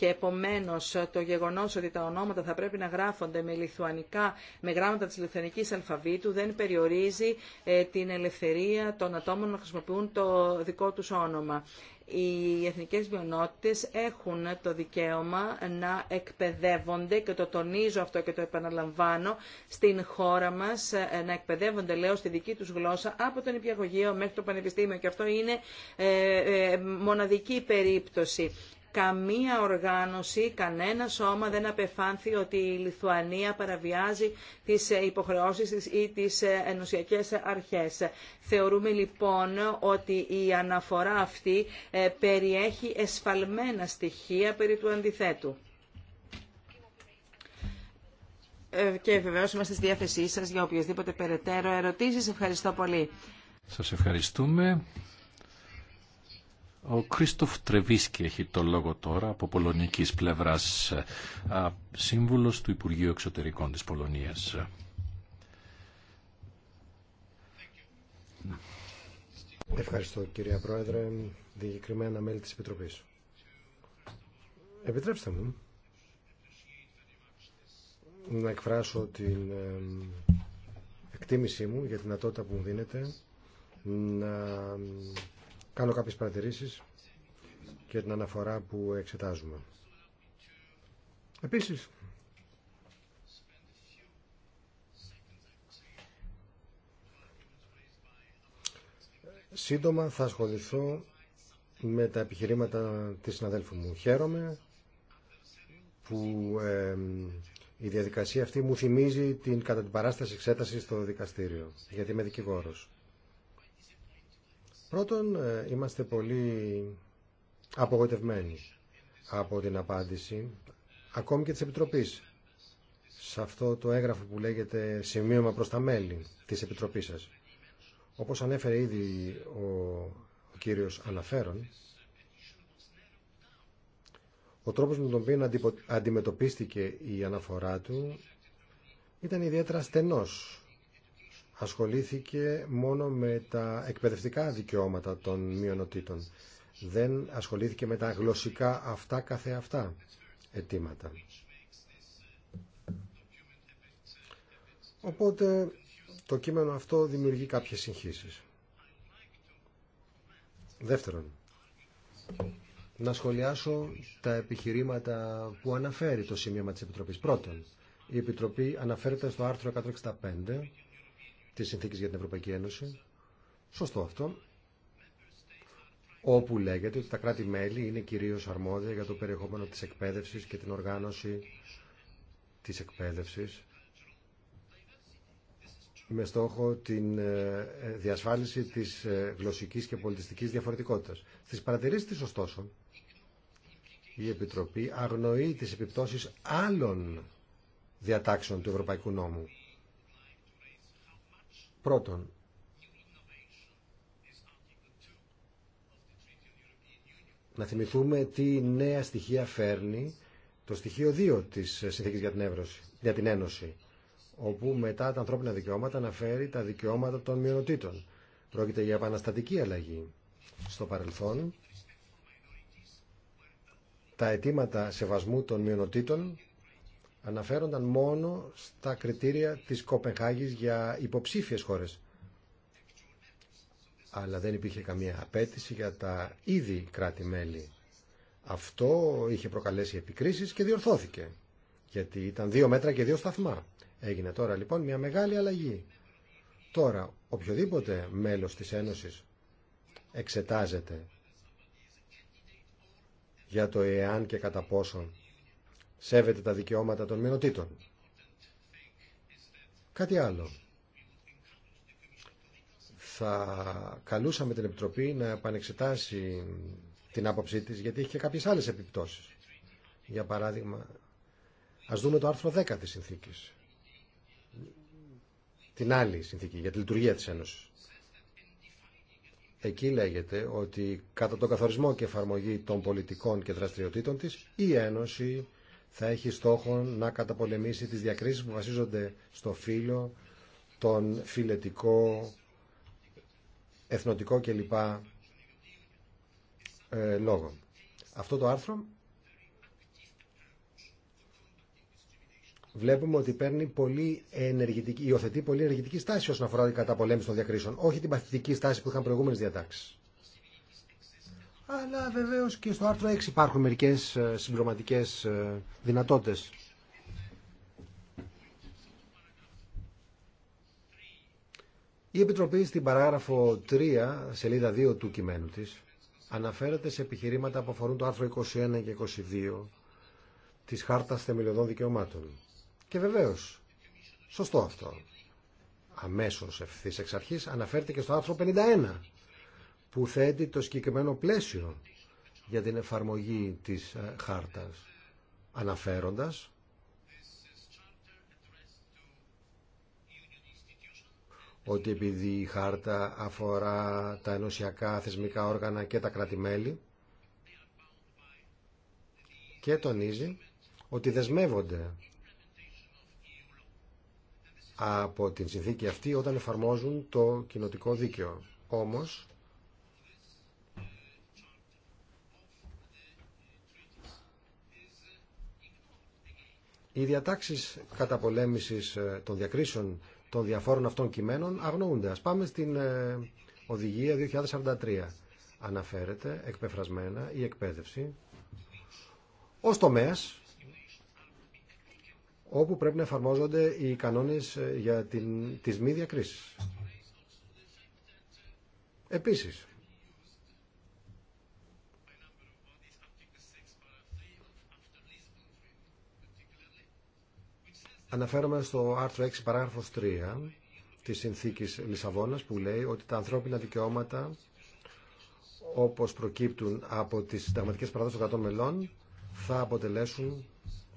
και επομένω, το γεγονό ότι τα ονόματα θα πρέπει να γράφονται με, λιθουανικά, με γράμματα της λιθουανική αλφαβήτου δεν περιορίζει ε, την ελευθερία των ατόμων να χρησιμοποιούν το δικό του όνομα οι εθνικές μειονότητες έχουν το δικαίωμα να εκπαιδεύονται και το τονίζω αυτό και το επαναλαμβάνω στην χώρα μας ε, να εκπαιδεύονται λέω στη δική τους γλώσσα από τον υπηαγωγείο μέχρι το πανεπιστήμιο και αυτό είναι ε, μοναδική περίπτωση καμία οργάνωση, κανένα σώμα δεν απεφάνθη ότι η Λιθουανία παραβιάζει τις υποχρεώσεις της ή τις ενωσιακές αρχές. Θεωρούμε λοιπόν ότι η αναφορά αυτή ε, περιέχει εσφαλμένα στοιχεία περί του αντιθέτου ε, και βεβαίω είμαστε στη διάθεσή σα για οποιοδήποτε περαιτέρω ερωτήσεις. Ευχαριστώ πολύ. Σας ευχαριστούμε. Ο Κρίστοφ Τρεβίσκη έχει το λόγο τώρα από πολωνικής πλευράς, σύμβουλος του Υπουργείου Εξωτερικών της Πολωνίας. Ευχαριστώ κυρία Πρόεδρε, διεκριμένα μέλη της Επιτροπής. Επιτρέψτε μου να εκφράσω την εκτίμησή μου για την δυνατότητα που μου δίνεται να κάνω κάποιες παρατηρήσεις και την αναφορά που εξετάζουμε. Επίσης, σύντομα θα ασχοληθώ με τα επιχειρήματα της συναδέλφου μου. Χαίρομαι που η διαδικασία αυτή μου θυμίζει την κατά την παράσταση εξέταση στο δικαστήριο, γιατί είμαι δικηγόρος. Πρώτον, ε, είμαστε πολύ απογοητευμένοι από την απάντηση, ακόμη και της Επιτροπής, σε αυτό το έγγραφο που λέγεται «Σημείωμα προς τα μέλη» της Επιτροπής σας. Όπως ανέφερε ήδη ο, κύριος Αναφέρον, ο τρόπος με τον οποίο αντιμετωπίστηκε η αναφορά του ήταν ιδιαίτερα στενός ασχολήθηκε μόνο με τα εκπαιδευτικά δικαιώματα των μειονοτήτων. Δεν ασχολήθηκε με τα γλωσσικά αυτά καθεαυτά αιτήματα. Οπότε το κείμενο αυτό δημιουργεί κάποιες συγχύσεις. Δεύτερον, να σχολιάσω τα επιχειρήματα που αναφέρει το σημείωμα της Επιτροπής. Πρώτον, η Επιτροπή αναφέρεται στο άρθρο 165 της Συνθήκης για την Ευρωπαϊκή Ένωση. Σωστό αυτό. Όπου λέγεται ότι τα κράτη-μέλη είναι κυρίως αρμόδια για το περιεχόμενο της εκπαίδευσης και την οργάνωση της εκπαίδευσης με στόχο την ε, διασφάλιση της ε, γλωσσικής και πολιτιστικής διαφορετικότητας. Στις παρατηρήσεις της ωστόσο, η Επιτροπή αγνοεί τις επιπτώσεις άλλων διατάξεων του Ευρωπαϊκού Νόμου Πρώτον, να θυμηθούμε τι νέα στοιχεία φέρνει το στοιχείο 2 της Συνθήκης για την, για την Ένωση, όπου μετά τα ανθρώπινα δικαιώματα αναφέρει τα δικαιώματα των μειονοτήτων. Πρόκειται για επαναστατική αλλαγή. Στο παρελθόν, τα αιτήματα σεβασμού των μειονοτήτων αναφέρονταν μόνο στα κριτήρια της Κοπεγχάγης για υποψήφιες χώρες. Αλλά δεν υπήρχε καμία απέτηση για τα ήδη κράτη-μέλη. Αυτό είχε προκαλέσει επικρίσεις και διορθώθηκε. Γιατί ήταν δύο μέτρα και δύο σταθμά. Έγινε τώρα λοιπόν μια μεγάλη αλλαγή. Τώρα, οποιοδήποτε μέλος της Ένωσης εξετάζεται για το εάν και κατά πόσον σέβεται τα δικαιώματα των μειονοτήτων. Κάτι άλλο. Θα καλούσαμε την Επιτροπή να επανεξετάσει την άποψή της γιατί έχει και κάποιες άλλες επιπτώσεις. Για παράδειγμα, ας δούμε το άρθρο 10 της συνθήκης. Την άλλη συνθήκη για τη λειτουργία της Ένωσης. Εκεί λέγεται ότι κατά τον καθορισμό και εφαρμογή των πολιτικών και δραστηριοτήτων της η Ένωση θα έχει στόχο να καταπολεμήσει τις διακρίσεις που βασίζονται στο φύλλο, τον φιλετικό, εθνοτικό κλπ. Ε, λόγο. Αυτό το άρθρο βλέπουμε ότι παίρνει πολύ ενεργητική, υιοθετεί πολύ ενεργητική στάση όσον αφορά την καταπολέμηση των διακρίσεων, όχι την παθητική στάση που είχαν προηγούμενες διατάξεις αλλά βεβαίω και στο άρθρο 6 υπάρχουν μερικές ε, συμπληρωματικέ ε, δυνατότητε. Η Επιτροπή στην παράγραφο 3, σελίδα 2 του κειμένου της, αναφέρεται σε επιχειρήματα που αφορούν το άρθρο 21 και 22 της Χάρτας Θεμελιωδών Δικαιωμάτων. Και βεβαίως, σωστό αυτό. Αμέσως ευθύς εξ αρχής αναφέρεται και στο άρθρο 51 που θέτει το συγκεκριμένο πλαίσιο για την εφαρμογή της ε, χάρτας αναφέροντας ότι επειδή η χάρτα αφορά τα ενωσιακά θεσμικά όργανα και τα κρατημέλη και τονίζει ότι δεσμεύονται από την συνθήκη αυτή όταν εφαρμόζουν το κοινοτικό δίκαιο. Όμως, Οι διατάξεις καταπολέμησης ε, των διακρίσεων των διαφόρων αυτών κειμένων αγνοούνται. Ας πάμε στην ε, Οδηγία 2043. Αναφέρεται εκπεφρασμένα η εκπαίδευση ως τομέα, όπου πρέπει να εφαρμόζονται οι κανόνες ε, για την, τις μη διακρίσεις. Επίσης, Αναφέρομαι στο άρθρο 6 παράγραφος 3 της συνθήκης Λισαβόνας που λέει ότι τα ανθρώπινα δικαιώματα όπως προκύπτουν από τις συνταγματικές παραδόσεις των κρατών μελών θα αποτελέσουν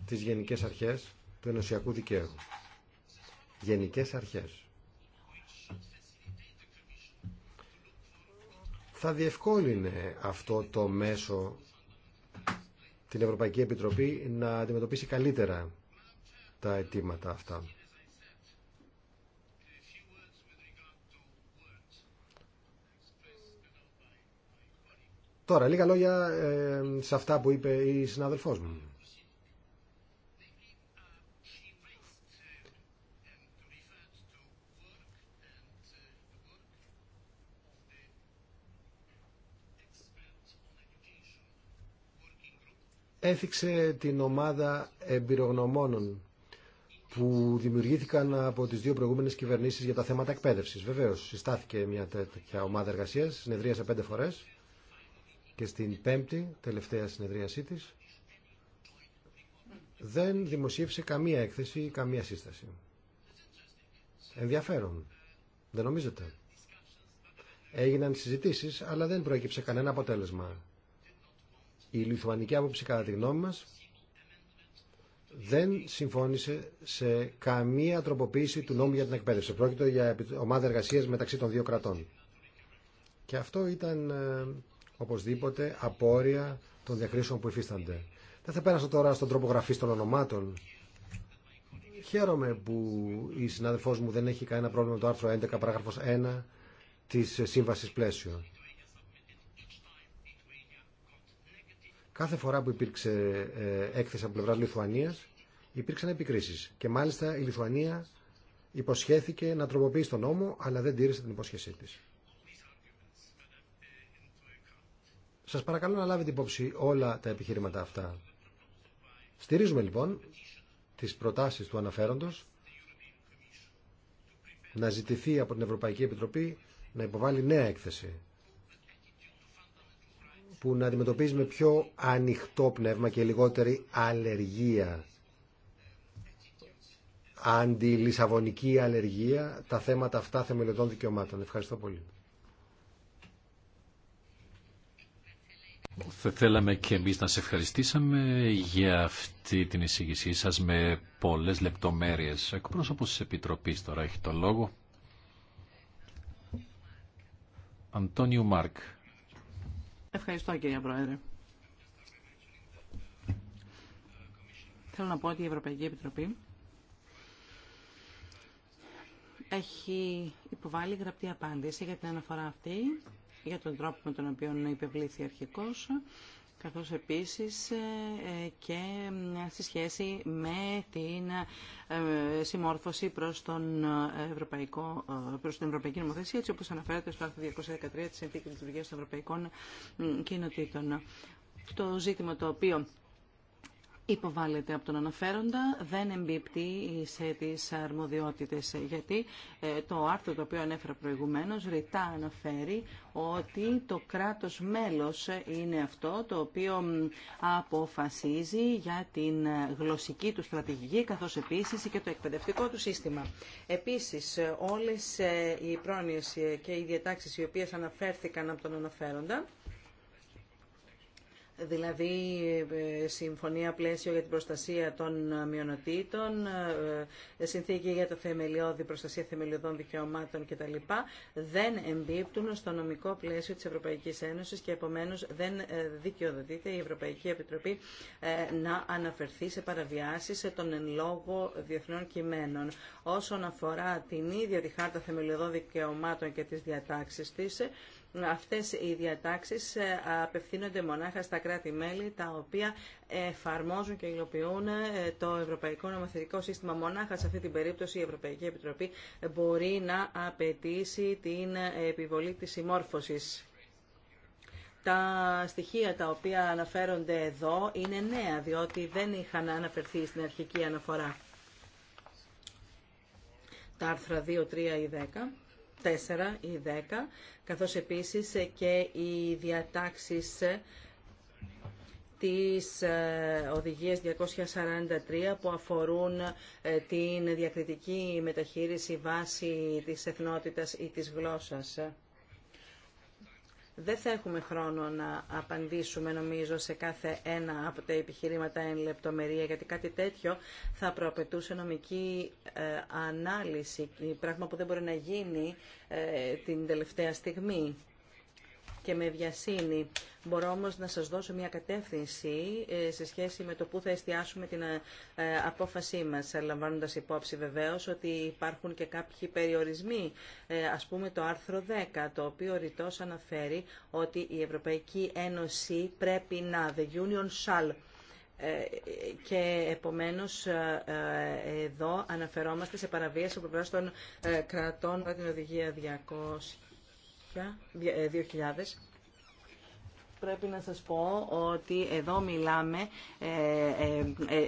τις γενικές αρχές του ενωσιακού δικαίου. Γενικές αρχές. Θα διευκόλυνε αυτό το μέσο την Ευρωπαϊκή Επιτροπή να αντιμετωπίσει καλύτερα τα αιτήματα αυτά. Τώρα, λίγα λόγια ε, σε αυτά που είπε η συνάδελφός μου. Έθιξε την ομάδα εμπειρογνωμόνων που δημιουργήθηκαν από τις δύο προηγούμενες κυβερνήσεις για τα θέματα εκπαίδευσης. Βεβαίως, συστάθηκε μια τέτοια ομάδα εργασίας, συνεδρίασε πέντε φορές και στην πέμπτη τελευταία συνεδρίασή της δεν δημοσίευσε καμία έκθεση ή καμία σύσταση. Ενδιαφέρον. Δεν νομίζετε. Έγιναν συζητήσεις, αλλά δεν προέκυψε κανένα αποτέλεσμα. Η λιθουανική άποψη, κατά τη γνώμη μας, δεν συμφώνησε σε καμία τροποποίηση του νόμου για την εκπαίδευση. Πρόκειται για ομάδα εργασία μεταξύ των δύο κρατών. Και αυτό ήταν ε, οπωσδήποτε απόρρια των διακρίσεων που υφίστανται. Δεν θα πέρασω τώρα στον τρόπο γραφή των ονομάτων. Χαίρομαι που η συνάδελφός μου δεν έχει κανένα πρόβλημα με το άρθρο 11 παράγραφος 1 της Σύμβασης Πλαίσιο. Κάθε φορά που υπήρξε ε, έκθεση από πλευρά Λιθουανία υπήρξαν επικρίσει. Και μάλιστα η Λιθουανία υποσχέθηκε να τροποποιήσει τον νόμο, αλλά δεν τήρησε την υπόσχεσή τη. Σα παρακαλώ να λάβετε υπόψη όλα τα επιχείρηματα αυτά. Στηρίζουμε λοιπόν τι προτάσει του αναφέροντο να ζητηθεί από την Ευρωπαϊκή Επιτροπή να υποβάλει νέα έκθεση που να αντιμετωπίζει με πιο ανοιχτό πνεύμα και λιγότερη αλλεργία. Αντιλισαβονική αλλεργία, τα θέματα αυτά θεμελιωδών δικαιωμάτων. Ευχαριστώ πολύ. Θα θέλαμε και εμείς να σε ευχαριστήσαμε για αυτή την εισήγησή σας με πολλές λεπτομέρειες. εκπρόσωπος της Επιτροπής τώρα έχει το λόγο. Αντώνιου Μάρκ. Ευχαριστώ κύριε Πρόεδρε. Θέλω να πω ότι η Ευρωπαϊκή Επιτροπή έχει υποβάλει γραπτή απάντηση για την αναφορά αυτή, για τον τρόπο με τον οποίο υπευλήθη αρχικός καθώς επίσης ε, και ε, στη σχέση με την ε, συμμόρφωση προς, τον Ευρωπαϊκό, προς την Ευρωπαϊκή Νομοθεσία, έτσι όπως αναφέρεται στο άρθρο 213 της Συνθήκης Λειτουργίας των Ευρωπαϊκών Κοινοτήτων. Το ζήτημα το οποίο υποβάλλεται από τον αναφέροντα, δεν εμπίπτει σε τις αρμοδιότητες, γιατί ε, το άρθρο το οποίο ανέφερα προηγουμένως ρητά αναφέρει ότι το κράτος μέλος είναι αυτό το οποίο αποφασίζει για την γλωσσική του στρατηγική, καθώς επίσης και το εκπαιδευτικό του σύστημα. Επίσης, όλες ε, οι πρόνοιες ε, και οι διατάξεις οι οποίες αναφέρθηκαν από τον αναφέροντα, δηλαδή ε, συμφωνία πλαίσιο για την προστασία των ε, μειονοτήτων, ε, συνθήκη για το θεμελιώδη, προστασία θεμελιωδών δικαιωμάτων κτλ. δεν εμπίπτουν στο νομικό πλαίσιο της Ευρωπαϊκής Ένωσης και επομένως δεν δικαιοδοτείται η Ευρωπαϊκή Επιτροπή να αναφερθεί σε παραβιάσεις των εν λόγω διεθνών κειμένων. Όσον αφορά την ίδια τη Χάρτα Θεμελιωδών Δικαιωμάτων και τις διατάξεις της, Αυτές οι διατάξεις ε, απευθύνονται μονάχα στα κράτη-μέλη τα οποία εφαρμόζουν και υλοποιούν ε, το Ευρωπαϊκό Νομοθετικό Σύστημα. Μονάχα σε αυτή την περίπτωση η Ευρωπαϊκή Επιτροπή μπορεί να απαιτήσει την επιβολή της συμμόρφωσης. Τα στοιχεία τα οποία αναφέρονται εδώ είναι νέα, διότι δεν είχαν αναφερθεί στην αρχική αναφορά. Τα άρθρα 2, 3 ή 10 4 ή 10, καθώς επίσης και οι διατάξεις τις οδηγίες 243 που αφορούν ε, την διακριτική μεταχείριση βάσει της εθνότητας ή της γλώσσας. Δεν θα έχουμε χρόνο να απαντήσουμε νομίζω σε κάθε ένα από τα επιχειρήματα εν λεπτομερία γιατί κάτι τέτοιο θα προαπαιτούσε νομική ε, ανάλυση, πράγμα που δεν μπορεί να γίνει ε, την τελευταία στιγμή και με βιασύνη. Μπορώ όμως να σας δώσω μια κατεύθυνση ε, σε σχέση με το πού θα εστιάσουμε την ε, ε, απόφασή μας, λαμβάνοντας υπόψη βεβαίως ότι υπάρχουν και κάποιοι περιορισμοί. Ας πούμε το άρθρο 10, το οποίο ρητός αναφέρει ότι η Ευρωπαϊκή Ένωση πρέπει να, the Union shall, και επομένως εδώ αναφερόμαστε σε παραβίαση από πλευράς των κρατών την οδηγία 200 2000 ε, πρέπει να σας πω ότι εδώ μιλάμε, ε, ε,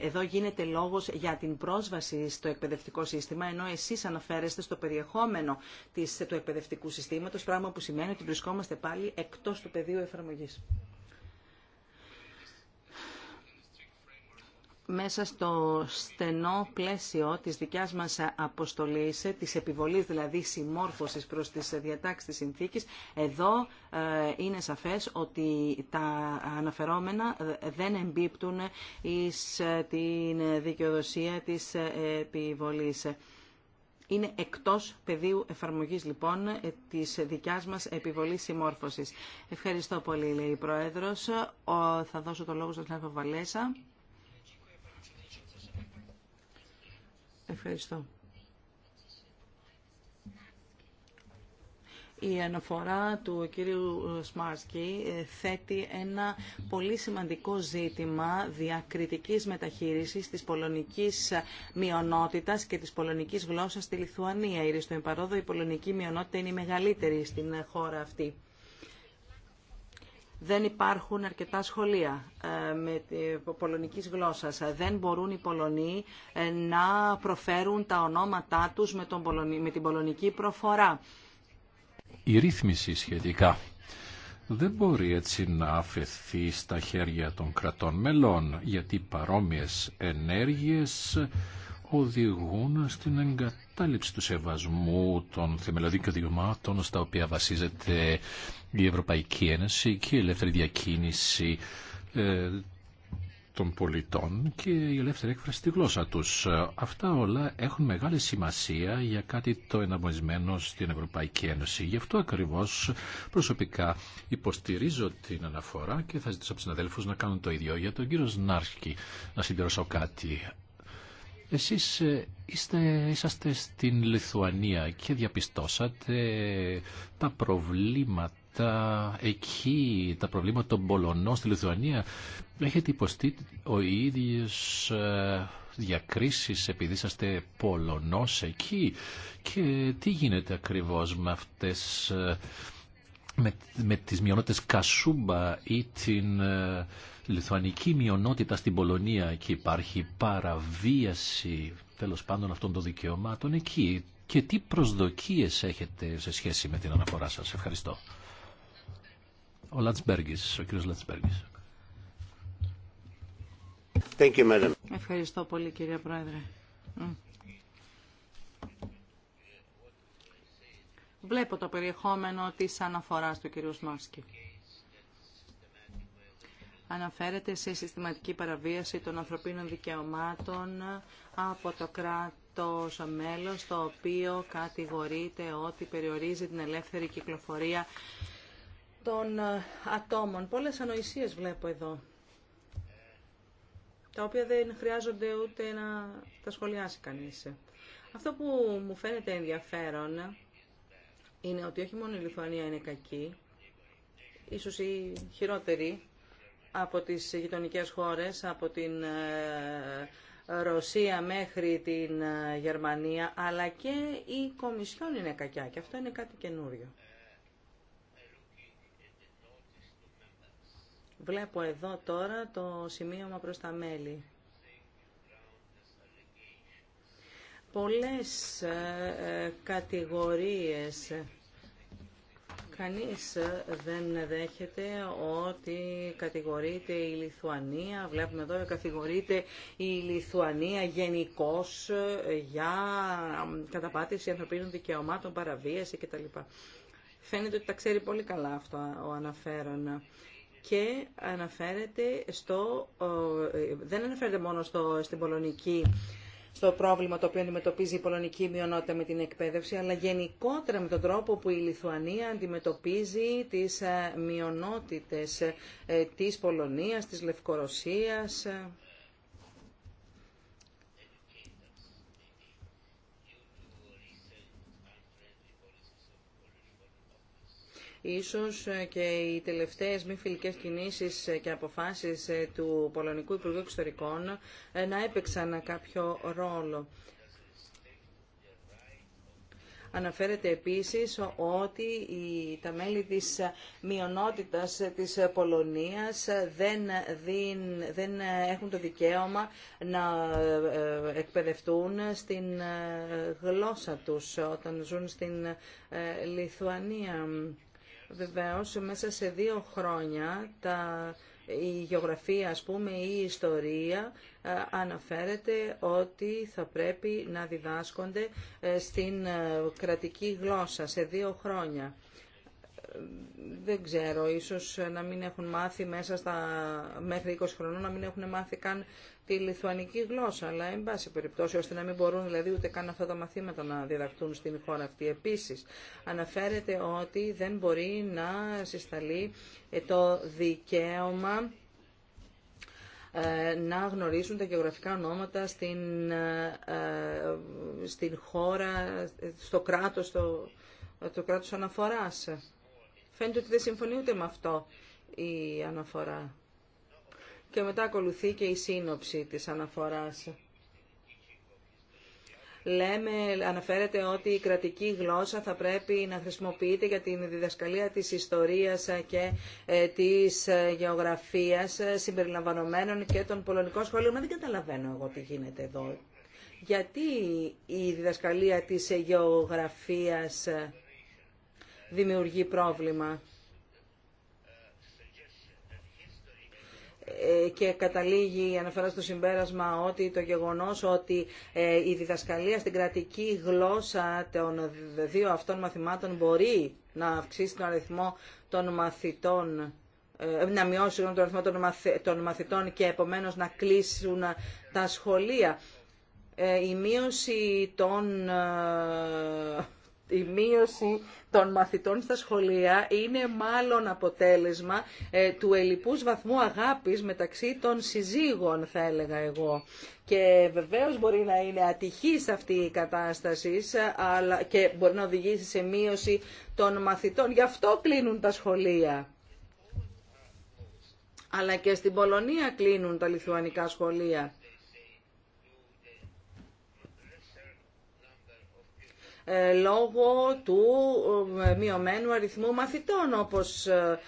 εδώ γίνεται λόγος για την πρόσβαση στο εκπαιδευτικό σύστημα, ενώ εσείς αναφέρεστε στο περιεχόμενο της, του εκπαιδευτικού συστήματος, πράγμα που σημαίνει ότι βρισκόμαστε πάλι εκτός του πεδίου εφαρμογής. μέσα στο στενό πλαίσιο της δικιάς μας αποστολής, της επιβολής δηλαδή συμμόρφωσης προς τις διατάξεις της συνθήκης, εδώ ε, είναι σαφές ότι τα αναφερόμενα ε, δεν εμπίπτουν εις ε, την δικαιοδοσία της επιβολής. Είναι εκτός πεδίου εφαρμογής λοιπόν της δικιάς μας επιβολής συμμόρφωσης. Ευχαριστώ πολύ λέει η Πρόεδρος. Θα δώσω το λόγο στον Βαλέσα. Ευχαριστώ. Η αναφορά του κύριου Σμάρσκι ε, θέτει ένα πολύ σημαντικό ζήτημα διακριτικής μεταχείρισης της πολωνικής μειονότητας και της πολωνικής γλώσσας στη Λιθουανία. στο εμπαρόδο η πολωνική μειονότητα είναι η μεγαλύτερη στην χώρα αυτή δεν υπάρχουν αρκετά σχολεία ε, με πολωνική γλώσσα. Ε, δεν μπορούν οι Πολωνοί ε, να προφέρουν τα ονόματά τους με, τον Πολωνί, με την πολωνική προφορά. Η ρύθμιση σχετικά δεν μπορεί έτσι να αφαιθεί στα χέρια των κρατών μελών, γιατί παρόμοιες ενέργειες οδηγούν στην εγκατάλειψη του σεβασμού των θεμελιωδικών δικαιωμάτων στα οποία βασίζεται η Ευρωπαϊκή Ένωση και η ελεύθερη διακίνηση ε, των πολιτών και η ελεύθερη έκφραση στη γλώσσα τους. Αυτά όλα έχουν μεγάλη σημασία για κάτι το εναρμονισμένο στην Ευρωπαϊκή Ένωση. Γι' αυτό ακριβώς προσωπικά υποστηρίζω την αναφορά και θα ζητήσω από αδέλφους να κάνουν το ίδιο. Για τον κύριο Σνάρχη να συμπληρώσω κάτι. Εσείς ε, είστε, είσαστε στην Λιθουανία και διαπιστώσατε τα προβλήματα τα, εκεί τα προβλήματα των Πολωνών στη Λιθουανία. Έχετε υποστεί ο ίδιος ε, διακρίσεις επειδή είσαστε Πολωνός εκεί και τι γίνεται ακριβώς με αυτές ε, με, με τις μειονότητες Κασούμπα ή την ε, λιθουανική μειονότητα στην Πολωνία και υπάρχει παραβίαση τέλος πάντων αυτών των δικαιωμάτων εκεί και τι προσδοκίες έχετε σε σχέση με την αναφορά σας. Ευχαριστώ ο ο κύριος Thank you, Ευχαριστώ πολύ κύριε Πρόεδρε. Βλέπω το περιεχόμενο της αναφοράς του κυρίου Σμάρσκι. Αναφέρεται σε συστηματική παραβίαση των ανθρωπίνων δικαιωμάτων από το κράτος μέλος, το οποίο κατηγορείται ότι περιορίζει την ελεύθερη κυκλοφορία των ε, ατόμων. Πολλές ανοησίες βλέπω εδώ, τα οποία δεν χρειάζονται ούτε να τα σχολιάσει κανείς. Αυτό που μου φαίνεται ενδιαφέρον είναι ότι όχι μόνο η Λιθουανία είναι κακή, ίσως η χειρότερη από τις γειτονικέ χώρες, από την ε, Ρωσία μέχρι την ε, Γερμανία, αλλά και η Κομισιόν είναι κακιά και αυτό είναι κάτι καινούριο. Βλέπω εδώ τώρα το σημείωμα προς τα μέλη. Πολλές ε, ε, κατηγορίες Κανείς ε, δεν δέχεται ότι κατηγορείται η Λιθουανία. Βλέπουμε εδώ ότι κατηγορείται η Λιθουανία γενικώ για καταπάτηση ανθρωπίνων δικαιωμάτων, παραβίαση κτλ. Φαίνεται ότι τα ξέρει πολύ καλά αυτό ο αναφέρον και αναφέρεται στο, δεν αναφέρεται μόνο στο, στην στο πρόβλημα το οποίο αντιμετωπίζει η πολωνική μειονότητα με την εκπαίδευση, αλλά γενικότερα με τον τρόπο που η Λιθουανία αντιμετωπίζει τις ε, μειονότητες ε, της Πολωνίας, της Λευκορωσίας. Ε. Ίσως ε, και οι τελευταίες μη φιλικές κινήσεις ε, και αποφάσεις ε, του Πολωνικού Υπουργού Εξωτερικών να έπαιξαν κάποιο ρόλο. Αναφέρεται επίσης ότι τα μέλη της μειονότητας της Πολωνίας δεν, δεν έχουν το δικαίωμα να εκπαιδευτούν στην γλώσσα τους όταν ζουν στην Λιθουανία. Βεβαίως, μέσα σε δύο χρόνια τα, η γεωγραφία, ας πούμε, ή η ιστορία ε, αναφέρεται ότι θα πρέπει να διδάσκονται ε, στην ε, κρατική γλώσσα σε δύο χρόνια δεν ξέρω, ίσως να μην έχουν μάθει μέσα στα μέχρι 20 χρονών, να μην έχουν μάθει καν τη λιθουανική γλώσσα, αλλά εν πάση περιπτώσει, ώστε να μην μπορούν δηλαδή ούτε καν αυτά τα μαθήματα να διδαχτούν στην χώρα αυτή. Επίσης, αναφέρεται ότι δεν μπορεί να συσταλεί ε, το δικαίωμα ε, να γνωρίσουν τα γεωγραφικά ονόματα στην, ε, χώρα, στο κράτος, στο, κράτος αναφοράς. Φαίνεται ότι δεν συμφωνεί ούτε με αυτό η αναφορά. Και μετά ακολουθεί και η σύνοψη της αναφοράς. Λέμε, αναφέρεται ότι η κρατική γλώσσα θα πρέπει να χρησιμοποιείται για την διδασκαλία της ιστορίας και ε, της ε, γεωγραφίας ε, συμπεριλαμβανομένων και των πολωνικών σχολείων. δεν καταλαβαίνω εγώ τι γίνεται εδώ. Γιατί η διδασκαλία της γεωγραφίας δημιουργεί πρόβλημα. Ε, και καταλήγει αναφορά στο συμπέρασμα ότι το γεγονός ότι ε, η διδασκαλία στην κρατική γλώσσα των δύο αυτών μαθημάτων μπορεί να αυξήσει τον αριθμό των μαθητών ε, να μειώσει τον αριθμό των μαθητών και επομένως να κλείσουν τα σχολεία. Η μείωση των η μείωση των μαθητών στα σχολεία είναι μάλλον αποτέλεσμα ε, του ελληπούς βαθμού αγάπης μεταξύ των συζύγων, θα έλεγα εγώ. Και βεβαίως μπορεί να είναι ατυχής αυτή η κατάσταση αλλά, και μπορεί να οδηγήσει σε μείωση των μαθητών. Γι' αυτό κλείνουν τα σχολεία. Αλλά και στην Πολωνία κλείνουν τα λιθουανικά σχολεία. Ε, λόγω του ε, μειωμένου αριθμού μαθητών όπως ε,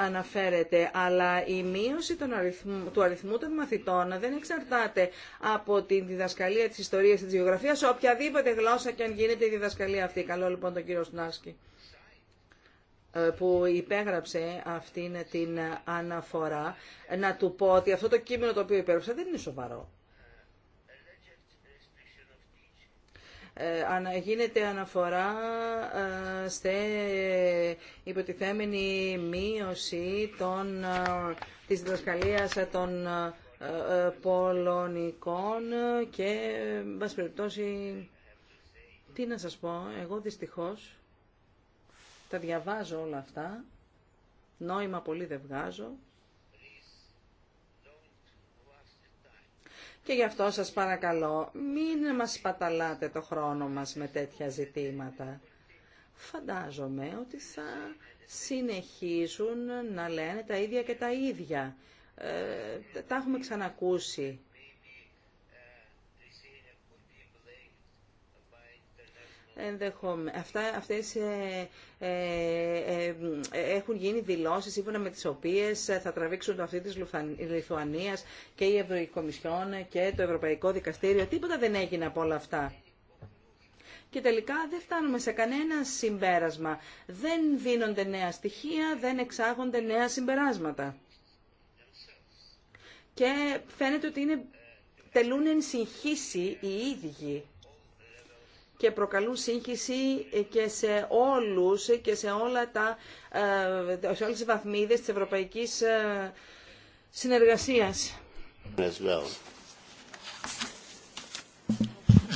αναφέρεται. Αλλά η μείωση των αριθμ, του αριθμού των μαθητών δεν εξαρτάται από τη διδασκαλία της ιστορίας της γεωγραφίας σε οποιαδήποτε γλώσσα και αν γίνεται η διδασκαλία αυτή. Καλό λοιπόν τον κύριο Σνάσκι που υπέγραψε αυτήν την αναφορά να του πω ότι αυτό το κείμενο το οποίο υπέγραψα δεν είναι σοβαρό. Ε, γίνεται αναφορά ε, στη υποτιθέμενη μείωση των, ε, της διδασκαλίας των πολωνικών και, βάση περιπτώσει, τι να σας πω, εγώ δυστυχώς τα διαβάζω όλα αυτά, νόημα πολύ δεν βγάζω, και γι' αυτό σας παρακαλώ μην μας παταλάτε το χρόνο μας με τέτοια ζητήματα. Φαντάζομαι ότι θα συνεχίζουν να λένε τα ίδια και τα ίδια. Ε, τα έχουμε ξανακούσει Αυτέ Αυτά, αυτές ε, ε, ε, έχουν γίνει δηλώσεις σύμφωνα με τις οποίες θα τραβήξουν το αυτή της Λιθουανίας και η Ευρωκομισιόν και το Ευρωπαϊκό Δικαστήριο. Τίποτα δεν έγινε από όλα αυτά. Και τελικά δεν φτάνουμε σε κανένα συμπέρασμα. Δεν δίνονται νέα στοιχεία, δεν εξάγονται νέα συμπεράσματα. Και φαίνεται ότι είναι, τελούν συγχύση οι ίδιοι και προκαλούν σύγχυση και σε όλους και σε, όλα τα, ε, σε όλες τις βαθμίδες της ευρωπαϊκής ε, συνεργασίας. As well.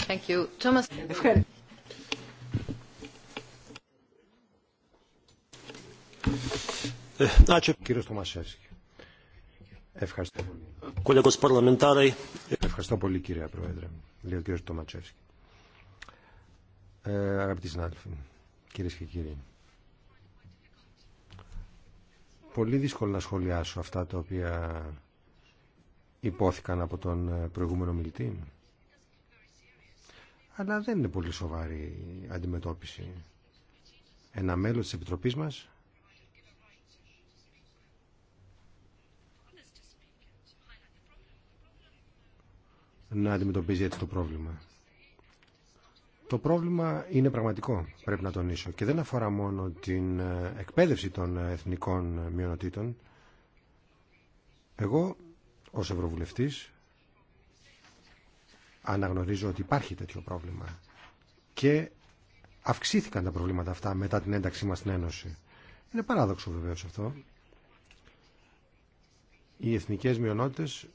Thank you. Thomas... Ε, κύριε Στομασέσκη, ευχαριστώ πολύ. Ευχαριστώ πολύ κύριε Πρόεδρε, λέει ο κύριος ε, αγαπητοί συνάδελφοι, κυρίε και κύριοι. Πολύ δύσκολο να σχολιάσω αυτά τα οποία υπόθηκαν από τον ε, προηγούμενο μιλητή. Αλλά δεν είναι πολύ σοβαρή αντιμετώπιση. Ένα μέλος της Επιτροπής μας να αντιμετωπίζει έτσι το πρόβλημα. Το πρόβλημα είναι πραγματικό, πρέπει να τονίσω, και δεν αφορά μόνο την ε, εκπαίδευση των ε, εθνικών ε, μειονοτήτων. Εγώ, ως Ευρωβουλευτής, αναγνωρίζω ότι υπάρχει τέτοιο πρόβλημα και αυξήθηκαν τα προβλήματα αυτά μετά την ένταξή μας στην Ένωση. Είναι παράδοξο βεβαίως αυτό. Οι εθνικές μειονότητες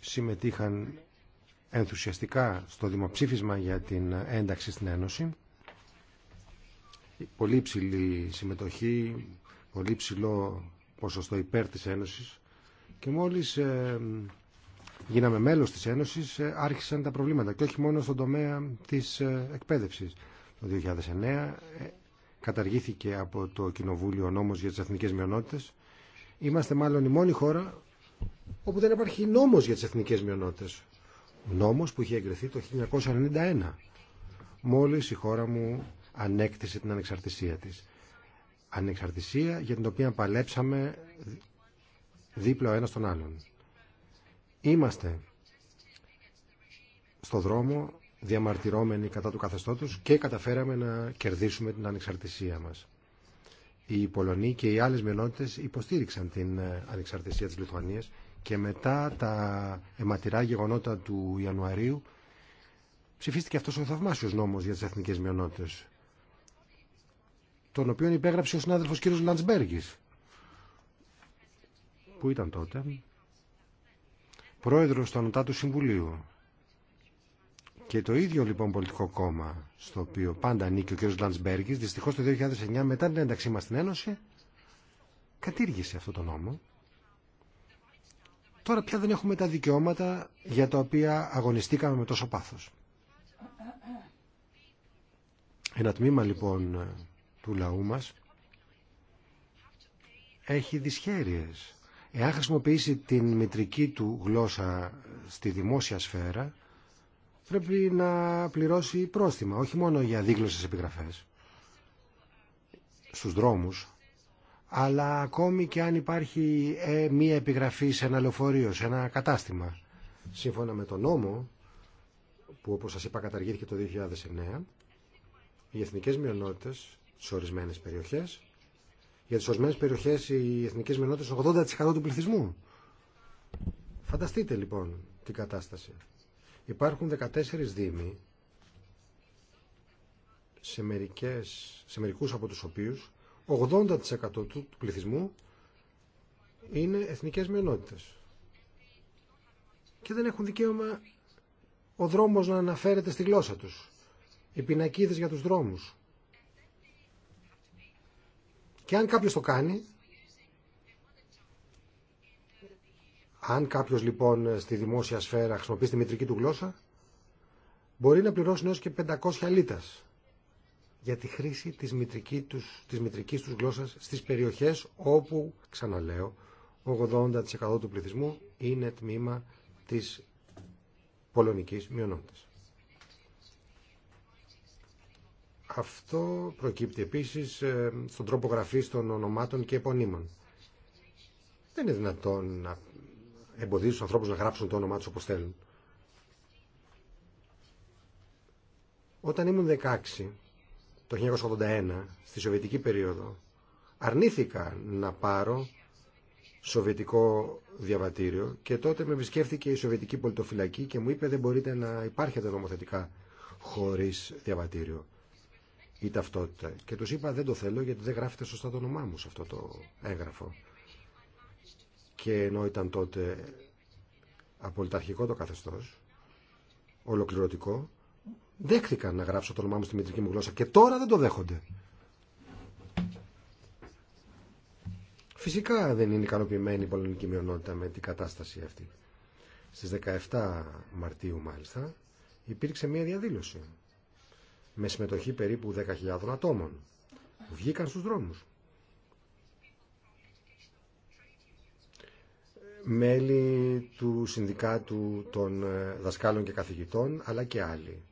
συμμετείχαν ενθουσιαστικά στο δημοψήφισμα για την ένταξη στην Ένωση. Πολύ ψηλή συμμετοχή, πολύ ψηλό ποσοστό υπέρ της Ένωσης και μόλις ε, γίναμε μέλος της Ένωσης ε, άρχισαν τα προβλήματα και όχι μόνο στον τομέα της ε, εκπαίδευσης. Το 2009 καταργήθηκε από το Κοινοβούλιο ο νόμος για τις εθνικές μειονότητες. Είμαστε μάλλον η μόνη χώρα όπου δεν υπάρχει νόμος για τις εθνικές μειονότητες νόμος που είχε εγκριθεί το 1991 μόλις η χώρα μου ανέκτησε την ανεξαρτησία της. Ανεξαρτησία για την οποία παλέψαμε δίπλα ο ένας τον άλλον. Είμαστε στο δρόμο διαμαρτυρώμενοι κατά του καθεστώτος και καταφέραμε να κερδίσουμε την ανεξαρτησία μας. Οι Πολωνοί και οι άλλες μειονότητες υποστήριξαν την ανεξαρτησία της Λιθουανίας και μετά τα αιματηρά γεγονότα του Ιανουαρίου ψηφίστηκε αυτός ο θαυμάσιος νόμος για τις εθνικές μειονότητες τον οποίο υπέγραψε ο συνάδελφος κ. Λαντσμπέργης που ήταν τότε πρόεδρος του Ανωτάτου Συμβουλίου και το ίδιο λοιπόν πολιτικό κόμμα στο οποίο πάντα ανήκει ο κ. Λαντσμπέργης δυστυχώς το 2009 μετά την ένταξή μας στην Ένωση κατήργησε αυτό το νόμο τώρα πια δεν έχουμε τα δικαιώματα για τα οποία αγωνιστήκαμε με τόσο πάθος. Ένα τμήμα λοιπόν του λαού μας έχει δυσχέρειες. Εάν χρησιμοποιήσει την μητρική του γλώσσα στη δημόσια σφαίρα, πρέπει να πληρώσει πρόστιμα, όχι μόνο για δίγλωσες επιγραφές. Στους δρόμους αλλά ακόμη και αν υπάρχει ε, μία επιγραφή σε ένα λεωφορείο, σε ένα κατάστημα. Σύμφωνα με τον νόμο, που όπως σας είπα καταργήθηκε το 2009, οι εθνικές μειονότητες σε ορισμένες περιοχές, για τις ορισμένες περιοχές οι εθνικές μειονότητες 80% του πληθυσμού. Φανταστείτε λοιπόν την κατάσταση. Υπάρχουν 14 δήμοι, σε, μερικές, σε μερικούς από τους οποίους 80% του πληθυσμού είναι εθνικές μειονότητες. Και δεν έχουν δικαίωμα ο δρόμος να αναφέρεται στη γλώσσα τους. Οι πινακίδες για τους δρόμους. Και αν κάποιος το κάνει, αν κάποιος λοιπόν στη δημόσια σφαίρα χρησιμοποιεί τη μητρική του γλώσσα, μπορεί να πληρώσει έως και 500 λίτας για τη χρήση της, μητρική τους, της μητρικής τους γλώσσας στις περιοχές όπου, ξαναλέω, 80% του πληθυσμού είναι τμήμα της πολωνικής μειονότητας. Αυτό προκύπτει επίσης ε, στον τρόπο γραφής των ονομάτων και επωνύμων. Δεν είναι δυνατόν να εμποδίσουν τους ανθρώπους να γράψουν το όνομά τους όπως θέλουν. Όταν ήμουν 16, το 1981 στη Σοβιετική περίοδο αρνήθηκα να πάρω Σοβιετικό διαβατήριο και τότε με επισκέφθηκε η Σοβιετική πολιτοφυλακή και μου είπε δεν μπορείτε να υπάρχετε νομοθετικά χωρίς διαβατήριο ή ταυτότητα. Και τους είπα δεν το θέλω γιατί δεν γραφετε σωστά το όνομά μου σε αυτό το έγγραφο. Και ενώ ήταν τότε απολυταρχικό το καθεστώς, ολοκληρωτικό, δέχτηκαν να γράψω το όνομά μου στη μητρική μου γλώσσα και τώρα δεν το δέχονται. Φυσικά δεν είναι ικανοποιημένη η πολεμική μειονότητα με την κατάσταση αυτή. Στις 17 Μαρτίου μάλιστα υπήρξε μια διαδήλωση με συμμετοχή περίπου 10.000 ατόμων. Βγήκαν στους δρόμους. Μέλη του Συνδικάτου των ε, Δασκάλων και Καθηγητών αλλά και άλλοι.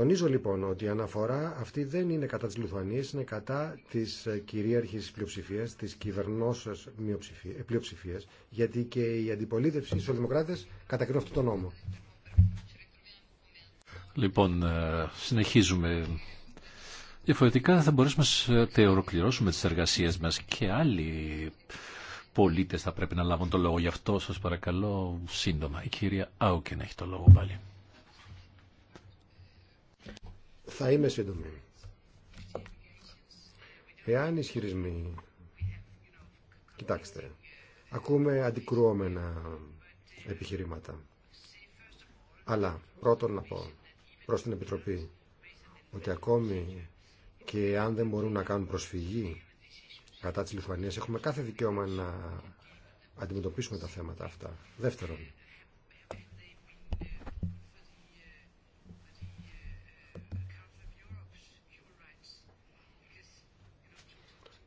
Τονίζω λοιπόν ότι η αναφορά αυτή δεν είναι κατά της Λιθουανία, είναι κατά της ε, κυρίαρχης πλειοψηφία, της κυβερνώσεω ε, πλειοψηφία, γιατί και η αντιπολίτευση, οι σοδημοκράτε κατακρίνουν αυτόν τον νόμο. Λοιπόν, ε, συνεχίζουμε. Διαφορετικά θα μπορέσουμε να ολοκληρώσουμε τι εργασίες μα και άλλοι πολίτε θα πρέπει να λάβουν το λόγο. Γι' αυτό Σα παρακαλώ σύντομα. Η κυρία Άουκεν έχει το λόγο πάλι. Θα είμαι σύντομη. Εάν ισχυρισμοί... Κοιτάξτε, ακούμε αντικρουόμενα επιχειρήματα. Αλλά πρώτον να πω προς την Επιτροπή ότι ακόμη και αν δεν μπορούν να κάνουν προσφυγή κατά της Λιθουανίας έχουμε κάθε δικαίωμα να αντιμετωπίσουμε τα θέματα αυτά. Δεύτερον,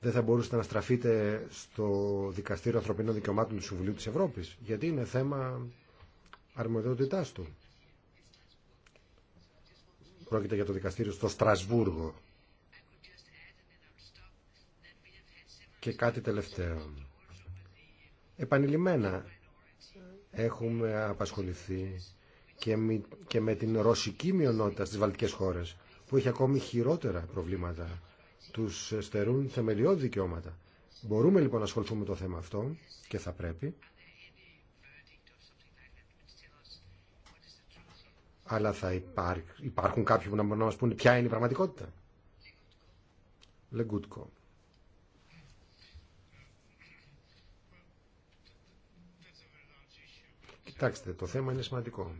δεν θα μπορούσατε να στραφείτε στο Δικαστήριο Ανθρωπίνων Δικαιωμάτων του Συμβουλίου της Ευρώπης, γιατί είναι θέμα αρμοδιότητάς του. Πρόκειται για το δικαστήριο στο Στρασβούργο. Και κάτι τελευταίο. Επανειλημμένα έχουμε απασχοληθεί και με την ρωσική μειονότητα στις βαλτικές χώρες, που έχει ακόμη χειρότερα προβλήματα τους στερούν θεμελιώδη δικαιώματα. Μπορούμε λοιπόν να ασχοληθούμε με το θέμα αυτό και θα πρέπει. Αλλά θα υπάρχουν κάποιοι που να μπορούν να μας πούνε ποια είναι η πραγματικότητα. Λεγκούτκο. Κοιτάξτε, το θέμα είναι σημαντικό.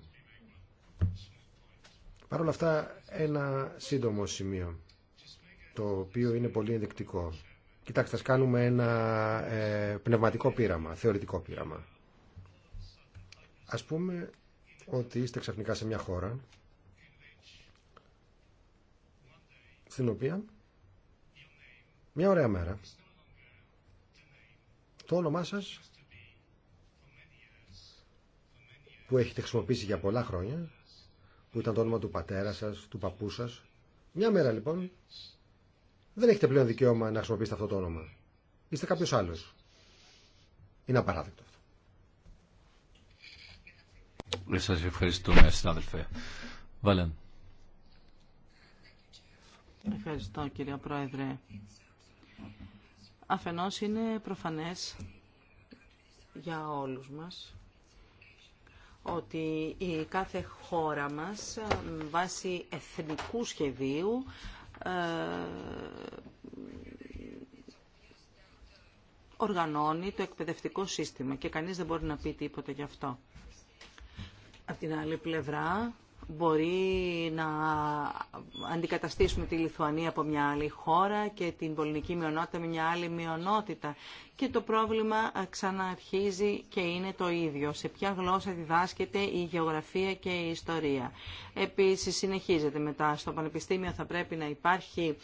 Παρ' όλα αυτά, ένα σύντομο σημείο το οποίο είναι πολύ ενδεικτικό. Κοιτάξτε, ας κάνουμε ένα ε, πνευματικό πείραμα, θεωρητικό πείραμα. Ας πούμε ότι είστε ξαφνικά σε μια χώρα στην οποία μια ωραία μέρα το όνομά σας που έχετε χρησιμοποιήσει για πολλά χρόνια που ήταν το όνομα του πατέρα σας, του παππού σας μια μέρα λοιπόν δεν έχετε πλέον δικαίωμα να χρησιμοποιήσετε αυτό το όνομα. Είστε κάποιο άλλο. Είναι απαράδεκτο αυτό. Ε, Σα ευχαριστούμε, συνάδελφε. Βάλεν. Ευχαριστώ, κύριε Πρόεδρε. Αφενός είναι προφανές για όλους μας ότι η κάθε χώρα μας βάσει εθνικού σχεδίου ε, οργανώνει το εκπαιδευτικό σύστημα και κανείς δεν μπορεί να πει τίποτα γι' αυτό. Από την άλλη πλευρά μπορεί να αντικαταστήσουμε τη Λιθουανία από μια άλλη χώρα και την πολιτική μειονότητα με μια άλλη μειονότητα και το πρόβλημα ξαναρχίζει και είναι το ίδιο. Σε ποια γλώσσα διδάσκεται η γεωγραφία και η ιστορία. Επίσης συνεχίζεται μετά στο Πανεπιστήμιο θα πρέπει να υπάρχει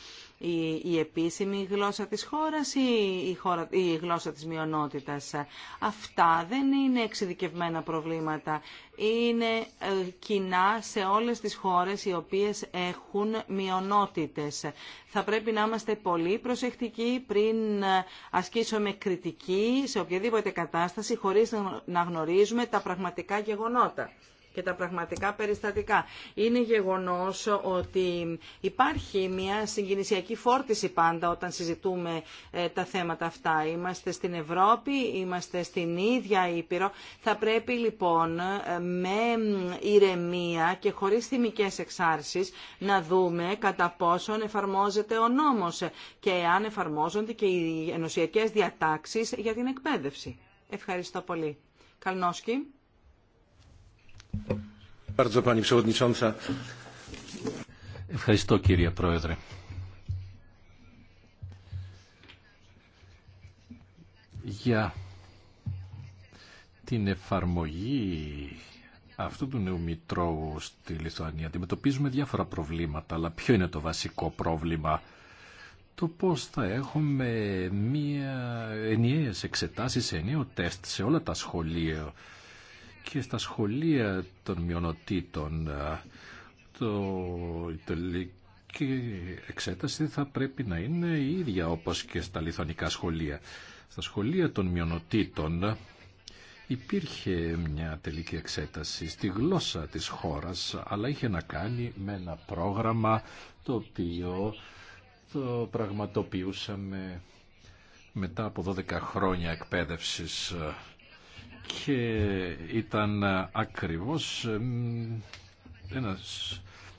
η, επίσημη γλώσσα της χώρας ή η, χώρα, η γλωσσα της μειονότητας. Αυτά δεν είναι εξειδικευμένα προβλήματα. Είναι ε, κοινά σε όλες τις χώρες οι οποίες έχουν μειονότητες. Θα πρέπει να είμαστε πολύ προσεκτικοί πριν ε, ασκήσουμε κριτική σε οποιαδήποτε κατάσταση χωρίς να γνωρίζουμε τα πραγματικά γεγονότα και τα πραγματικά περιστατικά. Είναι γεγονός ότι υπάρχει μια συγκινησιακή φόρτιση πάντα όταν συζητούμε ε, τα θέματα αυτά. Είμαστε στην Ευρώπη, είμαστε στην ίδια Ήπειρο. Θα πρέπει λοιπόν ε, με ηρεμία και χωρίς θυμικές εξάρσεις να δούμε κατά πόσον εφαρμόζεται ο νόμος και αν εφαρμόζονται και οι ενωσιακές διατάξεις για την εκπαίδευση. Ευχαριστώ πολύ. Καλνόσκι. Ευχαριστώ κύριε Πρόεδρε. Για την εφαρμογή αυτού του νέου Μητρώου στη Λιθουανία αντιμετωπίζουμε διάφορα προβλήματα, αλλά ποιο είναι το βασικό πρόβλημα το πώς θα έχουμε μία ενιαίες εξετάσεις, ενιαίο τεστ σε όλα τα σχολεία και στα σχολεία των μειονοτήτων. Ε, το, η τελική εξέταση θα πρέπει να είναι η ίδια όπως και στα λιθονικά σχολεία. Στα σχολεία των μειονοτήτων υπήρχε μια τελική εξέταση στη γλώσσα της χώρας, αλλά είχε να κάνει με ένα πρόγραμμα το οποίο το πραγματοποιούσαμε μετά από 12 χρόνια εκπαίδευσης ε, και ήταν ακριβώς ένας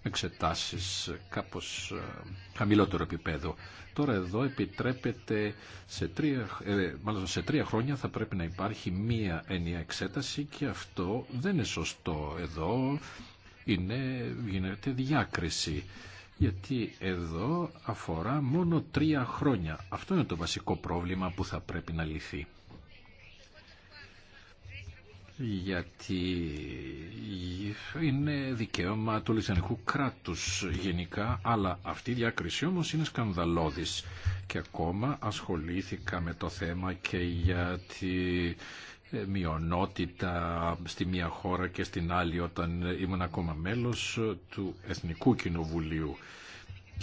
εξετάσεις κάπως ε, χαμηλότερο επίπεδο. Τώρα εδώ επιτρέπεται σε τρία, ε, μάλλον σε τρία χρόνια θα πρέπει να υπάρχει μία ενιαία εξέταση και αυτό δεν είναι σωστό εδώ. Είναι, γίνεται διάκριση γιατί εδώ αφορά μόνο τρία χρόνια. Αυτό είναι το βασικό πρόβλημα που θα πρέπει να λυθεί γιατί είναι δικαίωμα του λιθανικού κράτους γενικά, αλλά αυτή η διάκριση όμως είναι σκανδαλώδης. Και ακόμα ασχολήθηκα με το θέμα και για τη ε, μειονότητα στη μία χώρα και στην άλλη όταν ήμουν ακόμα μέλος του Εθνικού Κοινοβουλίου.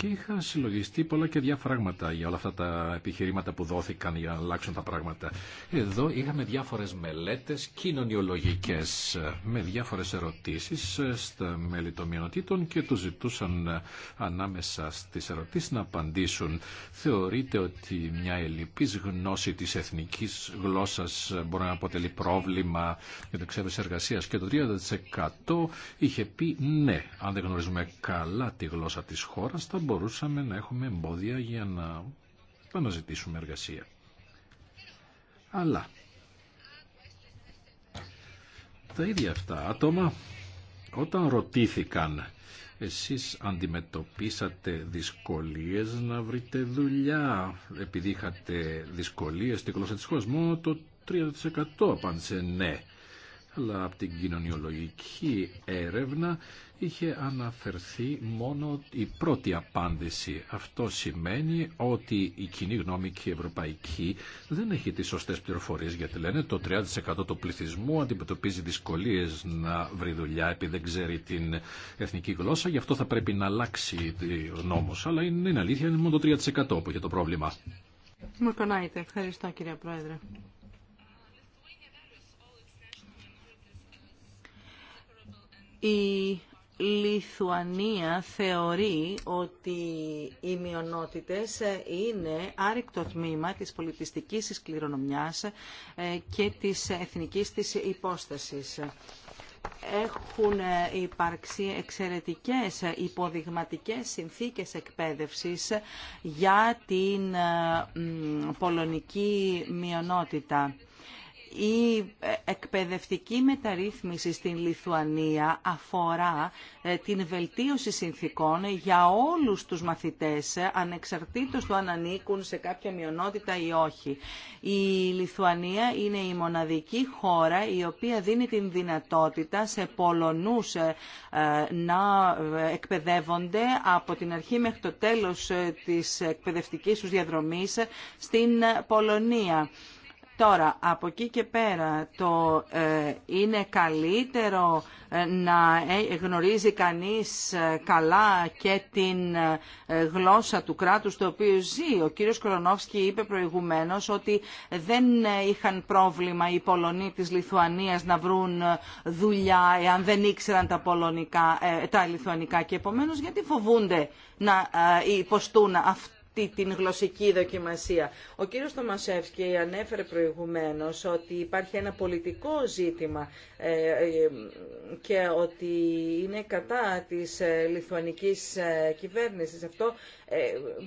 Και είχα συλλογιστεί πολλά και διάφραγματα για όλα αυτά τα επιχειρήματα που δόθηκαν για να αλλάξουν τα πράγματα. Εδώ είχαμε διάφορες μελέτες κοινωνιολογικές με διάφορες ερωτήσεις ε, στα μέλη των μειονοτήτων και τους ζητούσαν ε, ανάμεσα στις ερωτήσεις να απαντήσουν. Θεωρείτε ότι μια ελλειπής γνώση της εθνικής γλώσσας ε, μπορεί να αποτελεί πρόβλημα για το εξέβεση εργασίας και το 30% είχε πει ναι, αν δεν γνωρίζουμε καλά τη γλώσσα της χώρας μπορούσαμε να έχουμε εμπόδια για να αναζητήσουμε εργασία. Αλλά τα ίδια αυτά άτομα όταν ρωτήθηκαν εσείς αντιμετωπίσατε δυσκολίες να βρείτε δουλειά επειδή είχατε δυσκολίες στη γλώσσα της χώρας μόνο το 3% απάντησε ναι αλλά από την κοινωνιολογική έρευνα είχε αναφερθεί μόνο η πρώτη απάντηση. Αυτό σημαίνει ότι η κοινή γνώμη και η ευρωπαϊκή δεν έχει τις σωστές πληροφορίες γιατί λένε το 30% του πληθυσμού αντιμετωπίζει δυσκολίες να βρει δουλειά επειδή δεν ξέρει την εθνική γλώσσα γι' αυτό θα πρέπει να αλλάξει ο νόμος. Αλλά είναι, είναι αλήθεια, είναι μόνο το 3% που έχει το πρόβλημα. Ευχαριστώ κύριε Πρόεδρε. Η Λιθουανία θεωρεί ότι οι μειονότητες είναι άρρηκτο τμήμα της πολιτιστικής της κληρονομιάς ε, και της εθνικής της υπόστασης έχουν ε, υπάρξει εξαιρετικές ε, υποδειγματικές συνθήκες εκπαίδευσης για την πολωνική μειονότητα. Η εκπαιδευτική μεταρρύθμιση στην Λιθουανία αφορά ε, την βελτίωση συνθήκων για όλους τους μαθητές, ε, ανεξαρτήτως του αν ανήκουν σε κάποια μειονότητα ή όχι. Η Λιθουανία είναι η μοναδική χώρα η οποία δίνει την δυνατότητα σε Πολωνούς ε, να εκπαιδεύονται από την αρχή μέχρι το τέλος της εκπαιδευτικής τους διαδρομής στην Πολωνία. Τώρα, από εκεί και πέρα, το ε, είναι καλύτερο ε, να ε, γνωρίζει κανείς καλά και την γλώσσα του κράτους το οποίο ζει. Ο κύριος Κορονόφσκι είπε προηγουμένως ότι δεν είχαν πρόβλημα οι Πολωνοί της Λιθουανίας να βρουν δουλειά εάν δεν ήξεραν τα, πολωνικά, τα λιθουανικά και επομένως γιατί φοβούνται να υποστούν αυτό αυτή την γλωσσική δοκιμασία. Ο κύριος Τομασεύσκη ανέφερε προηγουμένως ότι υπάρχει ένα πολιτικό ζήτημα ε, ε, και ότι είναι κατά της ε, λιθουανικής κυβέρνησης. Αυτό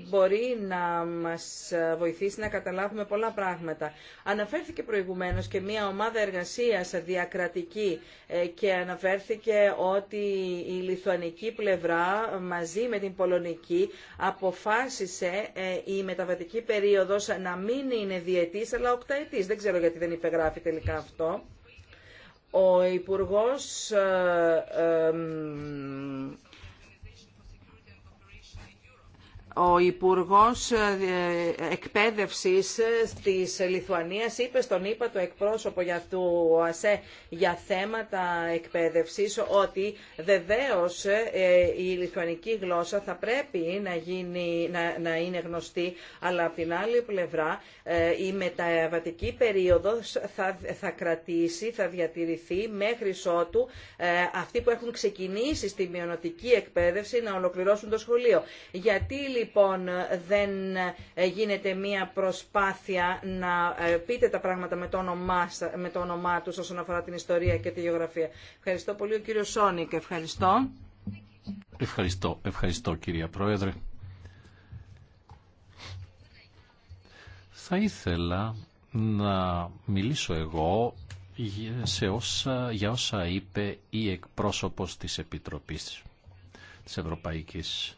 μπορεί να μας βοηθήσει να καταλάβουμε πολλά πράγματα. Αναφέρθηκε προηγουμένως και μια ομάδα εργασίας διακρατική και αναφέρθηκε ότι η λιθουανική πλευρά μαζί με την πολωνική αποφάσισε ε, η μεταβατική περίοδος να μην είναι διετής αλλά οκταετής. Δεν ξέρω γιατί δεν υπεγράφει τελικά αυτό. Ο Υπουργός... Ε, ε ο Υπουργός ε, εκπαίδευση της Λιθουανίας είπε στον ΙΠΑ το εκπρόσωπο για του ΟΑΣΕ για θέματα εκπαίδευση ότι βεβαίω ε, η λιθουανική γλώσσα θα πρέπει να, γίνει, να, να είναι γνωστή αλλά από την άλλη πλευρά ε, η μεταβατική περίοδος θα, θα κρατήσει, θα διατηρηθεί μέχρι ότου αυτοί που έχουν ξεκινήσει στη μειονοτική εκπαίδευση να ολοκληρώσουν το σχολείο. Γιατί λοιπόν δεν γίνεται μία προσπάθεια να ε, πείτε τα πράγματα με το όνομά, με τους όσον αφορά την ιστορία και τη γεωγραφία. Ευχαριστώ πολύ ο κύριος Σόνικ. Ευχαριστώ. Ευχαριστώ, ευχαριστώ κυρία Πρόεδρε. Θα ήθελα να μιλήσω εγώ σε όσα, για όσα είπε η εκπρόσωπος της Επιτροπής της Ευρωπαϊκής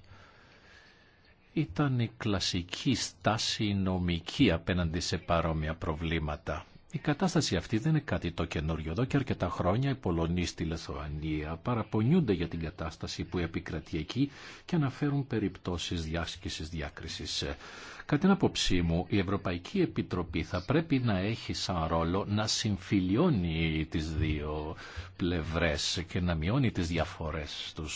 ήταν η κλασική στάση νομική απέναντι σε παρόμοια προβλήματα. Η κατάσταση αυτή δεν είναι κάτι το καινούριο. Εδώ και αρκετά χρόνια οι Πολωνοί στη Λεθωανία παραπονιούνται για την κατάσταση που επικρατεί εκεί και αναφέρουν περιπτώσεις διάσκηση διάκριση. Κατά την άποψή μου, η Ευρωπαϊκή Επιτροπή θα πρέπει να έχει σαν ρόλο να συμφιλιώνει τις δύο πλευρές και να μειώνει τι διαφορέ του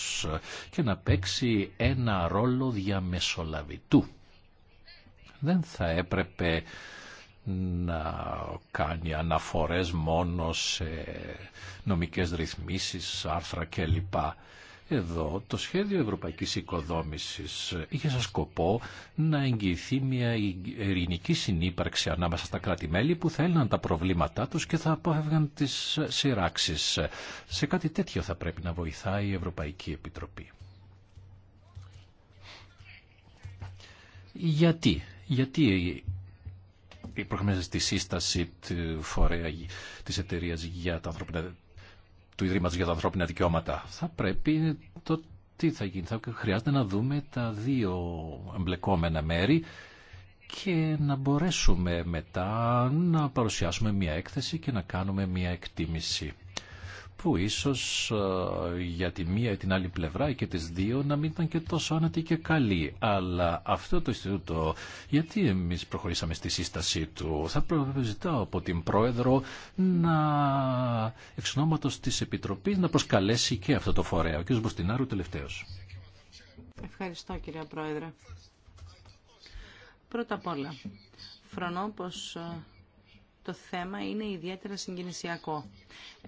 και να παίξει ένα ρόλο διαμεσολαβητού. Δεν θα έπρεπε να κάνει αναφορές μόνο σε νομικές ρυθμίσεις, άρθρα κλπ. Εδώ το σχέδιο ευρωπαϊκής οικοδόμησης είχε σαν σκοπό να εγγυηθεί μια ειρηνική συνύπαρξη ανάμεσα στα κράτη-μέλη που θα έλυναν τα προβλήματά τους και θα αποφεύγαν τις σειράξεις. Σε κάτι τέτοιο θα πρέπει να βοηθάει η Ευρωπαϊκή Επιτροπή. Γιατί, γιατί υπήρχε στη σύσταση του φορέα της εταιρείας για τα ανθρώπινα, του Ιδρύματος για τα ανθρώπινα δικαιώματα. Θα πρέπει το τι θα γίνει. Θα χρειάζεται να δούμε τα δύο εμπλεκόμενα μέρη και να μπορέσουμε μετά να παρουσιάσουμε μια έκθεση και να κάνουμε μια εκτίμηση που ίσως ε, για τη μία ή την άλλη πλευρά και τις δύο να μην ήταν και τόσο άνετη και καλή. Αλλά αυτό το Ινστιτούτο, γιατί εμείς προχωρήσαμε στη σύστασή του, θα ζητάω από την Πρόεδρο να εξ ονόματος της Επιτροπής να προσκαλέσει και αυτό το φορέα. Ο κ. Μποστινάρου τελευταίος. Ευχαριστώ κυρία Πρόεδρε. Πρώτα απ' όλα, φρονώ πως ε, το θέμα είναι ιδιαίτερα συγκινησιακό.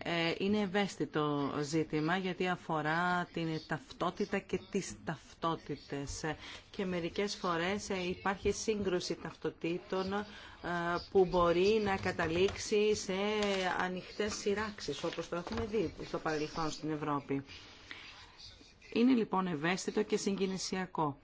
Ε, είναι ευαίσθητο ζήτημα γιατί αφορά την ταυτότητα και τις ταυτότητες και μερικές φορές ε, υπάρχει σύγκρουση ταυτοτήτων ε, που μπορεί να καταλήξει σε ανοιχτές σειράξεις όπως το έχουμε δει στο παρελθόν στην Ευρώπη. Είναι λοιπόν ευαίσθητο και συγκινησιακό.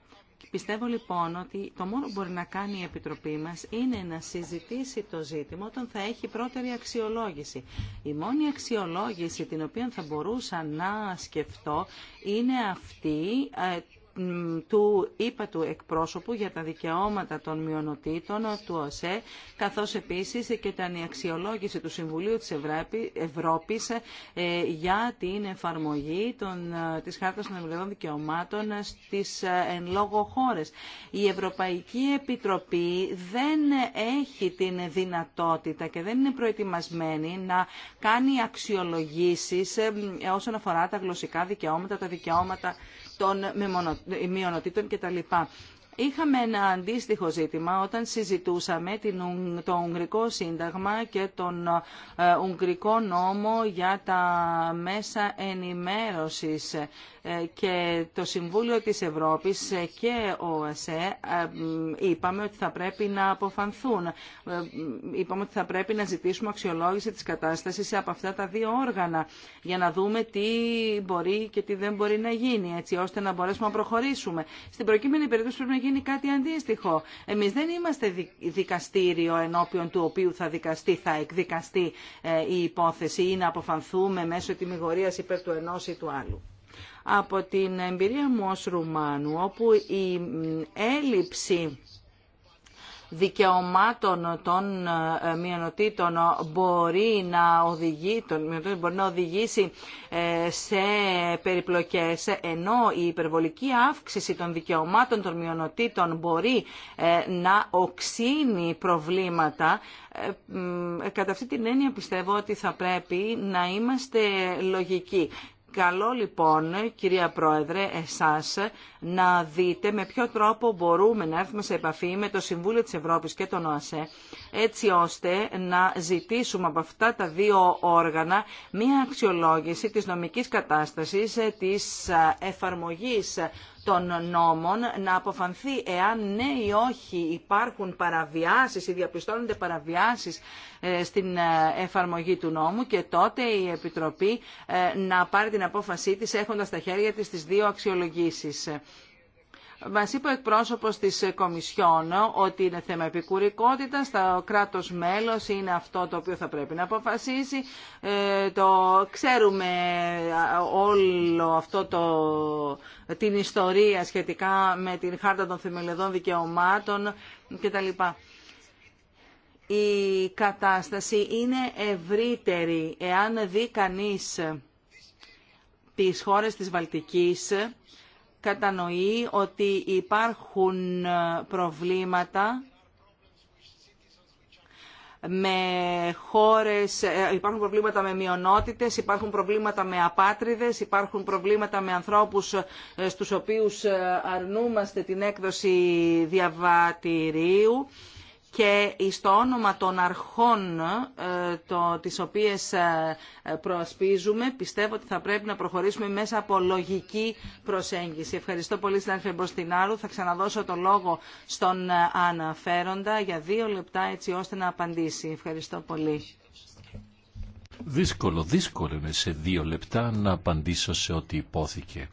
Πιστεύω λοιπόν ότι το μόνο που μπορεί να κάνει η Επιτροπή μας είναι να συζητήσει το ζήτημα όταν θα έχει πρώτερη αξιολόγηση. Η μόνη αξιολόγηση την οποία θα μπορούσα να σκεφτώ είναι αυτή ε, του είπα του εκπρόσωπου για τα δικαιώματα των μειονοτήτων του ΟΣΕ, καθώς επίσης και την αξιολόγηση του Συμβουλίου της Ευρώπης ε, για την εφαρμογή των, ε, της Χάρτας των Ευρωπαϊκών Δικαιωμάτων στις ε, εν λόγω χώρες. Η Ευρωπαϊκή Επιτροπή δεν έχει την δυνατότητα και δεν είναι προετοιμασμένη να κάνει αξιολογήσεις όσον αφορά τα γλωσσικά δικαιώματα, τα δικαιώματα των μειονοτήτων κτλ. Είχαμε ένα αντίστοιχο ζήτημα όταν συζητούσαμε το Ουγγρικό Σύνταγμα και τον ε, Ουγγρικό Νόμο για τα μέσα ενημέρωσης ε, και το Συμβούλιο της Ευρώπης και ο ΕΣΕ ε, είπαμε ότι θα πρέπει να αποφανθούν. Ε, είπαμε ότι θα πρέπει να ζητήσουμε αξιολόγηση της κατάστασης από αυτά τα δύο όργανα για να δούμε τι μπορεί και τι δεν μπορεί να γίνει έτσι ώστε να μπορέσουμε να προχωρήσουμε. Στην προκείμενη περίπτωση πρέπει να γίνει κάτι αντίστοιχο. Εμείς δεν είμαστε δικαστήριο ενώπιον του οποίου θα δικαστεί, θα εκδικαστεί η υπόθεση ή να αποφανθούμε μέσω τιμιγορίας υπέρ του ενός ή του άλλου από την εμπειρία μου ως Ρουμάνου, όπου η έλλειψη δικαιωμάτων ε, των μειονοτήτων μπορεί να οδηγεί, μπορεί να οδηγήσει ε, σε περιπλοκές, ενώ η υπερβολική αύξηση των δικαιωμάτων των μειονοτήτων μπορεί ε, να οξύνει προβλήματα. Κατά αυτή την έννοια πιστεύω ότι θα πρέπει να είμαστε λογικοί. Καλό λοιπόν, κυρία Πρόεδρε, εσάς να δείτε με ποιο τρόπο μπορούμε να έρθουμε σε επαφή με το Συμβούλιο της Ευρώπης και τον ΟΑΣΕ, έτσι ώστε να ζητήσουμε από αυτά τα δύο όργανα μία αξιολόγηση της νομικής κατάστασης, ε, της ε, εφαρμογής των νόμων να αποφανθεί εάν ναι ή όχι υπάρχουν παραβιάσεις ή διαπιστώνονται παραβιάσεις ε, στην ε, εφαρμογή του νόμου και τότε η Επιτροπή ε, να πάρει την απόφασή της έχοντας στα χέρια της τις δύο αξιολογήσεις μα είπε ο εκπρόσωπο τη Κομισιόν ότι είναι θέμα επικουρικότητα. το κράτο μέλο είναι αυτό το οποίο θα πρέπει να αποφασίσει. Ε, το ξέρουμε όλο αυτό το, την ιστορία σχετικά με την Χάρτα των Θεμελιωδών Δικαιωμάτων κτλ. Η κατάσταση είναι ευρύτερη. Εάν δει κανείς τις χώρες της Βαλτικής, κατανοεί ότι υπάρχουν ε, προβλήματα με χώρες, ε, υπάρχουν προβλήματα με μειονότητες, υπάρχουν προβλήματα με απάτριδες, υπάρχουν προβλήματα με ανθρώπους ε, στους οποίους αρνούμαστε την έκδοση διαβατηρίου και στο όνομα των αρχών ε, το, τις οποίες ε, προασπίζουμε πιστεύω ότι θα πρέπει να προχωρήσουμε μέσα από λογική προσέγγιση. Ευχαριστώ πολύ στην Μπροστινάρου. Θα ξαναδώσω το λόγο στον ε, αναφέροντα για δύο λεπτά έτσι ώστε να απαντήσει. Ευχαριστώ πολύ. Δύσκολο, δύσκολο είναι σε δύο λεπτά να απαντήσω σε ό,τι υπόθηκε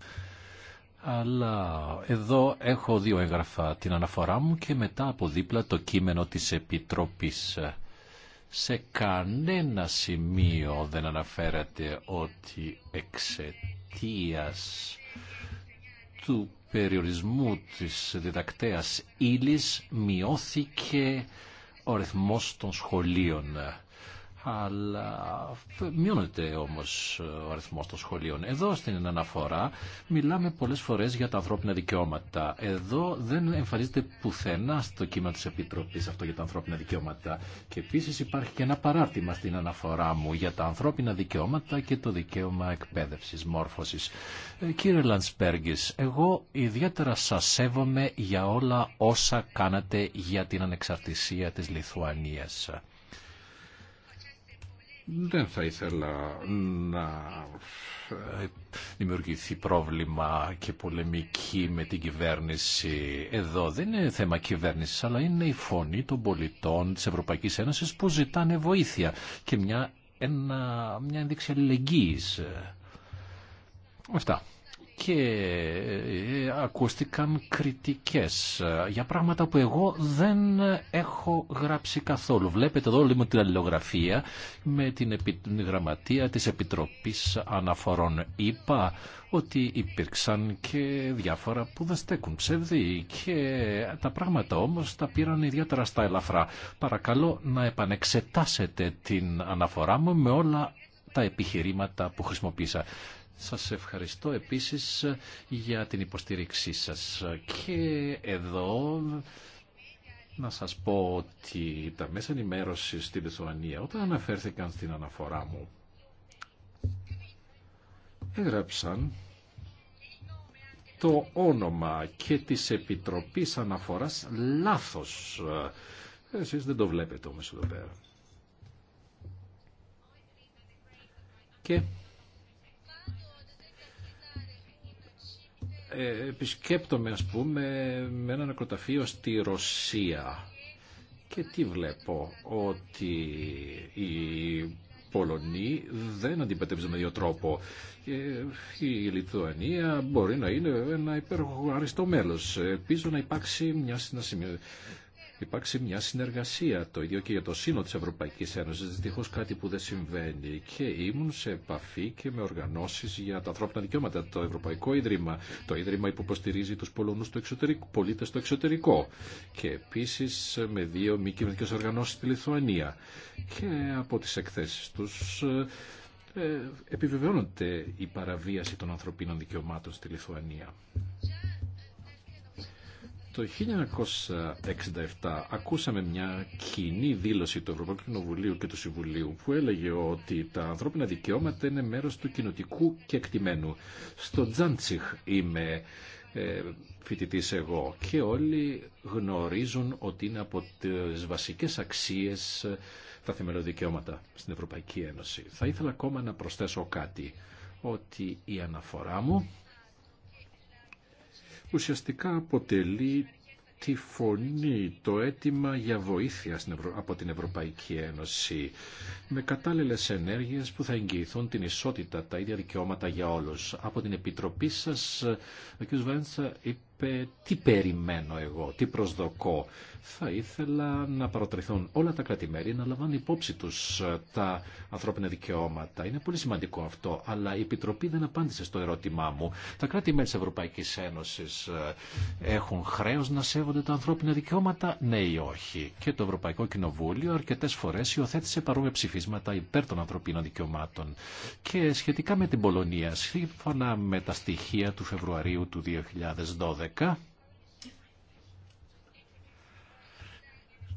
αλλά εδώ έχω δύο έγγραφα την αναφορά μου και μετά από δίπλα το κείμενο της Επιτροπής. Σε κανένα σημείο δεν αναφέρατε ότι εξαιτία του περιορισμού της διδακτέας ύλη μειώθηκε ο ρυθμός των σχολείων αλλά μειώνεται όμως ε, ο αριθμός των σχολείων. Εδώ στην αναφορά μιλάμε πολλές φορές για τα ανθρώπινα δικαιώματα. Εδώ δεν εμφανίζεται πουθενά στο κείμενο της Επιτροπής αυτό για τα ανθρώπινα δικαιώματα. Και επίσης υπάρχει και ένα παράρτημα στην αναφορά μου για τα ανθρώπινα δικαιώματα και το δικαίωμα εκπαίδευσης, μόρφωσης. Ε, κύριε Λαντσπέργης, εγώ ιδιαίτερα σας σέβομαι για όλα όσα κάνατε για την ανεξαρτησία της Λιθουανίας δεν θα ήθελα να δημιουργηθεί πρόβλημα και πολεμική με την κυβέρνηση. Εδώ δεν είναι θέμα κυβέρνησης, αλλά είναι η φωνή των πολιτών της Ευρωπαϊκής Ένωσης που ζητάνε βοήθεια και μια, μια ένδειξη αλληλεγγύης. Αυτά και ε, ε, ακούστηκαν κριτικές ε, για πράγματα που εγώ δεν έχω γράψει καθόλου. Βλέπετε εδώ όλη την αλληλογραφία με την γραμματεία της Επιτροπής Αναφορών. Είπα ότι υπήρξαν και διάφορα που δεν στέκουν ψεύδι και τα πράγματα όμως τα πήραν ιδιαίτερα στα ελαφρά. Παρακαλώ να επανεξετάσετε την αναφορά μου με όλα τα επιχειρήματα που χρησιμοποίησα. Σας ευχαριστώ επίσης για την υποστήριξή σας. Και εδώ να σας πω ότι τα μέσα ενημέρωση στη Λιθουανία όταν αναφέρθηκαν στην αναφορά μου έγραψαν το όνομα και της Επιτροπής Αναφοράς λάθος. Εσείς δεν το βλέπετε όμως εδώ πέρα. Και Ε, επισκέπτομαι ας πούμε με ένα νεκροταφείο στη Ρωσία και τι βλέπω ότι η Πολωνοί δεν αντιμετωπίζουν με δύο τρόπο. Ε, η Λιθουανία μπορεί να είναι ένα υπέροχο αριστό μέλος. Ελπίζω να υπάρξει μια υπάρξει μια συνεργασία. Το ίδιο και για το σύνολο της Ευρωπαϊκής Ένωσης. δυστυχώ κάτι που δεν συμβαίνει. Και ήμουν σε επαφή και με οργανώσεις για τα ανθρώπινα δικαιώματα. Το Ευρωπαϊκό Ίδρυμα. Το Ίδρυμα που υποστηρίζει τους Πολωνούς στο εξωτερικό, πολίτες στο εξωτερικό. Και επίσης με δύο μη κυβερνικές οργανώσεις στη Λιθουανία. Και από τις εκθέσεις τους ε, ε, επιβεβαιώνονται η παραβίαση των ανθρωπίνων δικαιωμάτων στη Λιθουανία. Το 1967 ακούσαμε μια κοινή δήλωση του Ευρωπαϊκού Κοινοβουλίου και του Συμβουλίου που έλεγε ότι τα ανθρώπινα δικαιώματα είναι μέρος του κοινοτικού και εκτιμένου. Στο Τζάντσιχ είμαι ε, φοιτητή εγώ και όλοι γνωρίζουν ότι είναι από τις βασικές αξίες τα θεμελιώδη δικαιώματα στην Ευρωπαϊκή Ένωση. Θα ήθελα ακόμα να προσθέσω κάτι ότι η αναφορά μου ουσιαστικά αποτελεί τη φωνή, το αίτημα για βοήθεια από την Ευρωπαϊκή Ένωση με κατάλληλες ενέργειες που θα εγγυηθούν την ισότητα, τα ίδια δικαιώματα για όλους. Από την Επιτροπή σας, ο κ. Βέντσα είπε τι περιμένω εγώ, τι προσδοκώ. Θα ήθελα να παροτρεθούν όλα τα κρατημέρη να λαμβάνουν υπόψη τους ε, τα ανθρώπινα δικαιώματα. Είναι πολύ σημαντικό αυτό, αλλά η Επιτροπή δεν απάντησε στο ερώτημά μου. Τα κράτη-μέλη της Ευρωπαϊκής Ένωσης ε, έχουν χρέος να σέβονται τα ανθρώπινα δικαιώματα, ναι ή όχι. Και το Ευρωπαϊκό Κοινοβούλιο αρκετέ φορέ υιοθέτησε παρόμοια ψηφίσματα ψηφίσματα υπέρ των ανθρωπίνων δικαιωμάτων. Και σχετικά με την Πολωνία, σύμφωνα με τα στοιχεία του Φεβρουαρίου του 2012,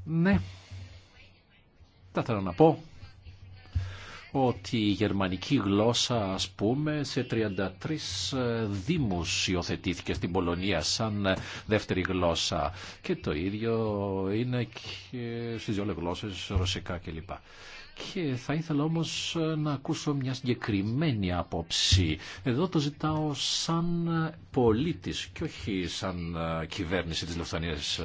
ναι, θα θέλω να πω ότι η γερμανική γλώσσα, ας πούμε, σε 33 δήμους υιοθετήθηκε στην Πολωνία σαν δεύτερη γλώσσα. Και το ίδιο είναι και στις δύο γλώσσες, ρωσικά κλπ. Και θα ήθελα όμως ε, να ακούσω μια συγκεκριμένη άποψη. Εδώ το ζητάω σαν πολίτης και όχι σαν ε, κυβέρνηση της Λευθανίας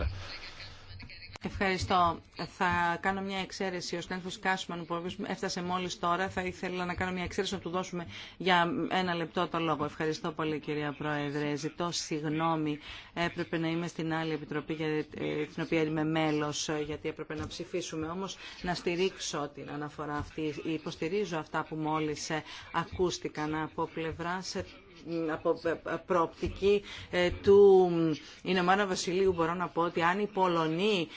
Ευχαριστώ. Θα κάνω μια εξαίρεση. Ο Στένφος Κάσμαν που έφτασε μόλις τώρα θα ήθελα να κάνω μια εξαίρεση να του δώσουμε για ένα λεπτό το λόγο. Ευχαριστώ πολύ κυρία Πρόεδρε. Ζητώ συγγνώμη. Έπρεπε να είμαι στην άλλη επιτροπή για ε, την οποία είμαι μέλος ε, γιατί έπρεπε να ψηφίσουμε. Όμως να στηρίξω την αναφορά αυτή. Υποστηρίζω αυτά που μόλις ε, ακούστηκαν από πλευρά από ε, ε, προοπτική ε, του Ηνωμένου Βασιλείου μπορώ να πω ότι αν οι Πολωνοί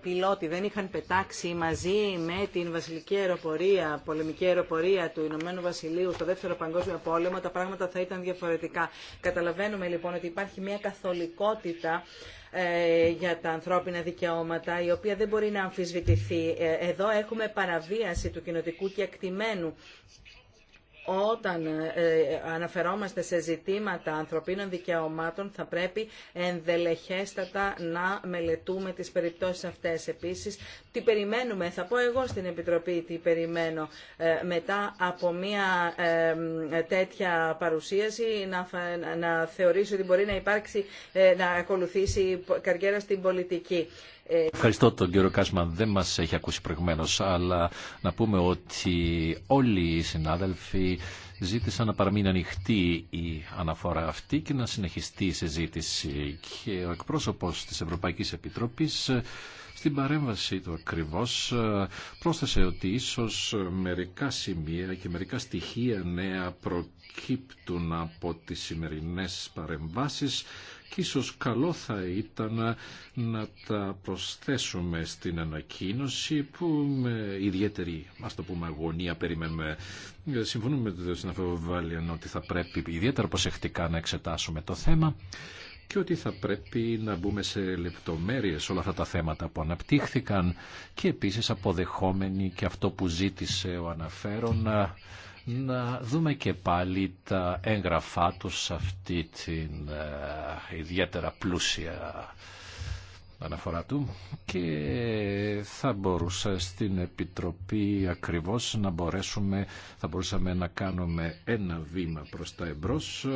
πιλότοι δεν είχαν πετάξει μαζί με την βασιλική αεροπορία, πολεμική αεροπορία του Ηνωμένου Βασιλείου στο Δεύτερο Παγκόσμιο Πόλεμο, τα πράγματα θα ήταν διαφορετικά. Καταλαβαίνουμε λοιπόν ότι υπάρχει μια καθολικότητα για τα ανθρώπινα δικαιώματα, η οποία δεν μπορεί να αμφισβητηθεί. Εδώ έχουμε παραβίαση του κοινοτικού και ακτιμένου όταν ε, ε, αναφερόμαστε σε ζητήματα ανθρωπίνων δικαιωμάτων θα πρέπει ενδελεχέστατα να μελετούμε τις περιπτώσεις αυτές. Επίσης, τι περιμένουμε, θα πω εγώ στην Επιτροπή τι περιμένω ε, μετά από μια τέτοια παρουσίαση να θεωρήσω ότι μπορεί να υπάρξει, να ακολουθήσει καριέρα στην πολιτική. Ευχαριστώ τον κύριο Κάσμαν. Δεν μα έχει ακούσει προηγουμένω, αλλά να πούμε ότι όλοι οι συνάδελφοι ζήτησαν να παραμείνει ανοιχτή η αναφορά αυτή και να συνεχιστεί η συζήτηση. Και ο εκπρόσωπο τη Ευρωπαϊκή Επιτροπή στην παρέμβαση του ακριβώς πρόσθεσε ότι ίσως μερικά σημεία και μερικά στοιχεία νέα προκύπτουν από τι σημερινές παρεμβάσει και ίσως καλό θα ήταν να τα προσθέσουμε στην ανακοίνωση που με ιδιαίτερη, ας το πούμε, αγωνία περιμένουμε. Συμφωνούμε με τον συναφέρο Βάλιαν ότι θα πρέπει ιδιαίτερα προσεκτικά να εξετάσουμε το θέμα και ότι θα πρέπει να μπούμε σε λεπτομέρειες όλα αυτά τα θέματα που αναπτύχθηκαν και επίσης αποδεχόμενοι και αυτό που ζήτησε ο αναφέρον να δούμε και πάλι τα έγγραφά τους σε αυτή την ε, ιδιαίτερα πλούσια αναφορά του και θα μπορούσα στην Επιτροπή ακριβώς να μπορέσουμε, θα μπορούσαμε να κάνουμε ένα βήμα προς τα εμπρός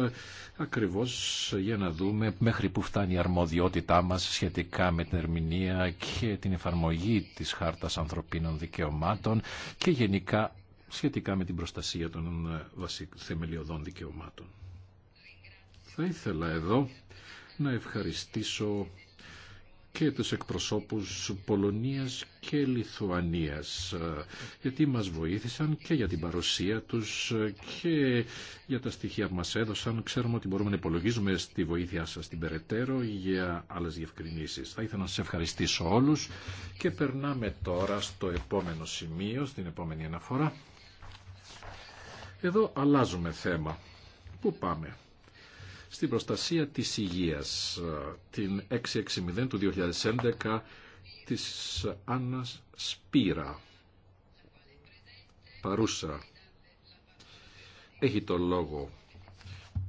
ακριβώς για να δούμε μέχρι που φτάνει η αρμοδιότητά μας σχετικά με την ερμηνεία και την εφαρμογή της Χάρτας Ανθρωπίνων Δικαιωμάτων και γενικά σχετικά με την προστασία των ε, θεμελιωδών δικαιωμάτων. Θα ήθελα εδώ να ευχαριστήσω και τους εκπροσώπους Πολωνίας και Λιθουανίας ε, γιατί μας βοήθησαν και για την παρουσία τους ε, και για τα στοιχεία που μας έδωσαν. Ξέρουμε ότι μπορούμε να υπολογίζουμε στη βοήθειά σας την περαιτέρω για άλλες διευκρινήσεις. Θα ήθελα να σας ευχαριστήσω όλους και περνάμε τώρα στο επόμενο σημείο, στην επόμενη αναφορά. Εδώ αλλάζουμε θέμα. Πού πάμε. Στην προστασία της υγείας, ε, την 660 του 2011 της Άννας Σπύρα, παρούσα. Έχει το λόγο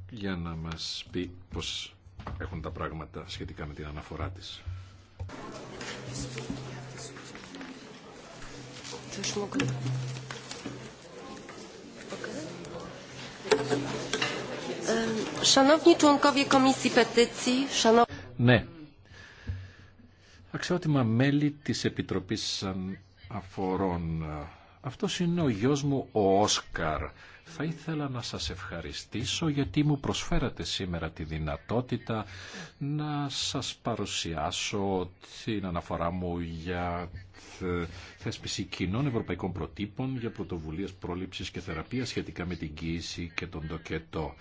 για να μας πει πώς έχουν τα πράγματα σχετικά με την αναφορά της. Ναι. Αξιότιμα μέλη της Επιτροπής Αφορών. Αυτός είναι ο γιος μου ο Όσκαρ θα ήθελα να σας ευχαριστήσω γιατί μου προσφέρατε σήμερα τη δυνατότητα να σας παρουσιάσω την αναφορά μου για θέσπιση κοινών ευρωπαϊκών προτύπων για πρωτοβουλίες πρόληψης και θεραπείας σχετικά με την κοίηση και τον τοκετό.